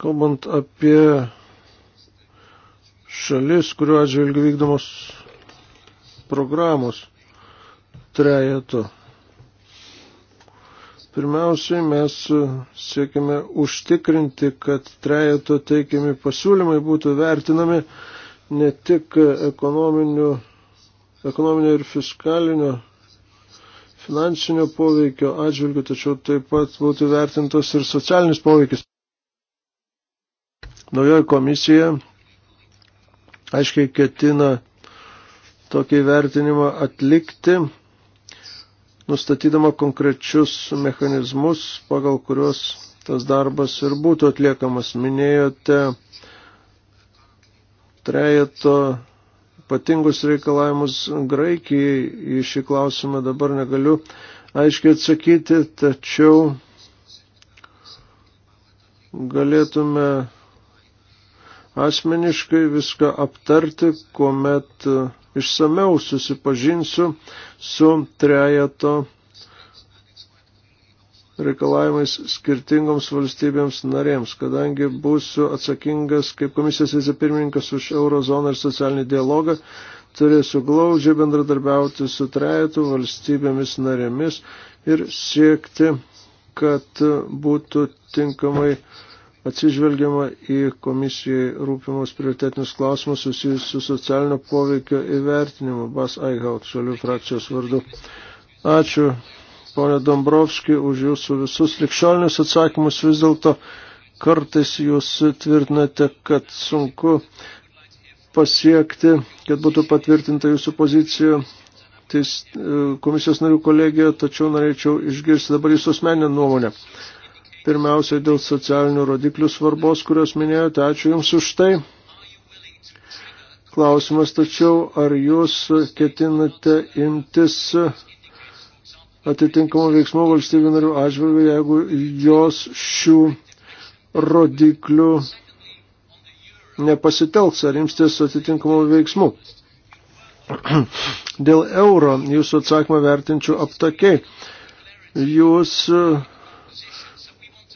kalbant apie šalis, kuriuo atžvilgiu vykdomos programos trejeto Pirmiausiai mes e, siekime užtikrinti, kad trejato teikiami pasiūlymai būtų vertinami ne tik ekonominio ir fiskalinio finansinio poveikio atžvilgių, tačiau taip pat būtų vertintas ir socialinis poveikis. Naujoji komisija aiškiai ketina tokį vertinimą atlikti nustatydama konkrečius mechanizmus, pagal kuriuos tas darbas ir būtų atliekamas. Minėjote trejeto ypatingus reikalavimus Graikijai, į šį klausimą dabar negaliu aiškiai atsakyti, tačiau galėtume asmeniškai viską aptarti, kuomet uh, išsameu susipažinsiu su trejato reikalavimais skirtingoms valstybėms narėms, kadangi būsiu atsakingas kaip komisijos vicepirmininkas už eurozoną ir socialinį dialogą, turėsiu glaudžiai bendradarbiauti su trejetu valstybėmis narėmis ir siekti, kad būtų tinkamai uh, atsižvelgiama į komisijai rūpimus prioritetinius klausimus susijusius su socialinio poveikio įvertinimu. Bas Aigaut, šalių frakcijos vardu. Ačiū, ponė Dombrovski, už jūsų visus likščiolinius atsakymus. Vis dėlto kartais jūs tvirtinate, kad sunku pasiekti, kad būtų patvirtinta jūsų pozicija teis, e, komisijos narių kolegijoje, tačiau norėčiau išgirsti dabar jūsų asmeninę nuomonę. Pirmiausia, dėl socialinių rodiklių svarbos, kurios minėjote. Ačiū Jums už tai. Klausimas tačiau, ar Jūs ketinate imtis atitinkamų veiksmų valstybių narių atžvilgių, jeigu jos šių rodiklių nepasitelks, ar imstis atitinkamų veiksmų. Dėl euro jūsų atsakymą vertinčiau aptakiai. Jūs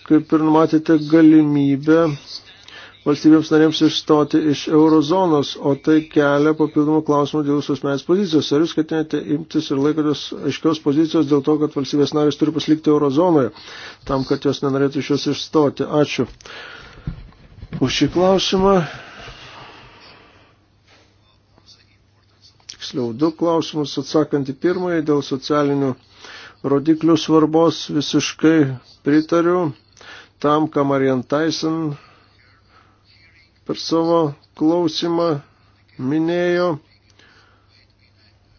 kaip ir numatėte galimybę valstybėms narėms išstoti iš eurozonos, o tai kelia papildomų klausimų dėl jūsų asmenės pozicijos. Ar jūs ketinate imtis ir laikotės aiškios pozicijos dėl to, kad valstybės narės turi pasilikti eurozonoje, tam, kad jos nenorėtų iš jos išstoti? Ačiū už šį klausimą. Tiksliau, du klausimus atsakant į pirmąjį dėl socialinių rodiklių svarbos visiškai pritariu tam, ką Marian Tyson per savo klausimą minėjo,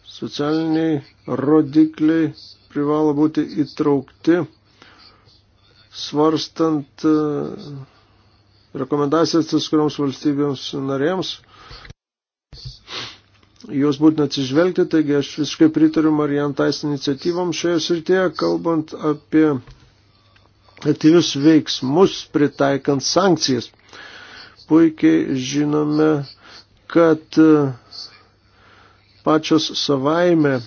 socialiniai rodikliai privalo būti įtraukti, svarstant e, rekomendacijas atskiroms valstybėms narėms. Juos būtina atsižvelgti, taigi aš visiškai pritariu Marijantais iniciatyvom šioje srityje, kalbant apie aktyvius veiksmus pritaikant sankcijas. Puikiai žinome, kad e, pačios savaime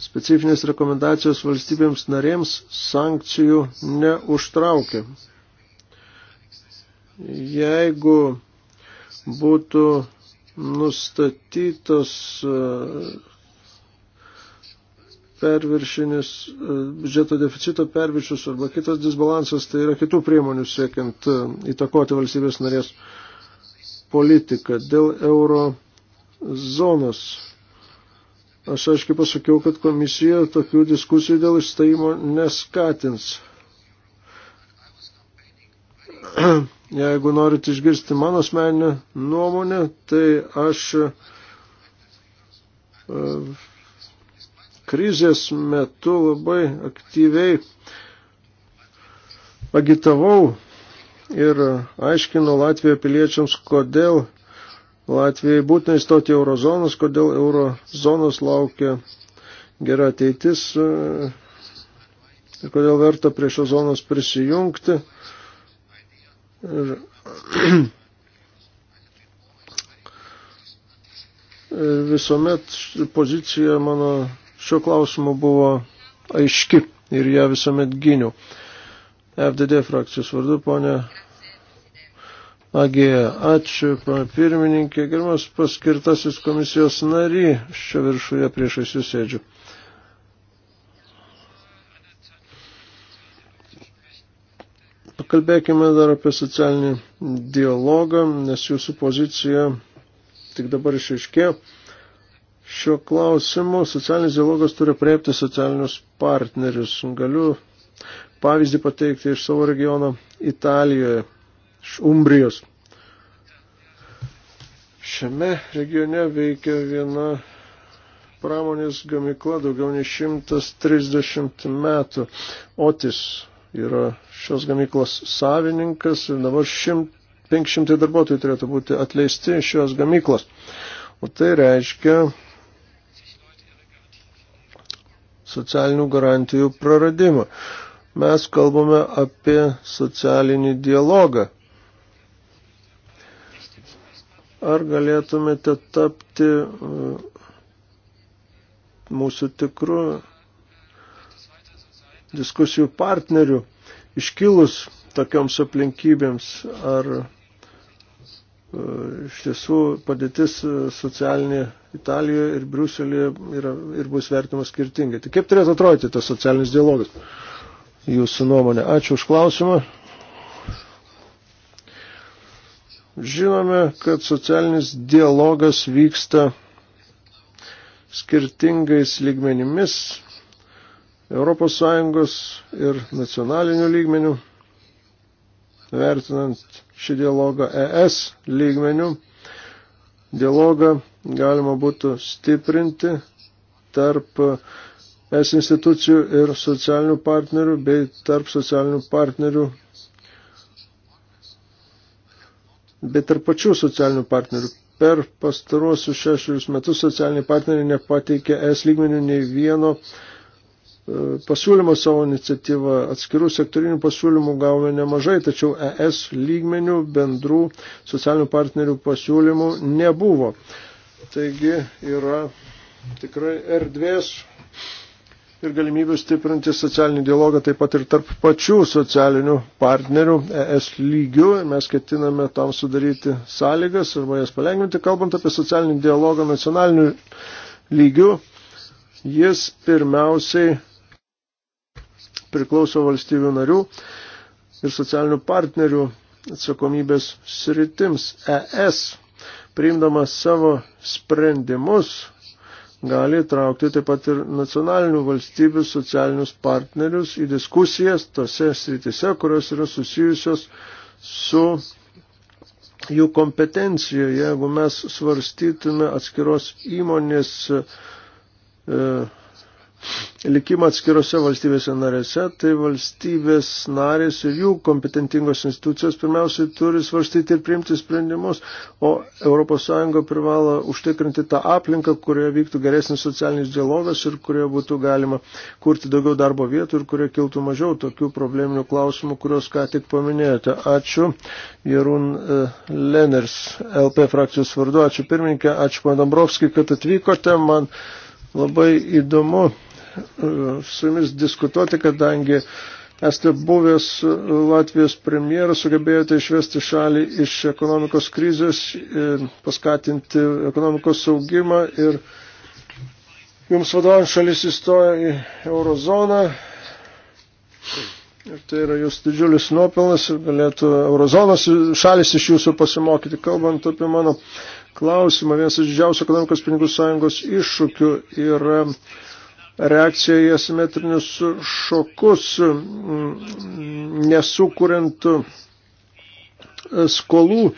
specifinės rekomendacijos valstybėms narėms sankcijų neužtraukia. Jeigu būtų nustatytos e, perviršinis, e, biudžeto deficito perviršius arba kitas disbalansas, tai yra kitų priemonių siekiant e, įtakoti valstybės narės politiką. Dėl euro zonos. Aš aiškiai pasakiau, kad komisija tokių diskusijų dėl išstojimo neskatins. Jeigu norit išgirsti mano asmeninę nuomonę, tai aš e, krizės metu labai aktyviai agitavau ir aiškinau Latvijos piliečiams, kodėl Latvijai būtina įstoti eurozonos, kodėl eurozonos laukia gera ateitis ir e, kodėl verta prie šios zonos prisijungti. Ir e, visuomet pozicija mano šiuo klausimu buvo aiški ir ją visuomet gyniau. FDD frakcijos vardu, ponė Agėja. Ačiū, ponė pirmininkė, gerimas paskirtasis komisijos nary, šio viršuje priešais jūs sėdžiu. Pakalbėkime dar apie socialinį dialogą, nes jūsų pozicija tik dabar išaiškėjo. Šiuo klausimu socialinis dialogas turi priepti socialinius partnerius. Galiu pavyzdį pateikti iš savo regiono Italijoje, iš Umbrijos. Šiame regione veikia viena pramonės gamikla daugiau nei 130 metų. Otis yra šios gamyklos savininkas ir dabar 500 darbuotojų turėtų būti atleisti iš šios gamyklos. O tai reiškia, socialinių garantijų praradimą. Mes kalbame apie socialinį dialogą. Ar galėtumėte tapti uh, mūsų tikru diskusijų partneriu iškilus tokioms aplinkybėms? Ar iš tiesų padėtis e, socialinė Italijoje ir Briuselėje yra, ir bus vertinama skirtingai. Tai kaip turėtų atrodyti tas socialinis dialogas? Jūsų nuomonė. Ačiū už klausimą. Žinome, kad socialinis dialogas vyksta skirtingais lygmenimis Europos Sąjungos ir nacionalinių lygmenių vertinant šį dialogą ES lygmenių. Dialogą galima būtų stiprinti tarp es institucijų ir socialinių partnerių bei tarp socialinių partnerių bet tarp pačių socialinių partnerių. Per pastaruosius šešius metus socialiniai partneriai nepateikė es lygmenių nei vieno uh, pasiūlymą savo iniciatyvą, atskirų sektorinių pasiūlymų gavome nemažai, tačiau ES lygmenių bendrų socialinių partnerių pasiūlymų nebuvo. Taigi yra tikrai erdvės ir galimybių stiprinti socialinį dialogą taip pat ir tarp pačių socialinių partnerių ES lygių. Mes ketiname tam sudaryti sąlygas arba jas palengvinti, kalbant apie socialinį dialogą nacionalinių lygių. Jis pirmiausiai priklauso valstybių narių ir socialinių partnerių atsakomybės sritims. ES, priimdamas savo sprendimus, gali traukti taip pat ir nacionalinių valstybių socialinius partnerius į diskusijas tose sritise, kurios yra susijusios su jų kompetencija. Jeigu mes svarstytume atskiros įmonės e, likimą atskirose valstybėse narėse, tai valstybės narės ir jų kompetentingos institucijos pirmiausiai turi svarstyti ir priimti sprendimus, o ES privalo užtikrinti tą aplinką, kurioje vyktų geresnis socialinis dialogas ir kurioje būtų galima kurti daugiau darbo vietų ir kurioje kiltų mažiau tokių probleminių klausimų, kuriuos ką tik paminėjote. Ačiū, Jarun e, Leners, LP frakcijos vardu, ačiū pirmininkė, ačiū, man Dombrovskai, kad atvykote. Man labai įdomu su jumis diskutuoti, kadangi esate buvęs Latvijos premjeras, sugebėjote išvesti šalį iš ekonomikos krizės, paskatinti ekonomikos saugimą ir jums vadovaujant šalis įstoja į eurozoną. Ir tai yra jūs didžiulis nuopelnas ir galėtų eurozonos šalis iš jūsų pasimokyti. Kalbant apie mano klausimą, vienas iš didžiausių ekonomikos pinigų sąjungos iššūkių yra reakcija į asimetrinius šokus, nesukuriant skolų,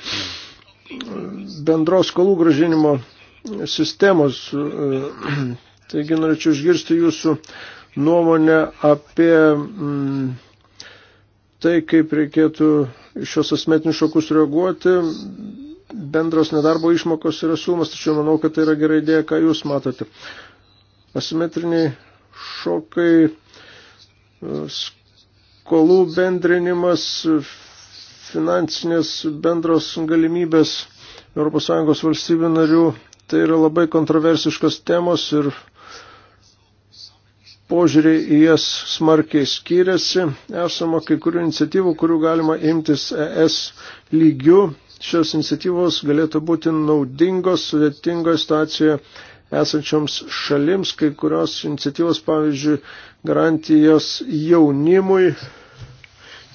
bendros skolų gražinimo sistemos. Taigi norėčiau išgirsti jūsų nuomonę apie mm, tai, kaip reikėtų šios asmetinius šokus reaguoti. Bendros nedarbo išmokos yra sumas, tačiau manau, kad tai yra gera idėja, ką jūs matote asimetriniai šokai, skolų bendrinimas, finansinės bendros galimybės ES valstybių narių. Tai yra labai kontroversiškos temos ir požiūriai į jas smarkiai skiriasi. Esama kai kurių iniciatyvų, kurių galima imtis ES lygių. Šios iniciatyvos galėtų būti naudingos sudėtingoje situacijoje esančioms šalims, kai kurios iniciatyvos, pavyzdžiui, garantijos jaunimui,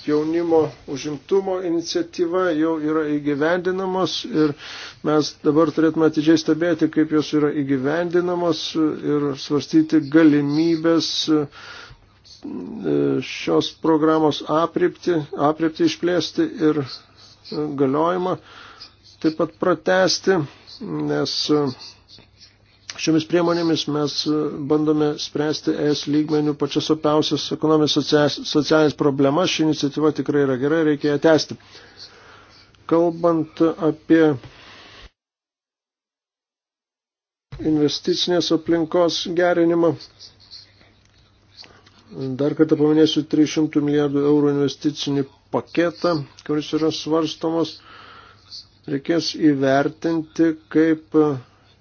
jaunimo užimtumo iniciatyva jau yra įgyvendinamos ir mes dabar turėtume atidžiai stebėti, kaip jos yra įgyvendinamos ir svarstyti galimybės e, šios programos apripti, apripti išplėsti ir galiojimą taip pat pratesti, nes Šiomis priemonėmis mes e, bandome spręsti ES lygmenių pačias opiausias ekonominės socialinės problemas. Ši iniciatyva tikrai yra gerai, reikia ją tęsti. Kalbant apie investicinės aplinkos gerinimą, dar kartą paminėsiu 300 milijardų eurų investicinį paketą, kuris yra svarstomas. Reikės įvertinti, kaip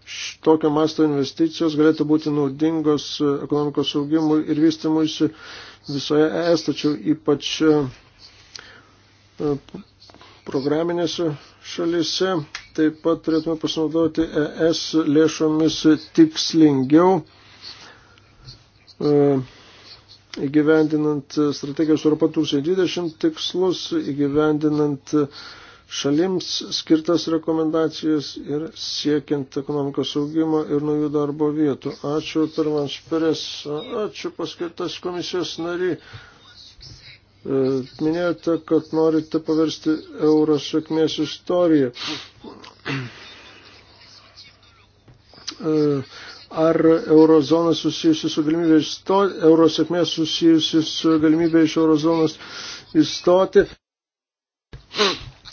Štokio masto investicijos galėtų būti naudingos ekonomikos augimui ir vystimuisi visoje ES, tačiau ypač e, programinėse šalyse. Taip pat turėtume pasinaudoti ES lėšomis tikslingiau e, įgyvendinant strategijos Europa 2020 tikslus, įgyvendinant uh, šalims skirtas rekomendacijas ir siekiant ekonomikos augimo ir naujų darbo vietų. Ačiū, Tarvans Peres, ačiū paskirtas komisijos nariai. E, minėjote, kad norite paversti eurą sėkmės istoriją. E, ar eurozona susijusi su galimybė išstoti, euro sėkmė susijusi su galimybė iš eurozonos įstoti?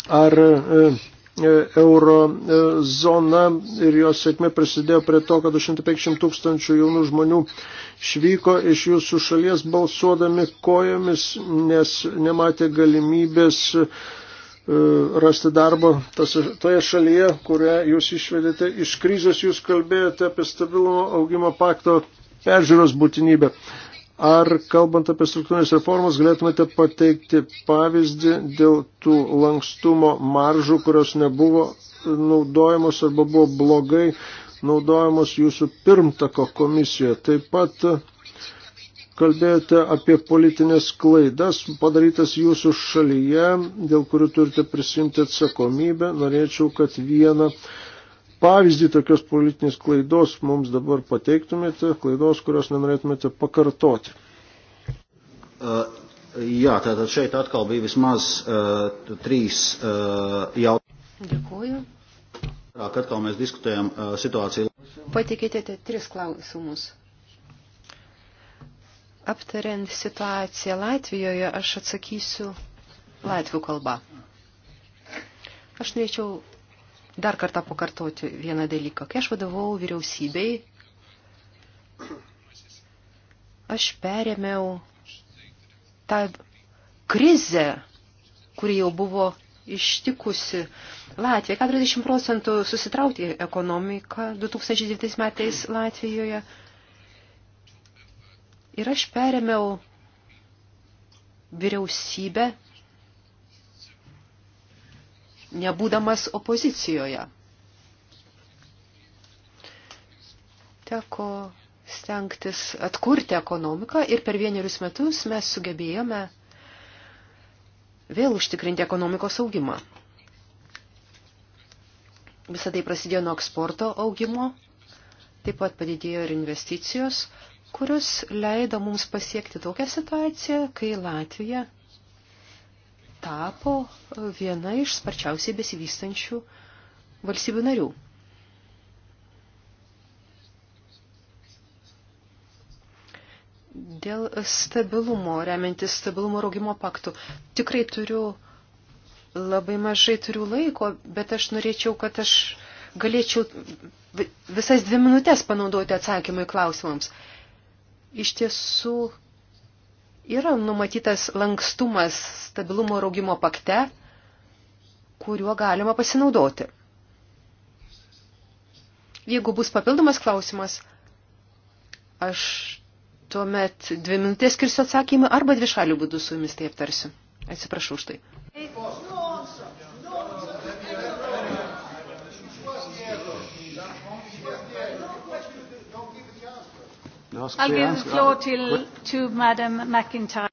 ar e, e, euro e, zona ir jos sėkmė prisidėjo prie to, kad 250 tūkstančių jaunų žmonių švyko iš jūsų šalies balsuodami kojomis, nes nematė galimybės rasti darbo tas, toje šalyje, kurią jūs išvedėte iš krizės, jūs kalbėjote apie stabilumo augimo pakto peržiūros būtinybę. Ar kalbant apie struktūrinės reformas galėtumėte pateikti pavyzdį dėl tų lankstumo maržų, kurios nebuvo naudojamos arba buvo blogai naudojamos jūsų pirmtako komisijoje. Taip pat kalbėjote apie politinės klaidas padarytas jūsų šalyje, dėl kurių turite prisimti atsakomybę. Norėčiau, kad vieną pavyzdį tokios politinės klaidos mums dabar pateiktumėte, klaidos, kurios nenorėtumėte pakartoti? Uh, jā, tātad šeit atkal bija vismaz uh, trīs uh, jautājumus. Dėkuoju. Atkal mēs diskutējam uh, situāciju. Patikėtėte tris klausimus. Aptariant situaciją Latvijoje, aš atsakysiu latvių kalbą. Aš norėčiau dar kartą pakartoti vieną dalyką. Kai aš vadovau vyriausybei, aš perėmiau tą krizę, kuri jau buvo ištikusi Latvija. 40 procentų susitraukė ekonomiką 2009 metais Latvijoje. Ir aš perėmiau vyriausybę nebūdamas opozicijoje. Teko stengtis atkurti ekonomiką ir per vienerius metus mes sugebėjome vėl užtikrinti ekonomikos augimą. Visą tai prasidėjo nuo eksporto augimo, taip pat padidėjo ir investicijos, kurios leido mums pasiekti tokią situaciją, kai Latvija tapo e, viena iš sparčiausiai besivystančių valstybių narių. Dėl stabilumo, remiantis stabilumo raugimo paktų, tikrai turiu labai mažai turiu laiko, bet aš norėčiau, kad aš galėčiau visas dvi minutės panaudoti atsakymui klausimams. Iš tiesų, Yra numatytas lankstumas stabilumo ir augimo pakte, kuriuo galima pasinaudoti. Jeigu bus papildomas klausimas, aš tuomet dvi minutės skirsiu atsakymą arba dvi šalių būdų su jumis tai aptarsiu. Atsiprašau už tai. Hey, I'll give the floor till, to Madam McIntyre.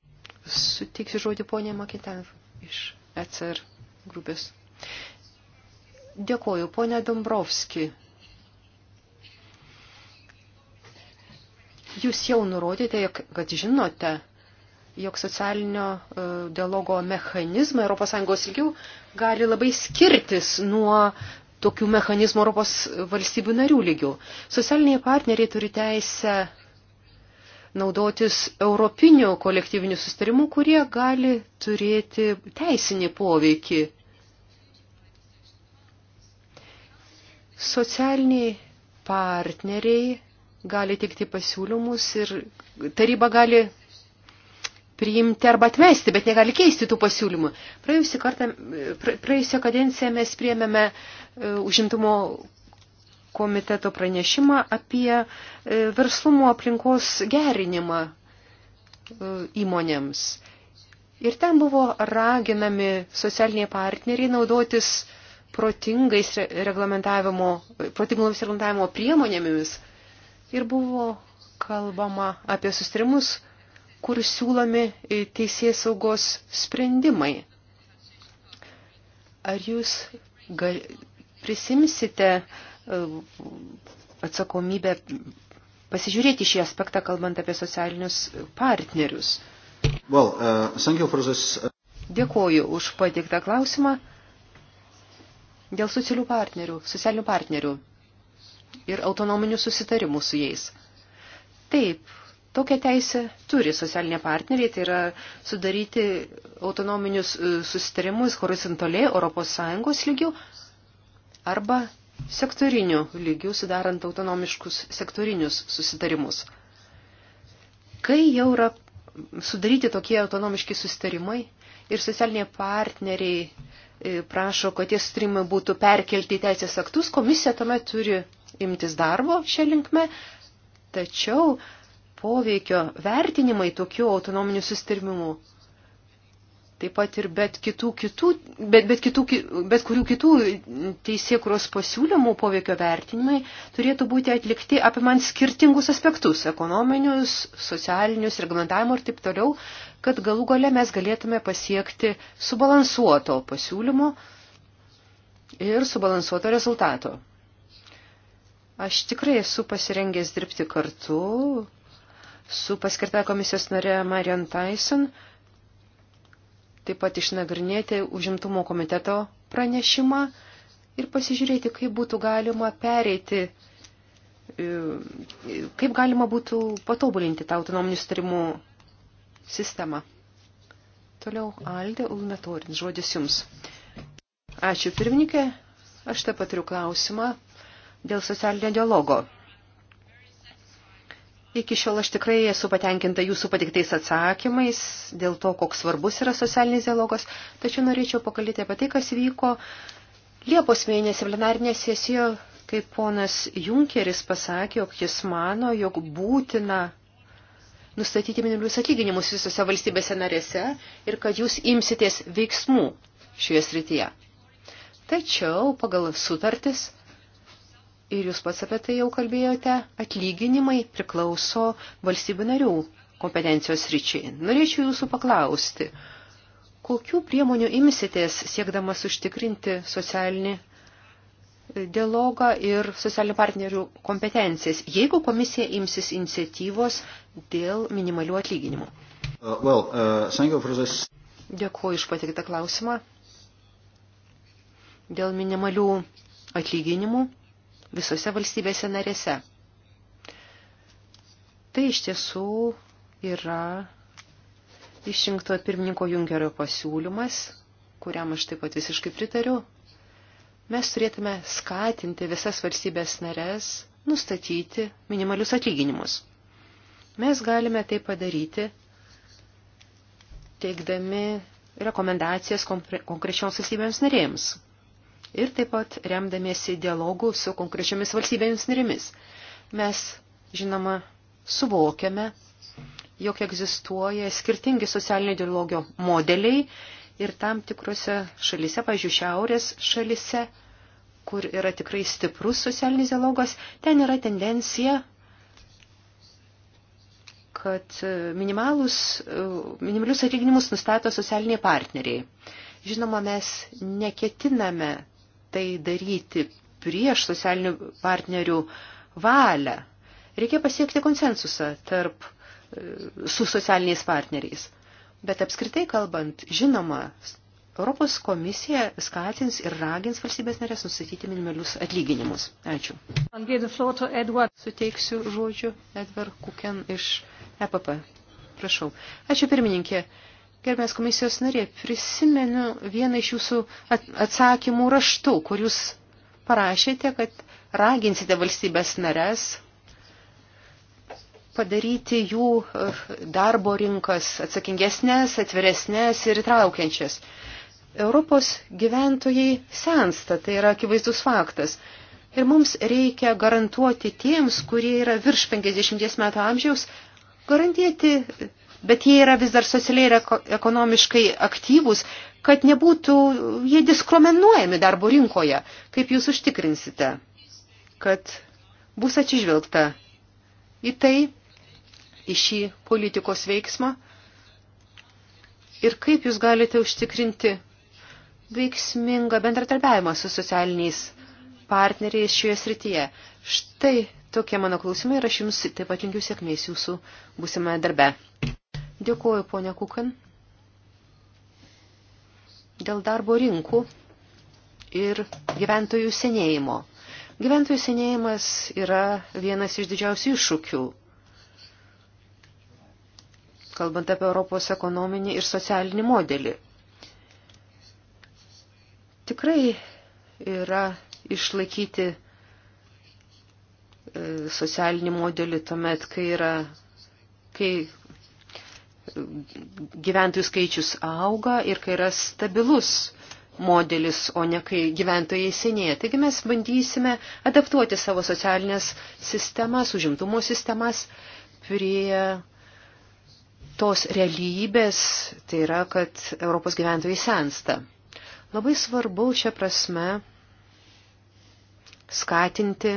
Suteiksiu žodį ponė McIntyre iš ECR grupės. Dėkoju, ponė Dombrovski. Jūs jau nurodėte, kad žinote, jog socialinio e, dialogo mechanizmai ES lygių gali labai skirtis nuo tokių mechanizmų Europos valstybių narių lygių. Socialiniai partneriai turi teisę naudotis europinių kolektyvinių sustarimų, kurie gali turėti teisinį poveikį. Socialiniai partneriai gali tikti pasiūlymus ir taryba gali priimti arba atmesti, bet negali keisti tų pasiūlymų. Praėjusią, kartą, praėjusią kadenciją mes priėmėme e, užimtumo komiteto pranešimą apie e, verslumo aplinkos gerinimą e, įmonėms. Ir ten buvo raginami socialiniai partneriai naudotis protingais reglamentavimo, e, protingomis reglamentavimo priemonėmis. Ir buvo kalbama apie sustrimus, kur siūlomi teisės saugos sprendimai. Ar jūs gal, prisimsite E, atsakomybę pasižiūrėti šį aspektą, kalbant apie socialinius partnerius. Well, uh, this... Uh, Dėkoju už pateiktą klausimą dėl socialių partnerių, socialinių partnerių ir autonominių susitarimų su jais. Taip, tokią teisę turi socialinė partneriai, tai yra sudaryti autonominius e, susitarimus horizontaliai Europos Sąjungos lygių arba sektorinių lygių, sudarant autonomiškus sektorinius susitarimus. Kai jau yra sudaryti tokie autonomiški susitarimai ir socialiniai partneriai e, prašo, kad tie sustrimai būtų perkelti į teisės aktus, komisija tuomet turi imtis darbo šią linkmę, tačiau poveikio vertinimai tokių autonominių sustarimų taip pat ir bet, kitų, kitų, bet, bet, kitų, bet kurių kitų teisėkuros pasiūlymų poveikio vertinimai turėtų būti atlikti apimant skirtingus aspektus - ekonominius, socialinius, reglamentavimo ir taip toliau, kad galų gale mes galėtume pasiekti subalansuoto pasiūlymo ir subalansuoto rezultato. Aš tikrai esu pasirengęs dirbti kartu su paskirta komisijos nare Marian Tyson taip pat išnagrinėti užimtumo komiteto pranešimą ir pasižiūrėti, kaip būtų galima pereiti, e, kaip galima būtų patobulinti tą autonominių sutarimų sistemą. Toliau Aldė Ulmetorins, žodis jums. Ačiū pirmininkė, aš taip pat turiu klausimą dėl socialinio dialogo. Iki šiol aš tikrai esu patenkinta jūsų patiktais atsakymais dėl to, koks svarbus yra socialinis dialogas, tačiau norėčiau pakalbėti apie tai, kas vyko Liepos mėnesį plenarinėje sesijoje, kai ponas Junkeris pasakė, jog jis mano, jog būtina nustatyti minimalius atlyginimus visose valstybėse narėse ir kad jūs imsitės veiksmų šioje srityje. Tačiau pagal sutartis ir jūs pats apie tai jau kalbėjote, atlyginimai priklauso valstybių narių kompetencijos ryčiai. Norėčiau jūsų paklausti, kokių priemonių imsitės siekdamas užtikrinti socialinį dialogą ir socialinių partnerių kompetencijas, jeigu komisija imsis iniciatyvos dėl minimalių atlyginimų? Uh, well, uh, this... Dėkuoju iš patiktą klausimą. Dėl minimalių atlyginimų visose valstybėse narėse. Tai iš tiesų yra išrinkto pirmininko Junkerio pasiūlymas, kuriam aš taip pat visiškai pritariu. Mes turėtume skatinti visas valstybės narės nustatyti minimalius atlyginimus. Mes galime tai padaryti, teikdami rekomendacijas konkrečioms valstybėms narėjams ir taip pat remdamiesi dialogų su konkrečiamis valstybėmis narimis. Mes, žinoma, suvokiame, jog egzistuoja skirtingi socialinio dialogio modeliai ir tam tikrose šalise, pažiūrėjau, šiaurės šalise, kur yra tikrai stiprus socialinis dialogas, ten yra tendencija kad e, minimalus, e, minimalius atlyginimus nustato socialiniai partneriai. Žinoma, mes neketiname tai daryti prieš socialinių partnerių valią. Reikia pasiekti konsensusą tarp e, su socialiniais partneriais. Bet apskritai kalbant, žinoma, Europos komisija skatins ir ragins valstybės narės nustatyti minimalius atlyginimus. Ačiū. Suteiksiu žodžiu Edvard Kuken iš EPP. Prašau. Ačiū pirmininkė. Gerbės komisijos narė, prisimenu vieną iš jūsų atsakymų raštų, kur jūs parašėte, kad raginsite valstybės narės padaryti jų eh, darbo rinkas atsakingesnės, atviresnės ir įtraukiančias. Europos gyventojai sensta, tai yra akivaizdus faktas. Ir mums reikia garantuoti tiems, kurie yra virš 50 metų amžiaus, garantėti bet jie yra vis dar socialiai ir ekonomiškai aktyvūs, kad nebūtų jie diskriminuojami darbo rinkoje. Kaip jūs užtikrinsite, kad bus atsižvelgta į tai, į šį politikos veiksmą ir kaip jūs galite užtikrinti veiksmingą bendratarbiavimą su socialiniais partneriais šioje srityje. Štai tokie mano klausimai ir aš jums taip pat linkiu sėkmės jūsų būsime darbe. Dėkuoju, ponia Kukan, dėl darbo rinkų ir gyventojų senėjimo. Gyventojų senėjimas yra vienas iš didžiausių iššūkių, kalbant apie Europos ekonominį ir socialinį modelį. Tikrai yra išlaikyti e, socialinį modelį tuomet, kai yra, kai gyventojų skaičius auga ir kai yra stabilus modelis, o ne kai gyventojai senėja. Taigi mes bandysime adaptuoti savo socialinės sistemas, užimtumo sistemas prie tos realybės, tai yra, kad Europos gyventojai sensta. Labai svarbu šią prasme skatinti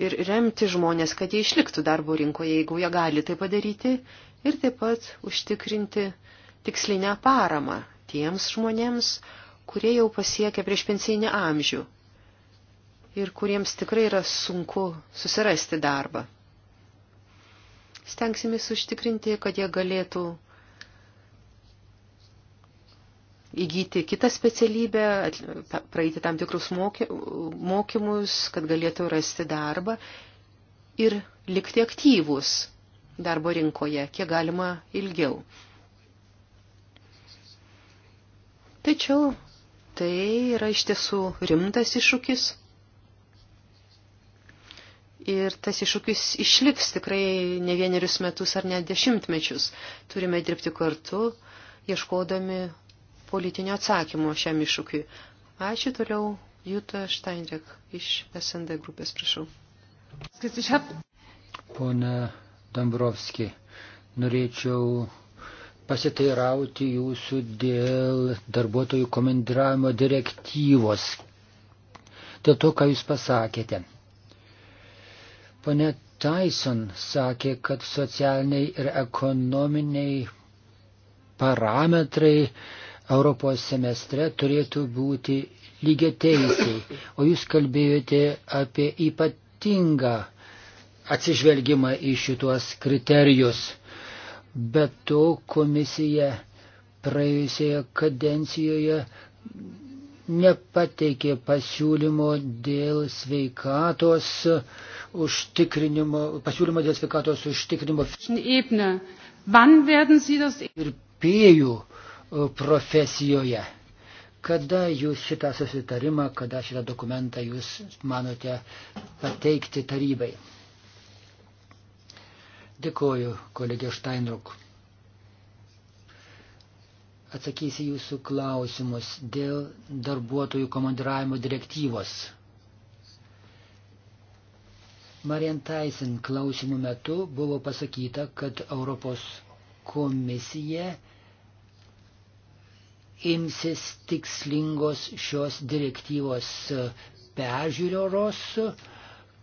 ir remti žmonės, kad jie išliktų darbo rinkoje, jeigu jie gali tai padaryti, ir taip pat užtikrinti tikslinę paramą tiems žmonėms, kurie jau pasiekia prieš pensinį amžių ir kuriems tikrai yra sunku susirasti darbą. Stengsimės užtikrinti, kad jie galėtų įgyti kitą specialybę, praeiti tam tikrus mokymus, kad galėtų rasti darbą ir likti aktyvus darbo rinkoje, kiek galima ilgiau. Tačiau tai yra iš tiesų rimtas iššūkis. Ir tas iššūkis išliks tikrai ne vienerius metus ar net dešimtmečius. Turime dirbti kartu, ieškodami politinio atsakymo šiam iššūkiui. Ačiū toliau, Juta Steinrek iš SND grupės, prašau. Pone Dombrovski, norėčiau pasiteirauti jūsų dėl darbuotojų komandiravimo direktyvos. Dėl to, ką jūs pasakėte. Pane Tyson sakė, kad socialiniai ir ekonominiai parametrai Europos semestre turėtų būti lygiai teisiai, o jūs kalbėjote apie ypatingą atsižvelgimą į šituos kriterijus. Bet to komisija praėjusioje kadencijoje nepateikė pasiūlymo dėl sveikatos užtikrinimo, pasiūlymo dėl sveikatos užtikrinimo. Ir pėjų profesijoje. Kada jūs šitą susitarimą, kada šitą dokumentą jūs manote pateikti tarybai? Dėkoju, kolegė Steinruk. Atsakysiu jūsų klausimus dėl darbuotojų komandiravimo direktyvos. Marian Tyson klausimų metu buvo pasakyta, kad Europos komisija imsis tikslingos šios direktyvos e, peržiūros,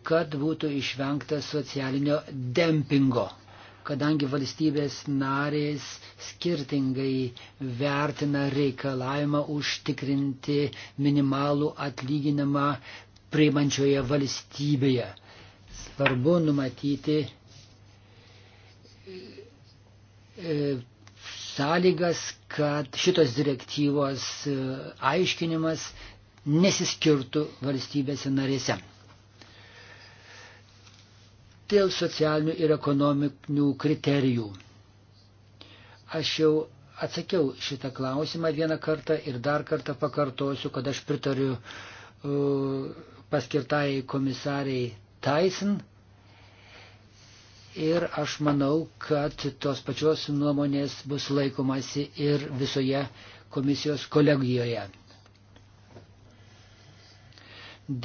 kad būtų išvengta socialinio dempingo, kadangi valstybės narės skirtingai vertina reikalavimą užtikrinti minimalų atlyginimą priimančioje valstybėje. Svarbu numatyti e, sąlygas, kad šitos direktyvos e, aiškinimas nesiskirtų valstybėse narėse. Dėl socialinių ir ekonominių kriterijų. Aš jau atsakiau šitą klausimą vieną kartą ir dar kartą pakartosiu, kad aš pritariu e, paskirtai komisariai Tyson, Ir aš manau, kad tos pačios nuomonės bus laikomasi ir visoje komisijos kolegijoje.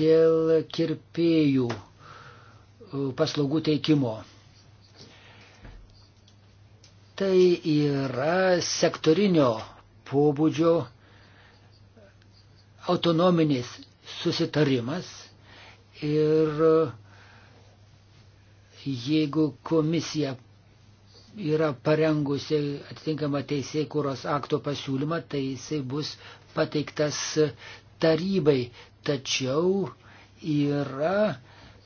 Dėl kirpėjų paslaugų teikimo. Tai yra sektorinio pobūdžio autonominis susitarimas ir jeigu komisija yra parengusi atitinkamą teisėkūros akto pasiūlymą, tai jisai bus pateiktas tarybai. Tačiau yra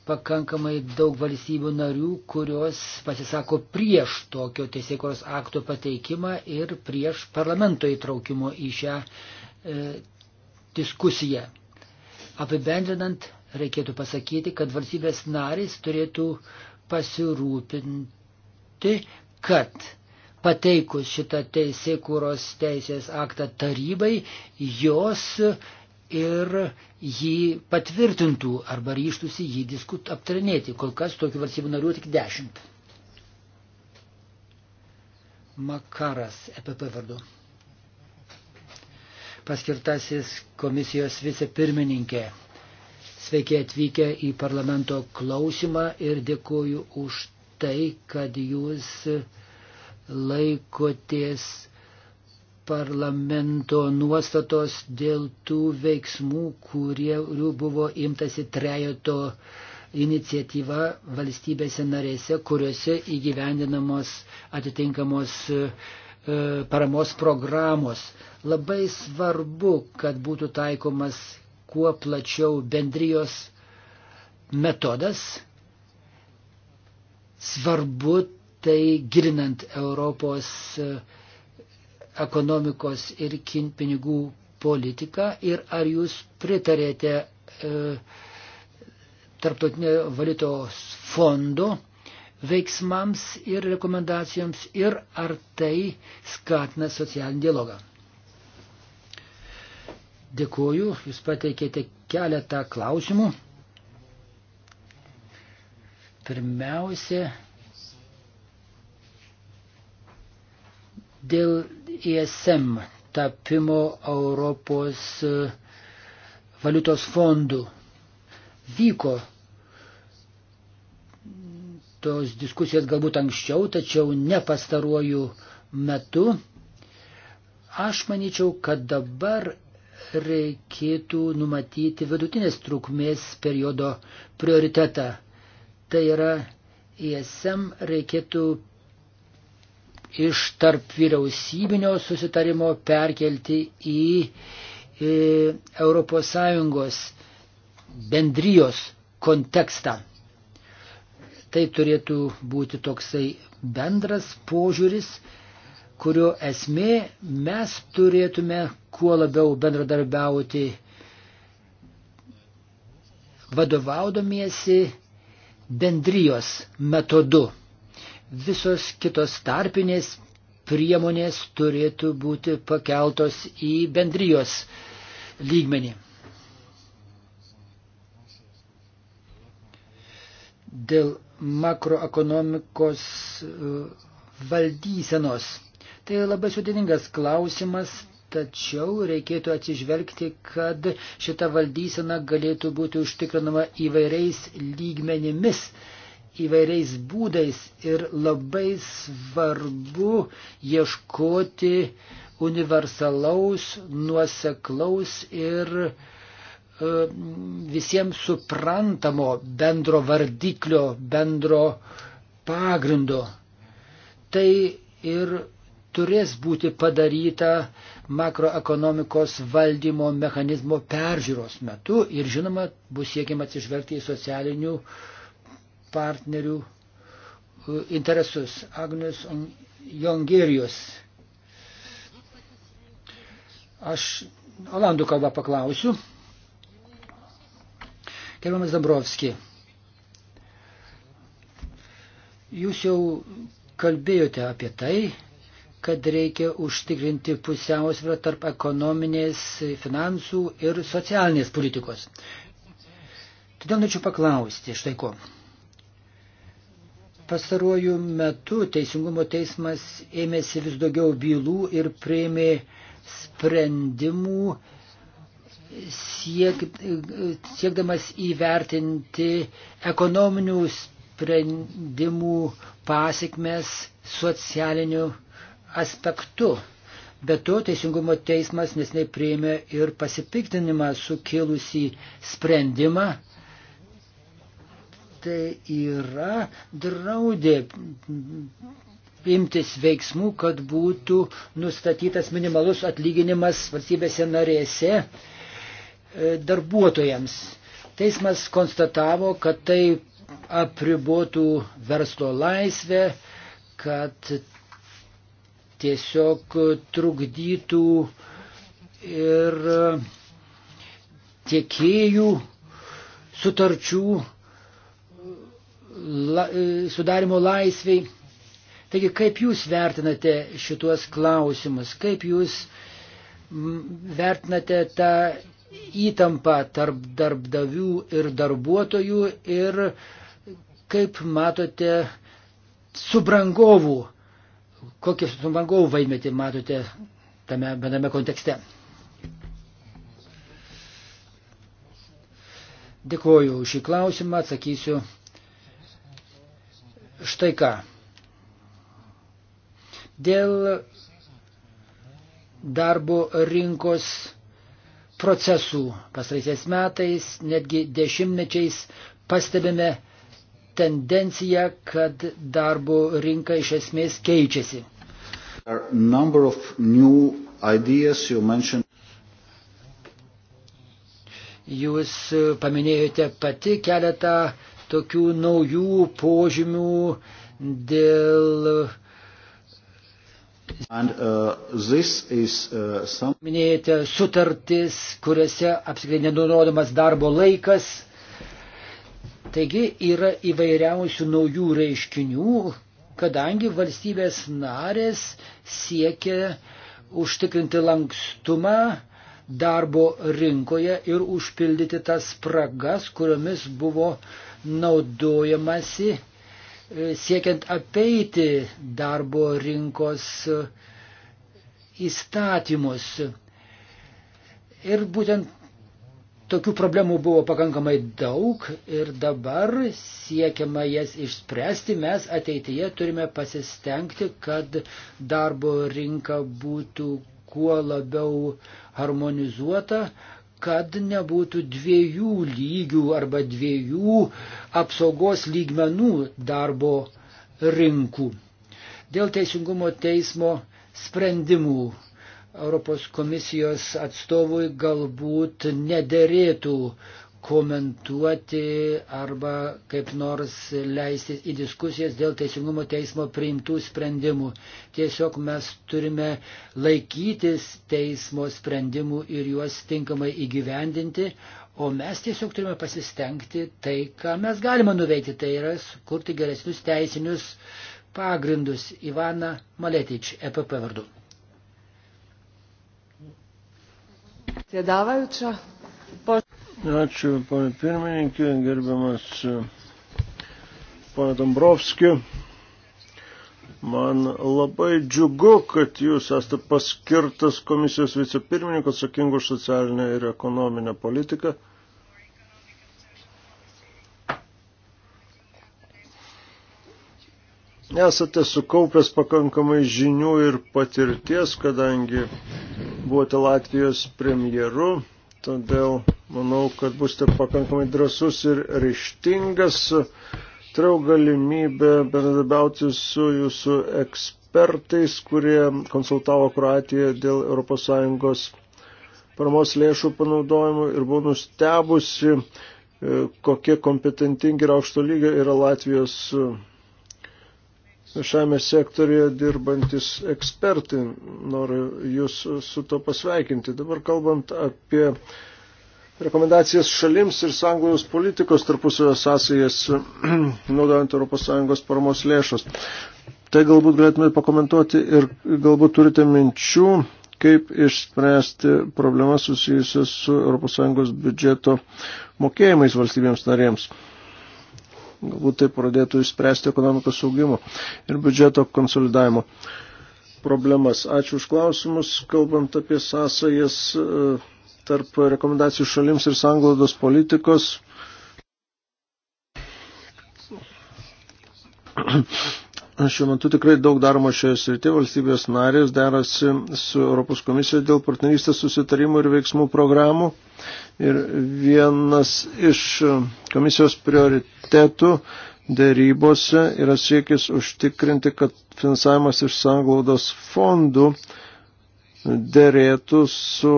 pakankamai daug valstybių narių, kurios pasisako prieš tokio teisėkos akto pateikimą ir prieš parlamento įtraukimo į šią e, diskusiją. Apibendrinant, reikėtų pasakyti, kad valstybės narys turėtų pasirūpinti, kad pateikus šitą teisėkūros teisės aktą tarybai, jos ir jį patvirtintų arba ryštusi jį diskut aptarinėti. Kol kas tokių valstybių narių tik dešimt. Makaras, EPP vardu. Paskirtasis komisijos vicepirmininkė. pirmininkė Sveiki atvykę į parlamento klausimą ir dėkuoju už tai, kad jūs laikotės parlamento nuostatos dėl tų veiksmų, kurių buvo imtasi trejoto iniciatyva valstybėse narėse, kuriuose įgyvendinamos atitinkamos e, paramos programos. Labai svarbu, kad būtų taikomas kuo plačiau bendrijos metodas. Svarbu tai gilinant Europos e, ekonomikos ir pinigų politiką ir ar jūs pritarėte e, Tarptautinio valiutos fondo veiksmams ir rekomendacijoms ir ar tai skatina socialinį dialogą. Dėkuoju, jūs pateikėte keletą klausimų. Pirmiausia, dėl ISM tapimo Europos e, valiutos fondų vyko tos diskusijos galbūt anksčiau, tačiau ne pastaruoju metu. Aš manyčiau, kad dabar reikėtų numatyti vidutinės trukmės periodo prioritetą. Tai yra, ISM e reikėtų iš tarp vyriausybinio susitarimo perkelti į, į ES bendrijos kontekstą. Tai turėtų būti toksai bendras požiūris, kurio esmė mes turėtume kuo labiau bendradarbiauti, vadovaudomiesi bendrijos metodu. Visos kitos tarpinės priemonės turėtų būti pakeltos į bendrijos lygmenį. Dėl makroekonomikos e, valdysenos. Tai labai sudėtingas klausimas, Tačiau reikėtų atsižvelgti, kad šita valdysena galėtų būti užtikrinama įvairiais lygmenimis, įvairiais būdais ir labai svarbu ieškoti universalaus, nuoseklaus ir e, visiems suprantamo bendro vardiklio, bendro pagrindo. Tai ir turės būti padaryta makroekonomikos valdymo mechanizmo peržiūros metu ir žinoma bus siekiama atsižvelgti į socialinių partnerių e, interesus. Agnes Jongerijos. Aš olandų kalbą paklausiu. Gerbiamas Dambrovski, jūs jau kalbėjote apie tai, kad reikia užtikrinti pusiausvyrą tarp ekonominės, finansų ir socialinės politikos. Todėl norėčiau paklausti štai ko. Pastaruoju metu Teisingumo teismas ėmėsi vis daugiau bylų ir prieimė sprendimų siek, siekdamas įvertinti ekonominių sprendimų pasiekmes socialinių aspektu. Be to, Teisingumo teismas nesnei prieimė ir pasipiktinimą sukėlusį sprendimą. Tai yra draudė imtis veiksmų, kad būtų nustatytas minimalus atlyginimas valstybėse narėse e, darbuotojams. Teismas konstatavo, kad tai apribotų verslo laisvę, kad tiesiog trukdytų ir tiekėjų sutarčių la, sudarimo laisviai. Taigi, kaip jūs vertinate šituos klausimus, kaip jūs vertinate tą įtampą tarp darbdavių ir darbuotojų ir kaip matote subrangovų Kokį sumangovų vaidmetį matote tame bename kontekste? Dėkuoju šį klausimą, atsakysiu štai ką. Dėl darbo rinkos procesų pastaraisiais metais, netgi dešimtmečiais pastebime tendencija, kad darbo rinka iš esmės keičiasi. Jūs paminėjote pati keletą tokių naujų požymių dėl And, uh, is, uh, some... Minėjote sutartis, kuriuose apskritai nenurodomas darbo laikas, Taigi yra įvairiausių naujų reiškinių, kadangi valstybės narės siekia užtikrinti lankstumą darbo rinkoje ir užpildyti tas spragas, kuriomis buvo naudojamasi e, siekiant apeiti darbo rinkos e, įstatymus. Ir būtent Tokių problemų buvo pakankamai daug ir dabar siekiama jas išspręsti. Mes ateityje turime pasistengti, kad darbo rinka būtų kuo labiau harmonizuota, kad nebūtų dviejų lygių arba dviejų apsaugos lygmenų darbo rinkų. Dėl teisingumo teismo sprendimų Europos komisijos atstovui galbūt nederėtų komentuoti arba kaip nors leisti į diskusijas dėl Teisingumo teismo priimtų sprendimų. Tiesiog mes turime laikytis teismo sprendimų ir juos tinkamai įgyvendinti, o mes tiesiog turime pasistengti tai, ką mes galime nuveikti, tai yra sukurti geresnius teisinius pagrindus. Ivana Maletič, EPP vardu. Sėdavaučia. Po... Ačiū, ponė pirmininkė, gerbiamas ponė Dombrovski. Man labai džiugu, kad jūs esate paskirtas komisijos vicepirmininko atsakingų už socialinę ir ekonominę politiką. Esate sukaupęs pakankamai žinių ir patirties, kadangi buvote Latvijos premjeru, todėl manau, kad būsite pakankamai drasus ir ryštingas. Turėjau galimybę bendradarbiauti su jūsų ekspertais, kurie konsultavo Kroatiją dėl ES paramos lėšų panaudojimu ir buvau nustebusi, kokie kompetentingi ir aukšto lygio yra Latvijos šiame sektorėje dirbantis ekspertai. Noriu Jūs su to pasveikinti. Dabar kalbant apie rekomendacijas šalims ir sąjungos politikos tarpusavio sąsajas, naudojant ES paramos lėšas. Tai galbūt galėtumėte pakomentuoti ir galbūt turite minčių, kaip išspręsti problemas susijusias su ES biudžeto mokėjimais valstybėms narėms galbūt tai pradėtų išspręsti ekonomikos augimo ir biudžeto konsolidavimo problemas. Ačiū už klausimus, kalbant apie sąsajas e, tarp rekomendacijų šalims ir sanglaudos politikos. Šiuo metu tikrai daug daroma šioje srityje. Valstybės narės derasi su Europos komisija dėl partnerystės susitarimų ir veiksmų programų. Ir vienas iš komisijos prioritetų dėrybose yra siekis užtikrinti, kad finansavimas iš sanglaudos fondų dėrėtų su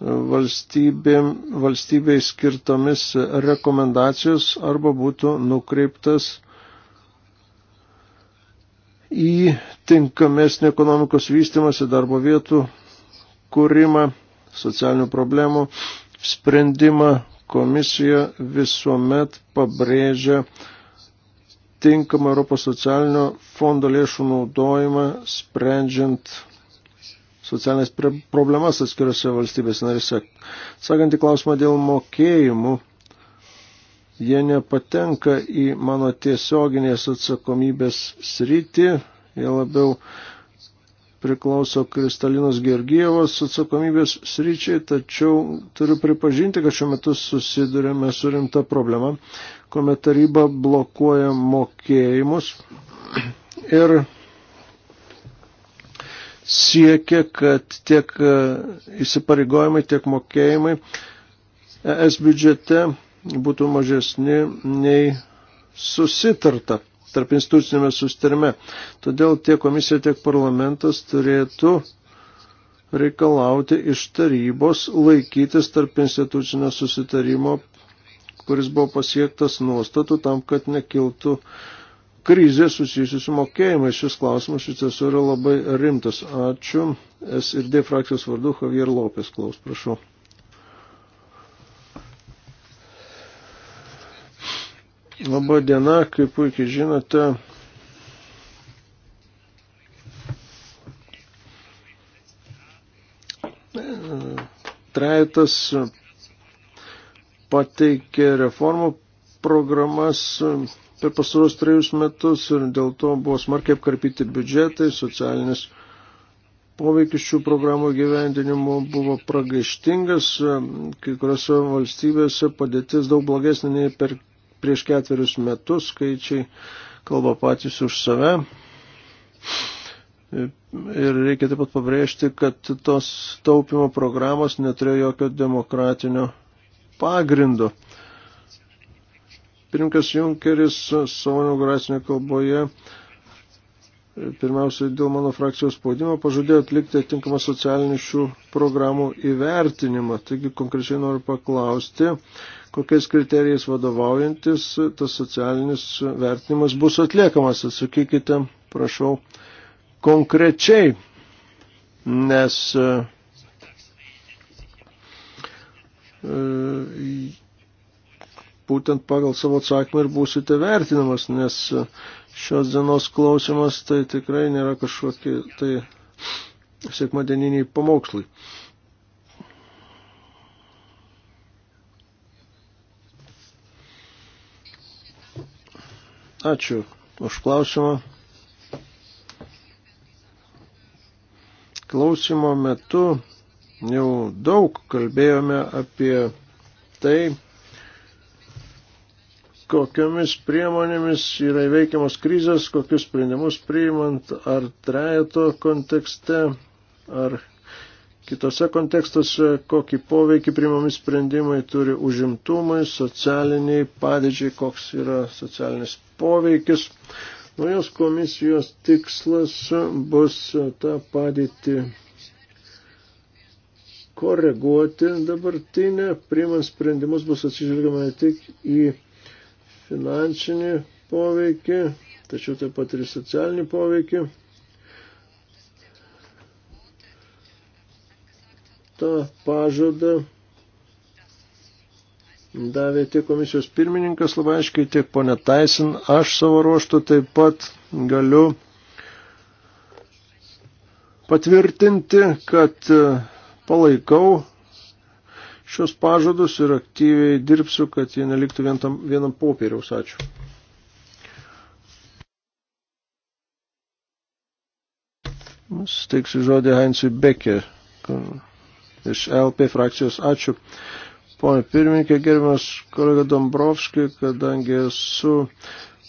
valstybė, valstybei skirtomis rekomendacijos arba būtų nukreiptas į tinkamesnį ekonomikos vystimąsi darbo vietų kūrimą, socialinių problemų sprendimą komisija visuomet pabrėžia tinkamą Europos socialinio fondo lėšų naudojimą, sprendžiant socialinės problemas atskiriuose valstybės narise. Sakant į klausimą dėl mokėjimų, jie nepatenka į mano tiesioginės atsakomybės sritį, jie labiau priklauso Kristalinos Gergievos atsakomybės sryčiai, tačiau turiu pripažinti, kad šiuo metu susidurėme su rimta problema, kuomet taryba blokuoja mokėjimus ir siekia, kad tiek įsipareigojimai, tiek mokėjimai ES biudžete būtų mažesni nei susitarta tarp institucinėme sustarime. Todėl tiek komisija, tiek parlamentas turėtų reikalauti iš tarybos laikytis tarp institucinio susitarimo, kuris buvo pasiektas nuostatų tam, kad nekiltų krizė susijusi su mokėjimais. Šis klausimas iš tiesų yra labai rimtas. Ačiū. S ir D frakcijos vardu Javier Lopės klaus, prašau. Labą dieną, kaip puikiai žinote. Trejetas pateikė reformų programas per pastarus trejus metus ir dėl to buvo smarkiai apkarpyti biudžetai, socialinis poveikis šių programų gyvendinimo buvo pragaištingas, kai kuriuose valstybėse padėtis daug blogesnė nei per prieš ketverius metus skaičiai kalba patys už save. Ir reikia taip pat pabrėžti, kad tos taupimo programos neturėjo jokio demokratinio pagrindo. Pirmkas Junkeris savo inauguracinėje kalboje pirmiausia dėl mano frakcijos spaudimo pažadėjo atlikti atinkamą socialinių šių programų įvertinimą. Taigi konkrečiai noriu paklausti, kokiais kriterijais vadovaujantis tas socialinis vertinimas bus atliekamas. Atsakykite, prašau, konkrečiai, nes e, būtent pagal savo atsakymą ir būsite vertinamas, nes šios dienos klausimas tai tikrai nėra kažkokie tai sekmadieniniai pamokslai. Ačiū už klausimą. Klausimo metu jau daug kalbėjome apie tai, kokiamis priemonėmis yra įveikiamos krizės, kokius sprendimus priimant, ar trejato kontekste, ar Kitose kontekstuose, kokį poveikį primami sprendimai turi užimtumai, socialiniai padėčiai, koks yra socialinis poveikis. Naujos komisijos tikslas bus tą padėtį koreguoti dabartinę, priimant sprendimus bus atsižvelgiama ne tik į finansinį poveikį, tačiau taip pat ir į socialinį poveikį. tą pažadą davė tiek komisijos pirmininkas labai aiškiai, tiek ponė Taisin. Aš savo ruoštų taip pat galiu patvirtinti, kad e, palaikau šios pažadus ir aktyviai dirbsiu, kad jie neliktų vien tam, vienam popieriaus. Ačiū. Steiksiu žodį Heinzui Becker iš LP frakcijos. Ačiū. Pone pirmininkė, gerbiamas kolega Dombrovski, kadangi esu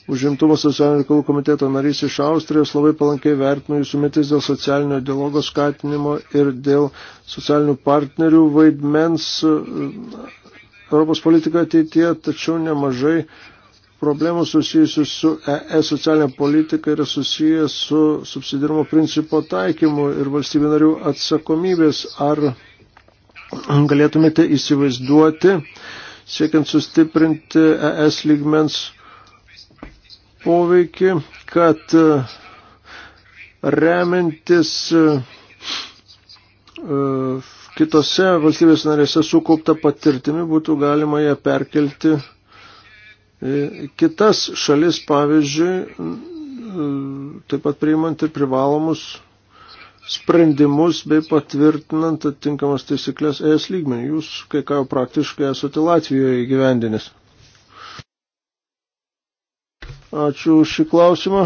užimtumo socialinių reikalų komiteto narys iš Austrijos, labai palankiai vertinu jūsų metis dėl socialinio dialogo skatinimo ir dėl socialinių partnerių vaidmens e, Europos politikoje ateityje, tačiau nemažai problemų susijusių su ES e socialinė politika yra susijęs su subsidirimo principo taikymu ir valstybių narių atsakomybės. Ar galėtumėte įsivaizduoti, siekiant sustiprinti ES lygmens poveikį, kad e, remiantis e, e, kitose valstybės narėse sukaupta patirtimi būtų galima ją perkelti kitas šalis, pavyzdžiui, taip pat priimant ir privalomus sprendimus bei patvirtinant atitinkamas taisyklės ES lygmenį. Jūs kai ką praktiškai esate Latvijoje įgyvendinis. Ačiū už šį klausimą.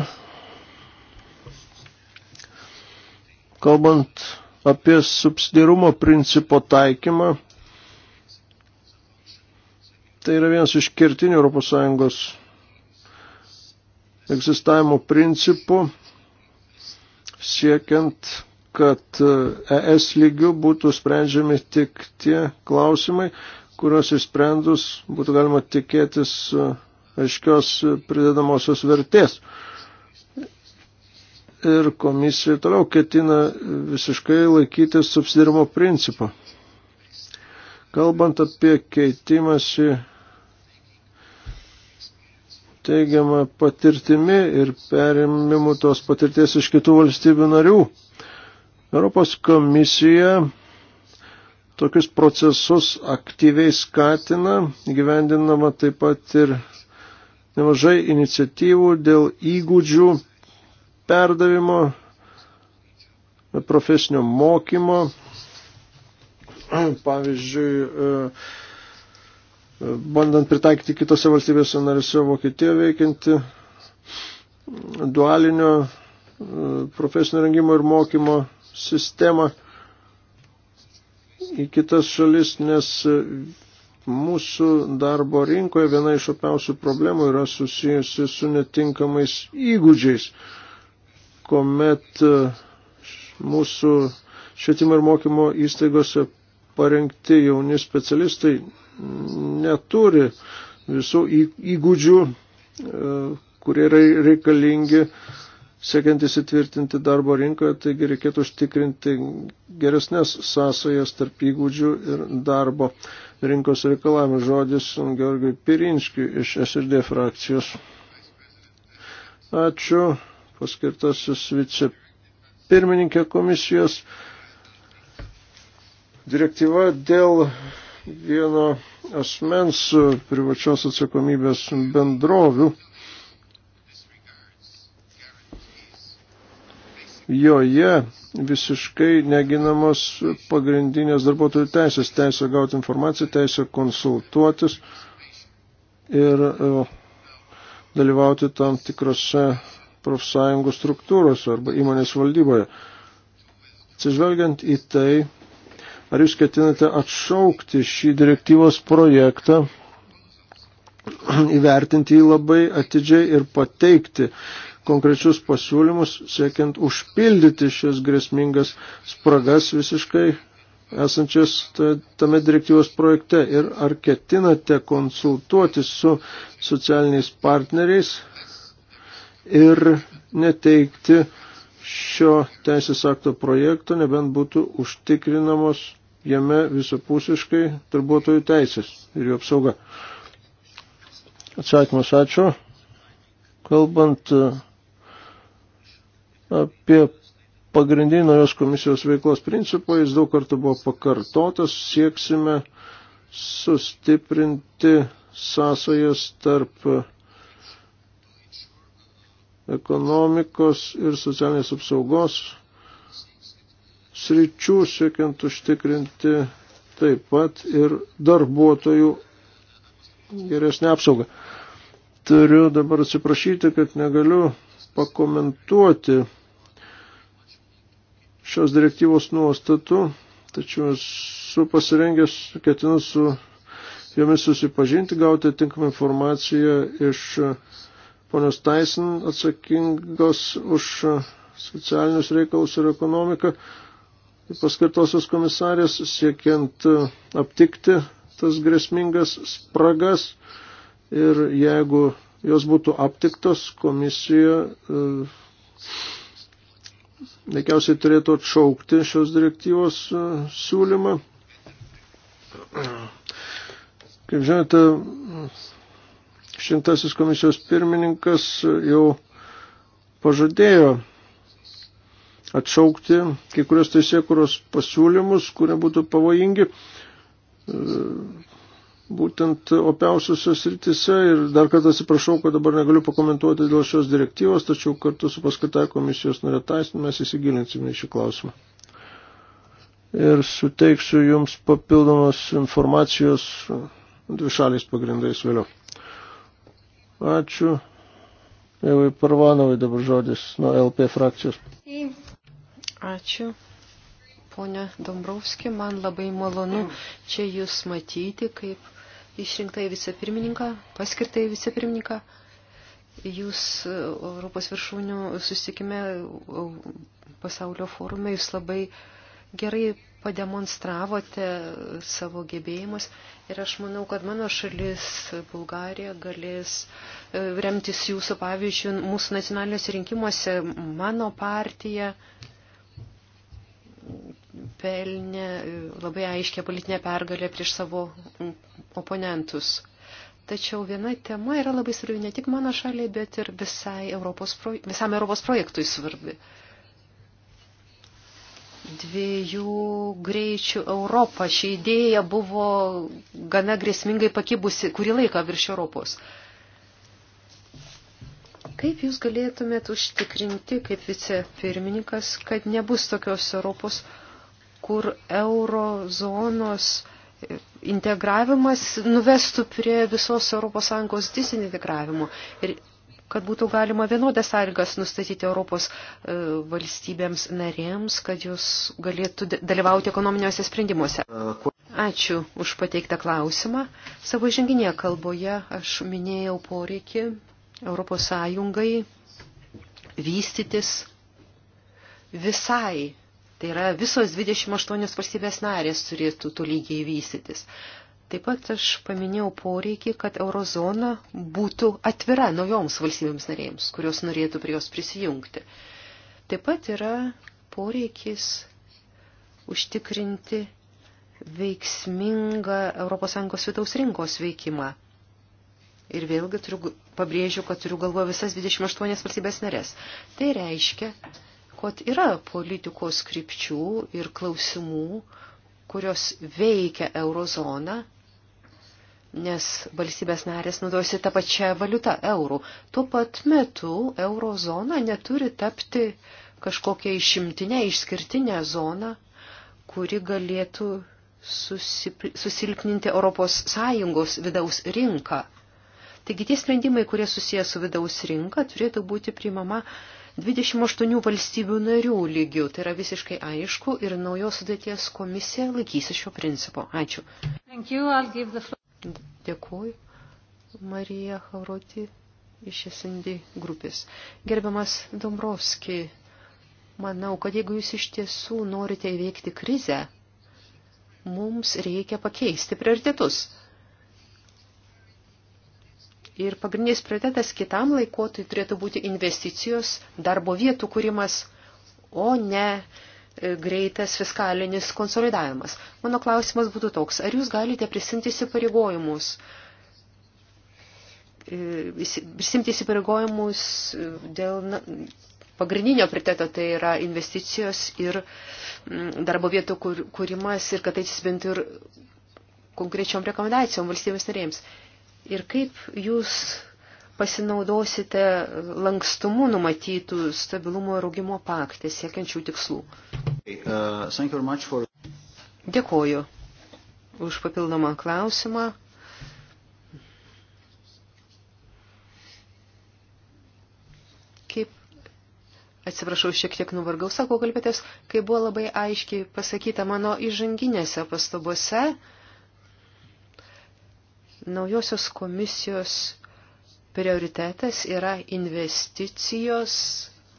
Kalbant apie subsidirumo principo taikymą, tai yra vienas iš kertinių ES egzistavimo principų siekiant kad ES e lygių būtų sprendžiami tik tie klausimai, kuriuos įsprendus būtų galima tikėtis e, aiškios pridedamosios vertės. Ir komisija toliau ketina visiškai laikytis subsidirimo principą. Kalbant apie keitimąsi teigiamą patirtimi ir perimimų tos patirties iš kitų valstybių narių, Europos komisija tokius procesus aktyviai skatina, gyvendinama taip pat ir nemažai iniciatyvų dėl įgūdžių perdavimo, profesinio mokymo. Pavyzdžiui, e, bandant pritaikyti kitose valstybėse narėse Vokietijoje veikianti dualinio e, profesinio rengimo ir mokymo sistemą į kitas šalis, nes mūsų darbo rinkoje viena iš opiausių problemų yra susijusi su netinkamais įgūdžiais, kuomet e, mūsų švietimo ir mokymo įstaigose parengti jauni specialistai neturi visų įgūdžių, e, kurie yra reikalingi uh, siekiant įsitvirtinti darbo rinkoje, taigi reikėtų užtikrinti geresnės sąsajas tarp įgūdžių ir darbo rinkos reikalavimų. Žodis Georgiui Pirinskiui iš SRD frakcijos. Ačiū, paskirtasis vicepirmininkė komisijos. Direktyva dėl vieno asmens privačios atsakomybės bendrovių joje visiškai neginamos pagrindinės darbuotojų teisės, teisė gauti informaciją, teisė konsultuotis ir e, dalyvauti tam tikrose profsąjungų struktūros arba įmonės valdyboje. Atsižvelgiant į tai, ar jūs ketinate atšaukti šį direktyvos projektą, įvertinti jį labai atidžiai ir pateikti konkrečius pasiūlymus, siekiant užpildyti šias grėsmingas spragas visiškai esančias tame direktyvos projekte ir ar ketinate konsultuoti su socialiniais partneriais ir neteikti šio teisės akto projekto, nebent būtų užtikrinamos jame visapusiškai darbuotojų teisės ir jų apsauga. Atsakymas ačiū. Kalbant apie pagrindinį naujos komisijos veiklos principą, jis daug kartų buvo pakartotas, sieksime sustiprinti sąsajas tarp ekonomikos ir socialinės apsaugos sričių, siekiant užtikrinti taip pat ir darbuotojų geresnę apsaugą. Turiu dabar atsiprašyti, kad negaliu pakomentuoti šios direktyvos nuostatų, tačiau esu pasirengęs, ketinu su jomis susipažinti, gauti tinkamą informaciją iš ponios Tyson atsakingos už socialinius reikalus ir ekonomiką paskirtosios komisarės, siekiant aptikti tas grėsmingas spragas ir jeigu jos būtų aptiktos, komisija. Uh, veikiausiai turėtų atšaukti šios direktyvos e, siūlymą. Kaip žinote, šimtasis komisijos pirmininkas jau pažadėjo atšaukti kai kurios teisėkuros pasiūlymus, kurie būtų pavojingi e, būtent opiausiuose sritise ir dar kartą atsiprašau, kad dabar negaliu pakomentuoti dėl šios direktyvos, tačiau kartu su paskatai komisijos norėtaisnė mes įsigilinsime į šį klausimą. Ir suteiksiu jums papildomos informacijos dvišaliais pagrindais vėliau. Ačiū. Evai Parvanovai dabar žodis nuo LP frakcijos. Ačiū. Pone Dombrovski, man labai malonu čia jūs matyti kaip išrinktąjį vicepirmininką, paskirtąjį vicepirmininką. Jūs e, Europos viršūnių susitikime e, pasaulio forume, jūs labai gerai pademonstravote savo gebėjimus ir aš manau, kad mano šalis, Bulgarija, galės e, remtis jūsų pavyzdžių mūsų nacionaliniuose rinkimuose, mano partija pelnė labai aiškę politinę pergalę prieš savo oponentus. Tačiau viena tema yra labai svarbi ne tik mano šaliai, bet ir visai Europos, visam Europos projektui svarbi. Dviejų greičių Europą. Ši idėja buvo gana grėsmingai pakibusi kurį laiką virš Europos. Kaip jūs galėtumėt užtikrinti, kaip vicepirmininkas, kad nebus tokios Europos, kur eurozonos integravimas nuvestų prie visos ES disintegravimo ir kad būtų galima vienodas sąlygas nustatyti Europos e, valstybėms narėms, kad jūs galėtų dalyvauti ekonominiuose sprendimuose. Ačiū už pateiktą klausimą. Savo žinginėje kalboje aš minėjau poreikį Europos Sąjungai vystytis visai Tai yra visos 28 valstybės narės turėtų tolygiai vystytis. Taip pat aš paminėjau poreikį, kad eurozona būtų atvira naujoms valstybėms narėms, kurios norėtų prie jos prisijungti. Taip pat yra poreikis užtikrinti veiksmingą ES vidaus rinkos veikimą. Ir vėlgi turiu, pabrėžiu, kad turiu galvoje visas 28 valstybės narės. Tai reiškia, kad yra politikos krypčių ir klausimų, kurios veikia eurozoną, nes valstybės narės naudojasi tą pačią valiutą eurų. Tuo pat metu eurozona neturi tapti kažkokia išimtinė, išskirtinė zona, kuri galėtų susilpninti ES vidaus rinką. Taigi tie sprendimai, kurie susijęs su vidaus rinka, turėtų būti priimama 28 valstybių narių lygių. Tai yra visiškai aišku ir naujos sudėties komisija laikysi šio principo. Ačiū. Dėkuoju. Marija Hauroti iš SND grupės. Gerbiamas Dombrovski, manau, kad jeigu jūs iš tiesų norite įveikti krizę, mums reikia pakeisti prioritetus. Ir pagrindinis prioritetas kitam laikotui turėtų būti investicijos, darbo vietų kūrimas, o ne e, greitas fiskalinis konsolidavimas. Mano klausimas būtų toks, ar jūs galite prisimti įsipareigojimus? E, prisimti įsipareigojimus e, dėl na, pagrindinio priteto, tai yra investicijos ir darbo vietų kūrimas ir kad tai atsispintų ir konkrečiom rekomendacijom valstybės narėms ir kaip jūs pasinaudosite lankstumu numatytų stabilumo ir augimo paktė siekiančių tikslų. Uh, Dėkoju už papildomą klausimą. Kaip, atsiprašau, šiek tiek nuvargau, sako kalbėtės, kai buvo labai aiškiai pasakyta mano įžanginėse pastabose, Naujosios komisijos prioritetas yra investicijos,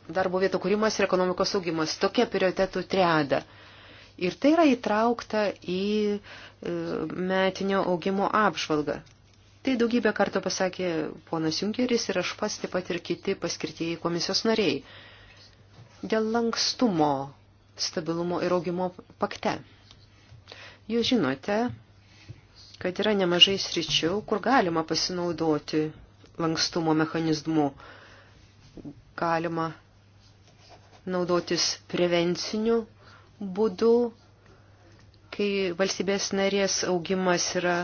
darbo vietų kūrimas ir ekonomikos augimas. Tokia prioritetų triada. Ir tai yra įtraukta į e, metinio augimo apžvalgą. Tai daugybę kartų pasakė ponas Junkeris ir aš pats taip pat ir kiti paskirtieji komisijos nariai. Dėl lankstumo, stabilumo ir augimo pakte. Jūs žinote, kad yra nemažai sričių, kur galima pasinaudoti lankstumo mechanizmu. Galima naudotis prevenciniu būdu, kai valstybės narės augimas yra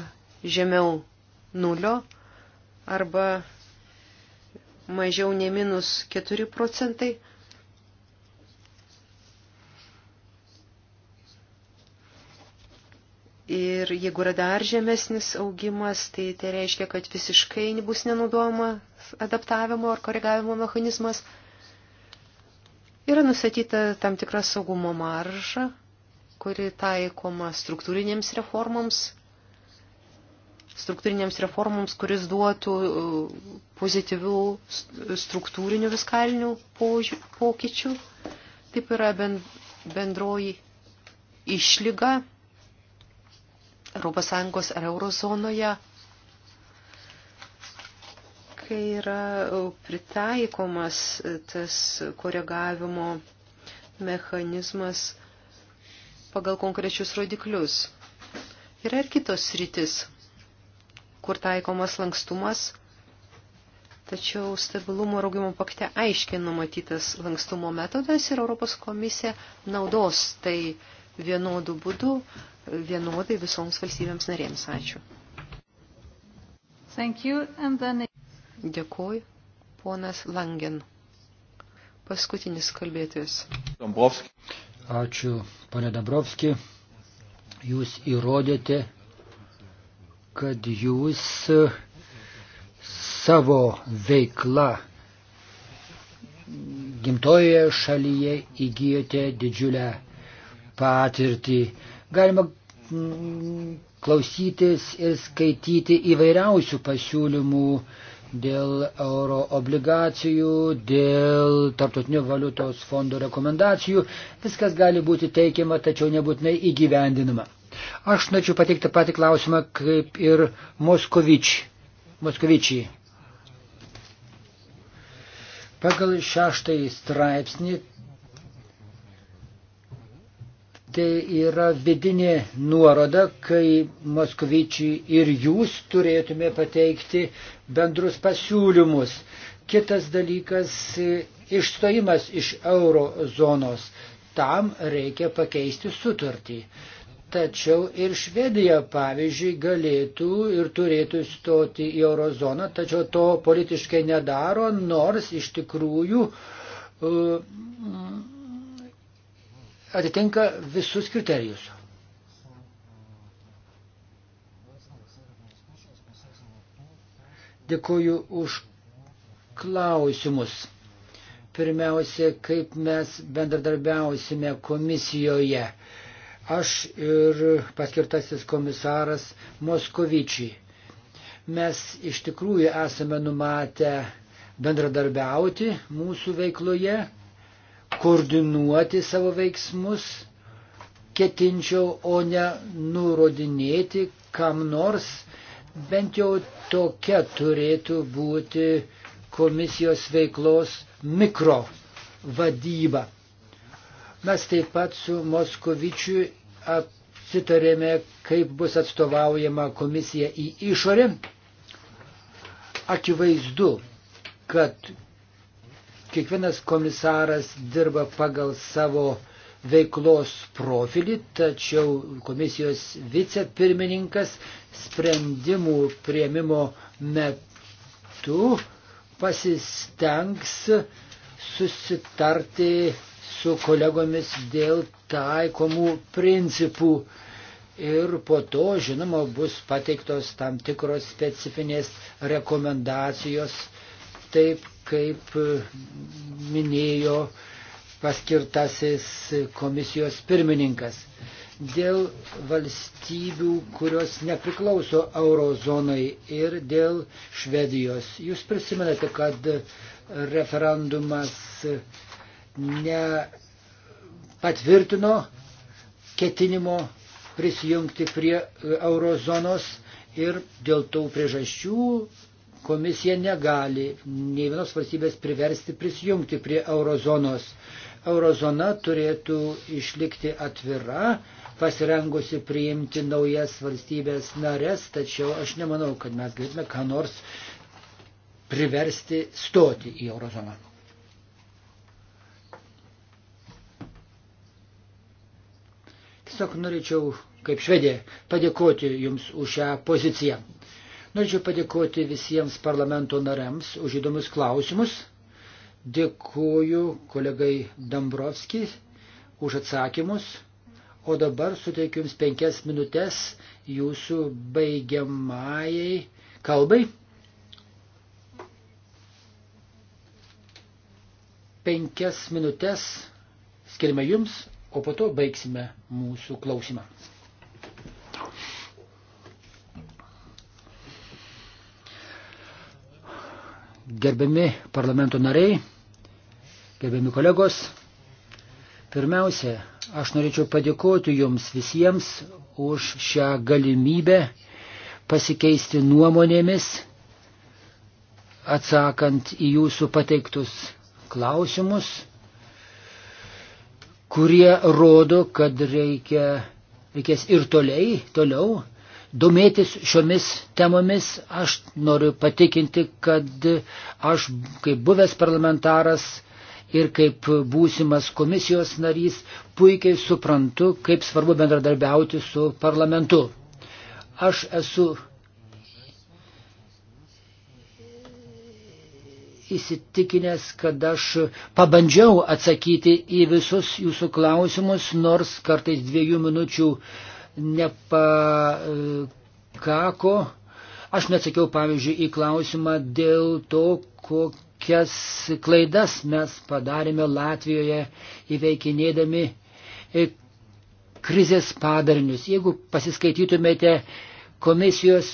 žemiau nulio arba mažiau nei minus 4 procentai. Ir jeigu yra dar žemesnis augimas, tai tai reiškia, kad visiškai bus nenaudojama adaptavimo ar koregavimo mechanizmas. Yra nustatyta tam tikra saugumo marža, kuri taikoma struktūrinėms reformoms, struktūrinėms reformoms, kuris duotų uh, pozityvių struktūrinių viskalinių pokyčių. Taip yra bendroji išlyga ES ar eurozonoje, kai yra pritaikomas tas koregavimo mechanizmas pagal konkrečius rodiklius. Yra ir kitos sritis, kur taikomas lankstumas, tačiau stabilumo ir augimo pakte aiškiai numatytas lankstumo metodas ir Europos komisija naudos tai vienodų būdų vienodai visoms valstybėms narėms. Ačiū. Thank you, and then... Dėkuoju, ponas Langen. Paskutinis kalbėtojas. Dombrovski. Ačiū, pane Dabrovski. Jūs įrodėte, kad jūs savo veiklą gimtojoje šalyje įgyjote didžiulę patirtį. Galima klausytis ir skaityti įvairiausių pasiūlymų dėl euro obligacijų, dėl tarptautinio valiutos fondo rekomendacijų. Viskas gali būti teikiama, tačiau nebūtinai įgyvendinama. Aš norėčiau pateikti patį klausimą, kaip ir Moskovičiai. Moskovičiai. Pagal šeštąjį straipsnį Tai yra vidinė nuoroda, kai Moskvyčiai ir jūs turėtume pateikti bendrus pasiūlymus. Kitas dalykas - išstojimas iš euro zonos. Tam reikia pakeisti sutartį. Tačiau ir Švedija, pavyzdžiui, galėtų ir turėtų stoti į eurozoną, tačiau to politiškai nedaro, nors iš tikrųjų uh, atitinka visus kriterijus. Dėkuoju už klausimus. Pirmiausia, kaip mes bendradarbiausime komisijoje. Aš ir paskirtasis komisaras Moskovičiai. Mes iš tikrųjų esame numatę bendradarbiauti mūsų veikloje koordinuoti savo veiksmus ketinčiau, o ne nurodinėti kam nors. Bent jau tokia turėtų būti komisijos veiklos mikro vadyba. Mes taip pat su Moskovičiu apsitarėme, kaip bus atstovaujama komisija į išorę. Akivaizdu, kad Kiekvienas komisaras dirba pagal savo veiklos profilį, tačiau komisijos vicepirmininkas sprendimų prieimimo metu pasistengs susitarti su kolegomis dėl taikomų principų. Ir po to, žinoma, bus pateiktos tam tikros specifinės rekomendacijos, taip kaip e, minėjo paskirtasis komisijos pirmininkas. Dėl valstybių, kurios nepriklauso eurozonai ir dėl Švedijos. Jūs prisimenate, kad referendumas nepatvirtino ketinimo prisijungti prie e, eurozonos ir dėl tų priežasčių Komisija negali nei vienos valstybės priversti prisijungti prie eurozonos. Eurozona turėtų išlikti atvira, pasirengusi priimti naujas valstybės narės, tačiau aš nemanau, kad mes galėtume ką nors priversti stoti į eurozoną. Tiesiog norėčiau, kaip švedė, padėkoti Jums už šią poziciją. Norėčiau padėkoti visiems parlamento nariams už įdomius klausimus. Dėkuoju kolegai Dambrovski už atsakymus. O dabar suteikiu Jums penkias minutės Jūsų baigiamajai kalbai. penkias minutės skirime jums, o po to baigsime mūsų klausimą. Gerbiami parlamento nariai, gerbiami kolegos, pirmiausia, aš norėčiau padėkoti jums visiems už šią galimybę pasikeisti nuomonėmis, atsakant į jūsų pateiktus klausimus, kurie rodo, kad reikia, reikės ir toliai, toliau domėtis šiomis temomis. Aš noriu patikinti, kad aš kaip buvęs parlamentaras ir kaip būsimas komisijos narys puikiai suprantu, kaip svarbu bendradarbiauti su parlamentu. Aš esu įsitikinęs, kad aš pabandžiau atsakyti į visus jūsų klausimus, nors kartais dviejų minučių uh, nepakako. Aš neatsakiau, pavyzdžiui, į klausimą dėl to, kokias klaidas mes padarėme Latvijoje įveikinėdami e, krizės padarinius. Jeigu pasiskaitytumėte komisijos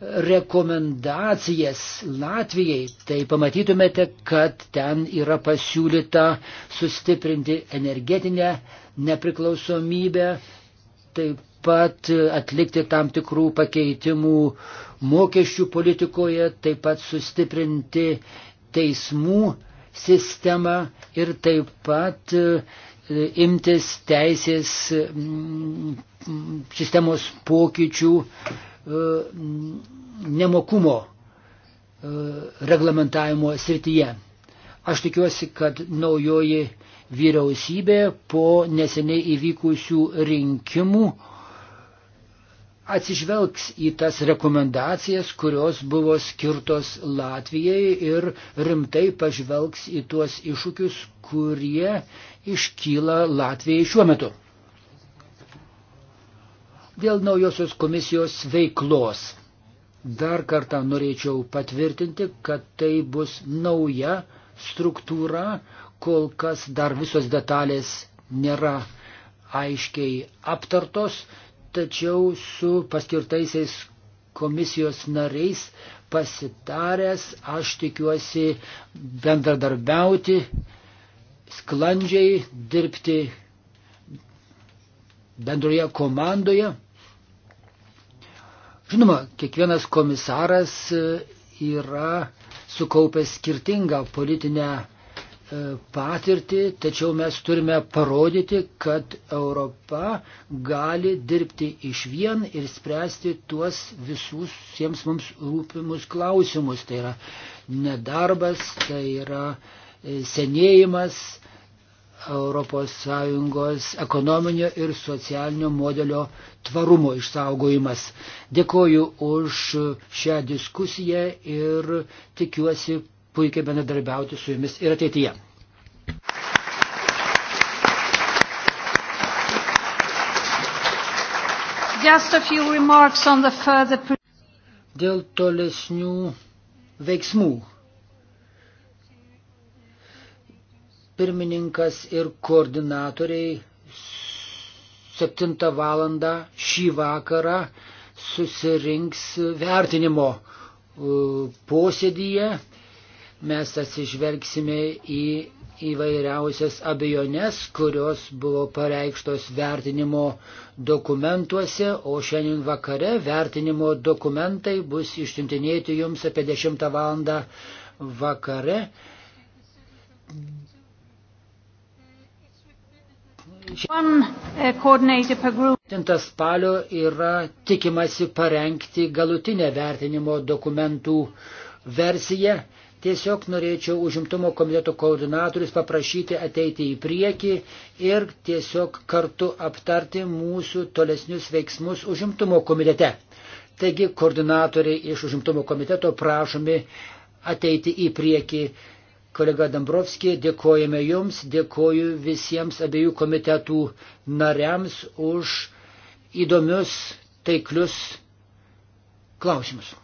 rekomendacijas Latvijai, tai pamatytumėte, kad ten yra pasiūlyta sustiprinti energetinę nepriklausomybę, taip pat atlikti tam tikrų pakeitimų mokesčių politikoje, taip pat sustiprinti teismų sistemą ir taip pat e, imtis teisės mm, sistemos pokyčių e, mm, nemokumo e, reglamentavimo srityje. Aš tikiuosi, kad naujoji vyriausybė po neseniai įvykusių rinkimų atsižvelgs į tas rekomendacijas, kurios buvo skirtos Latvijai ir rimtai pažvelgs į tuos iššūkius, kurie iškyla Latvijai šiuo metu. Dėl naujosios komisijos veiklos dar kartą norėčiau patvirtinti, kad tai bus nauja struktūra, kol kas dar visos detalės nėra aiškiai aptartos, tačiau su paskirtaisiais komisijos nariais pasitaręs aš tikiuosi bendradarbiauti, sklandžiai dirbti bendroje komandoje. Žinoma, kiekvienas komisaras yra sukaupęs skirtingą politinę patirtį, tačiau mes turime parodyti, kad Europa gali dirbti iš vien ir spręsti tuos visus jiems mums rūpimus klausimus. Tai yra nedarbas, tai yra e, senėjimas ES ekonominio ir socialinio modelio tvarumo išsaugojimas. Dėkoju už šią diskusiją ir tikiuosi puikiai bendradarbiauti su jumis ir ateityje. Further... Dėl tolesnių veiksmų. Pirmininkas ir koordinatoriai 7 valandą šį vakarą susirinks vertinimo uh, posėdyje mes atsižvelgsime į įvairiausias abejonės, kurios buvo pareikštos vertinimo dokumentuose, o šiandien vakare vertinimo dokumentai bus išsiuntinėti jums apie 10 val. vakare. Uh, Tintas spalio yra tikimasi parengti galutinę vertinimo dokumentų versiją Tiesiog norėčiau užimtumo komiteto koordinatorius paprašyti ateiti į priekį ir tiesiog kartu aptarti mūsų tolesnius veiksmus užimtumo komitete. Taigi koordinatoriai iš užimtumo komiteto prašomi ateiti į priekį. Kolega Dambrovski, dėkojame Jums, dėkoju visiems abiejų komitetų nariams už įdomius, taiklius klausimus.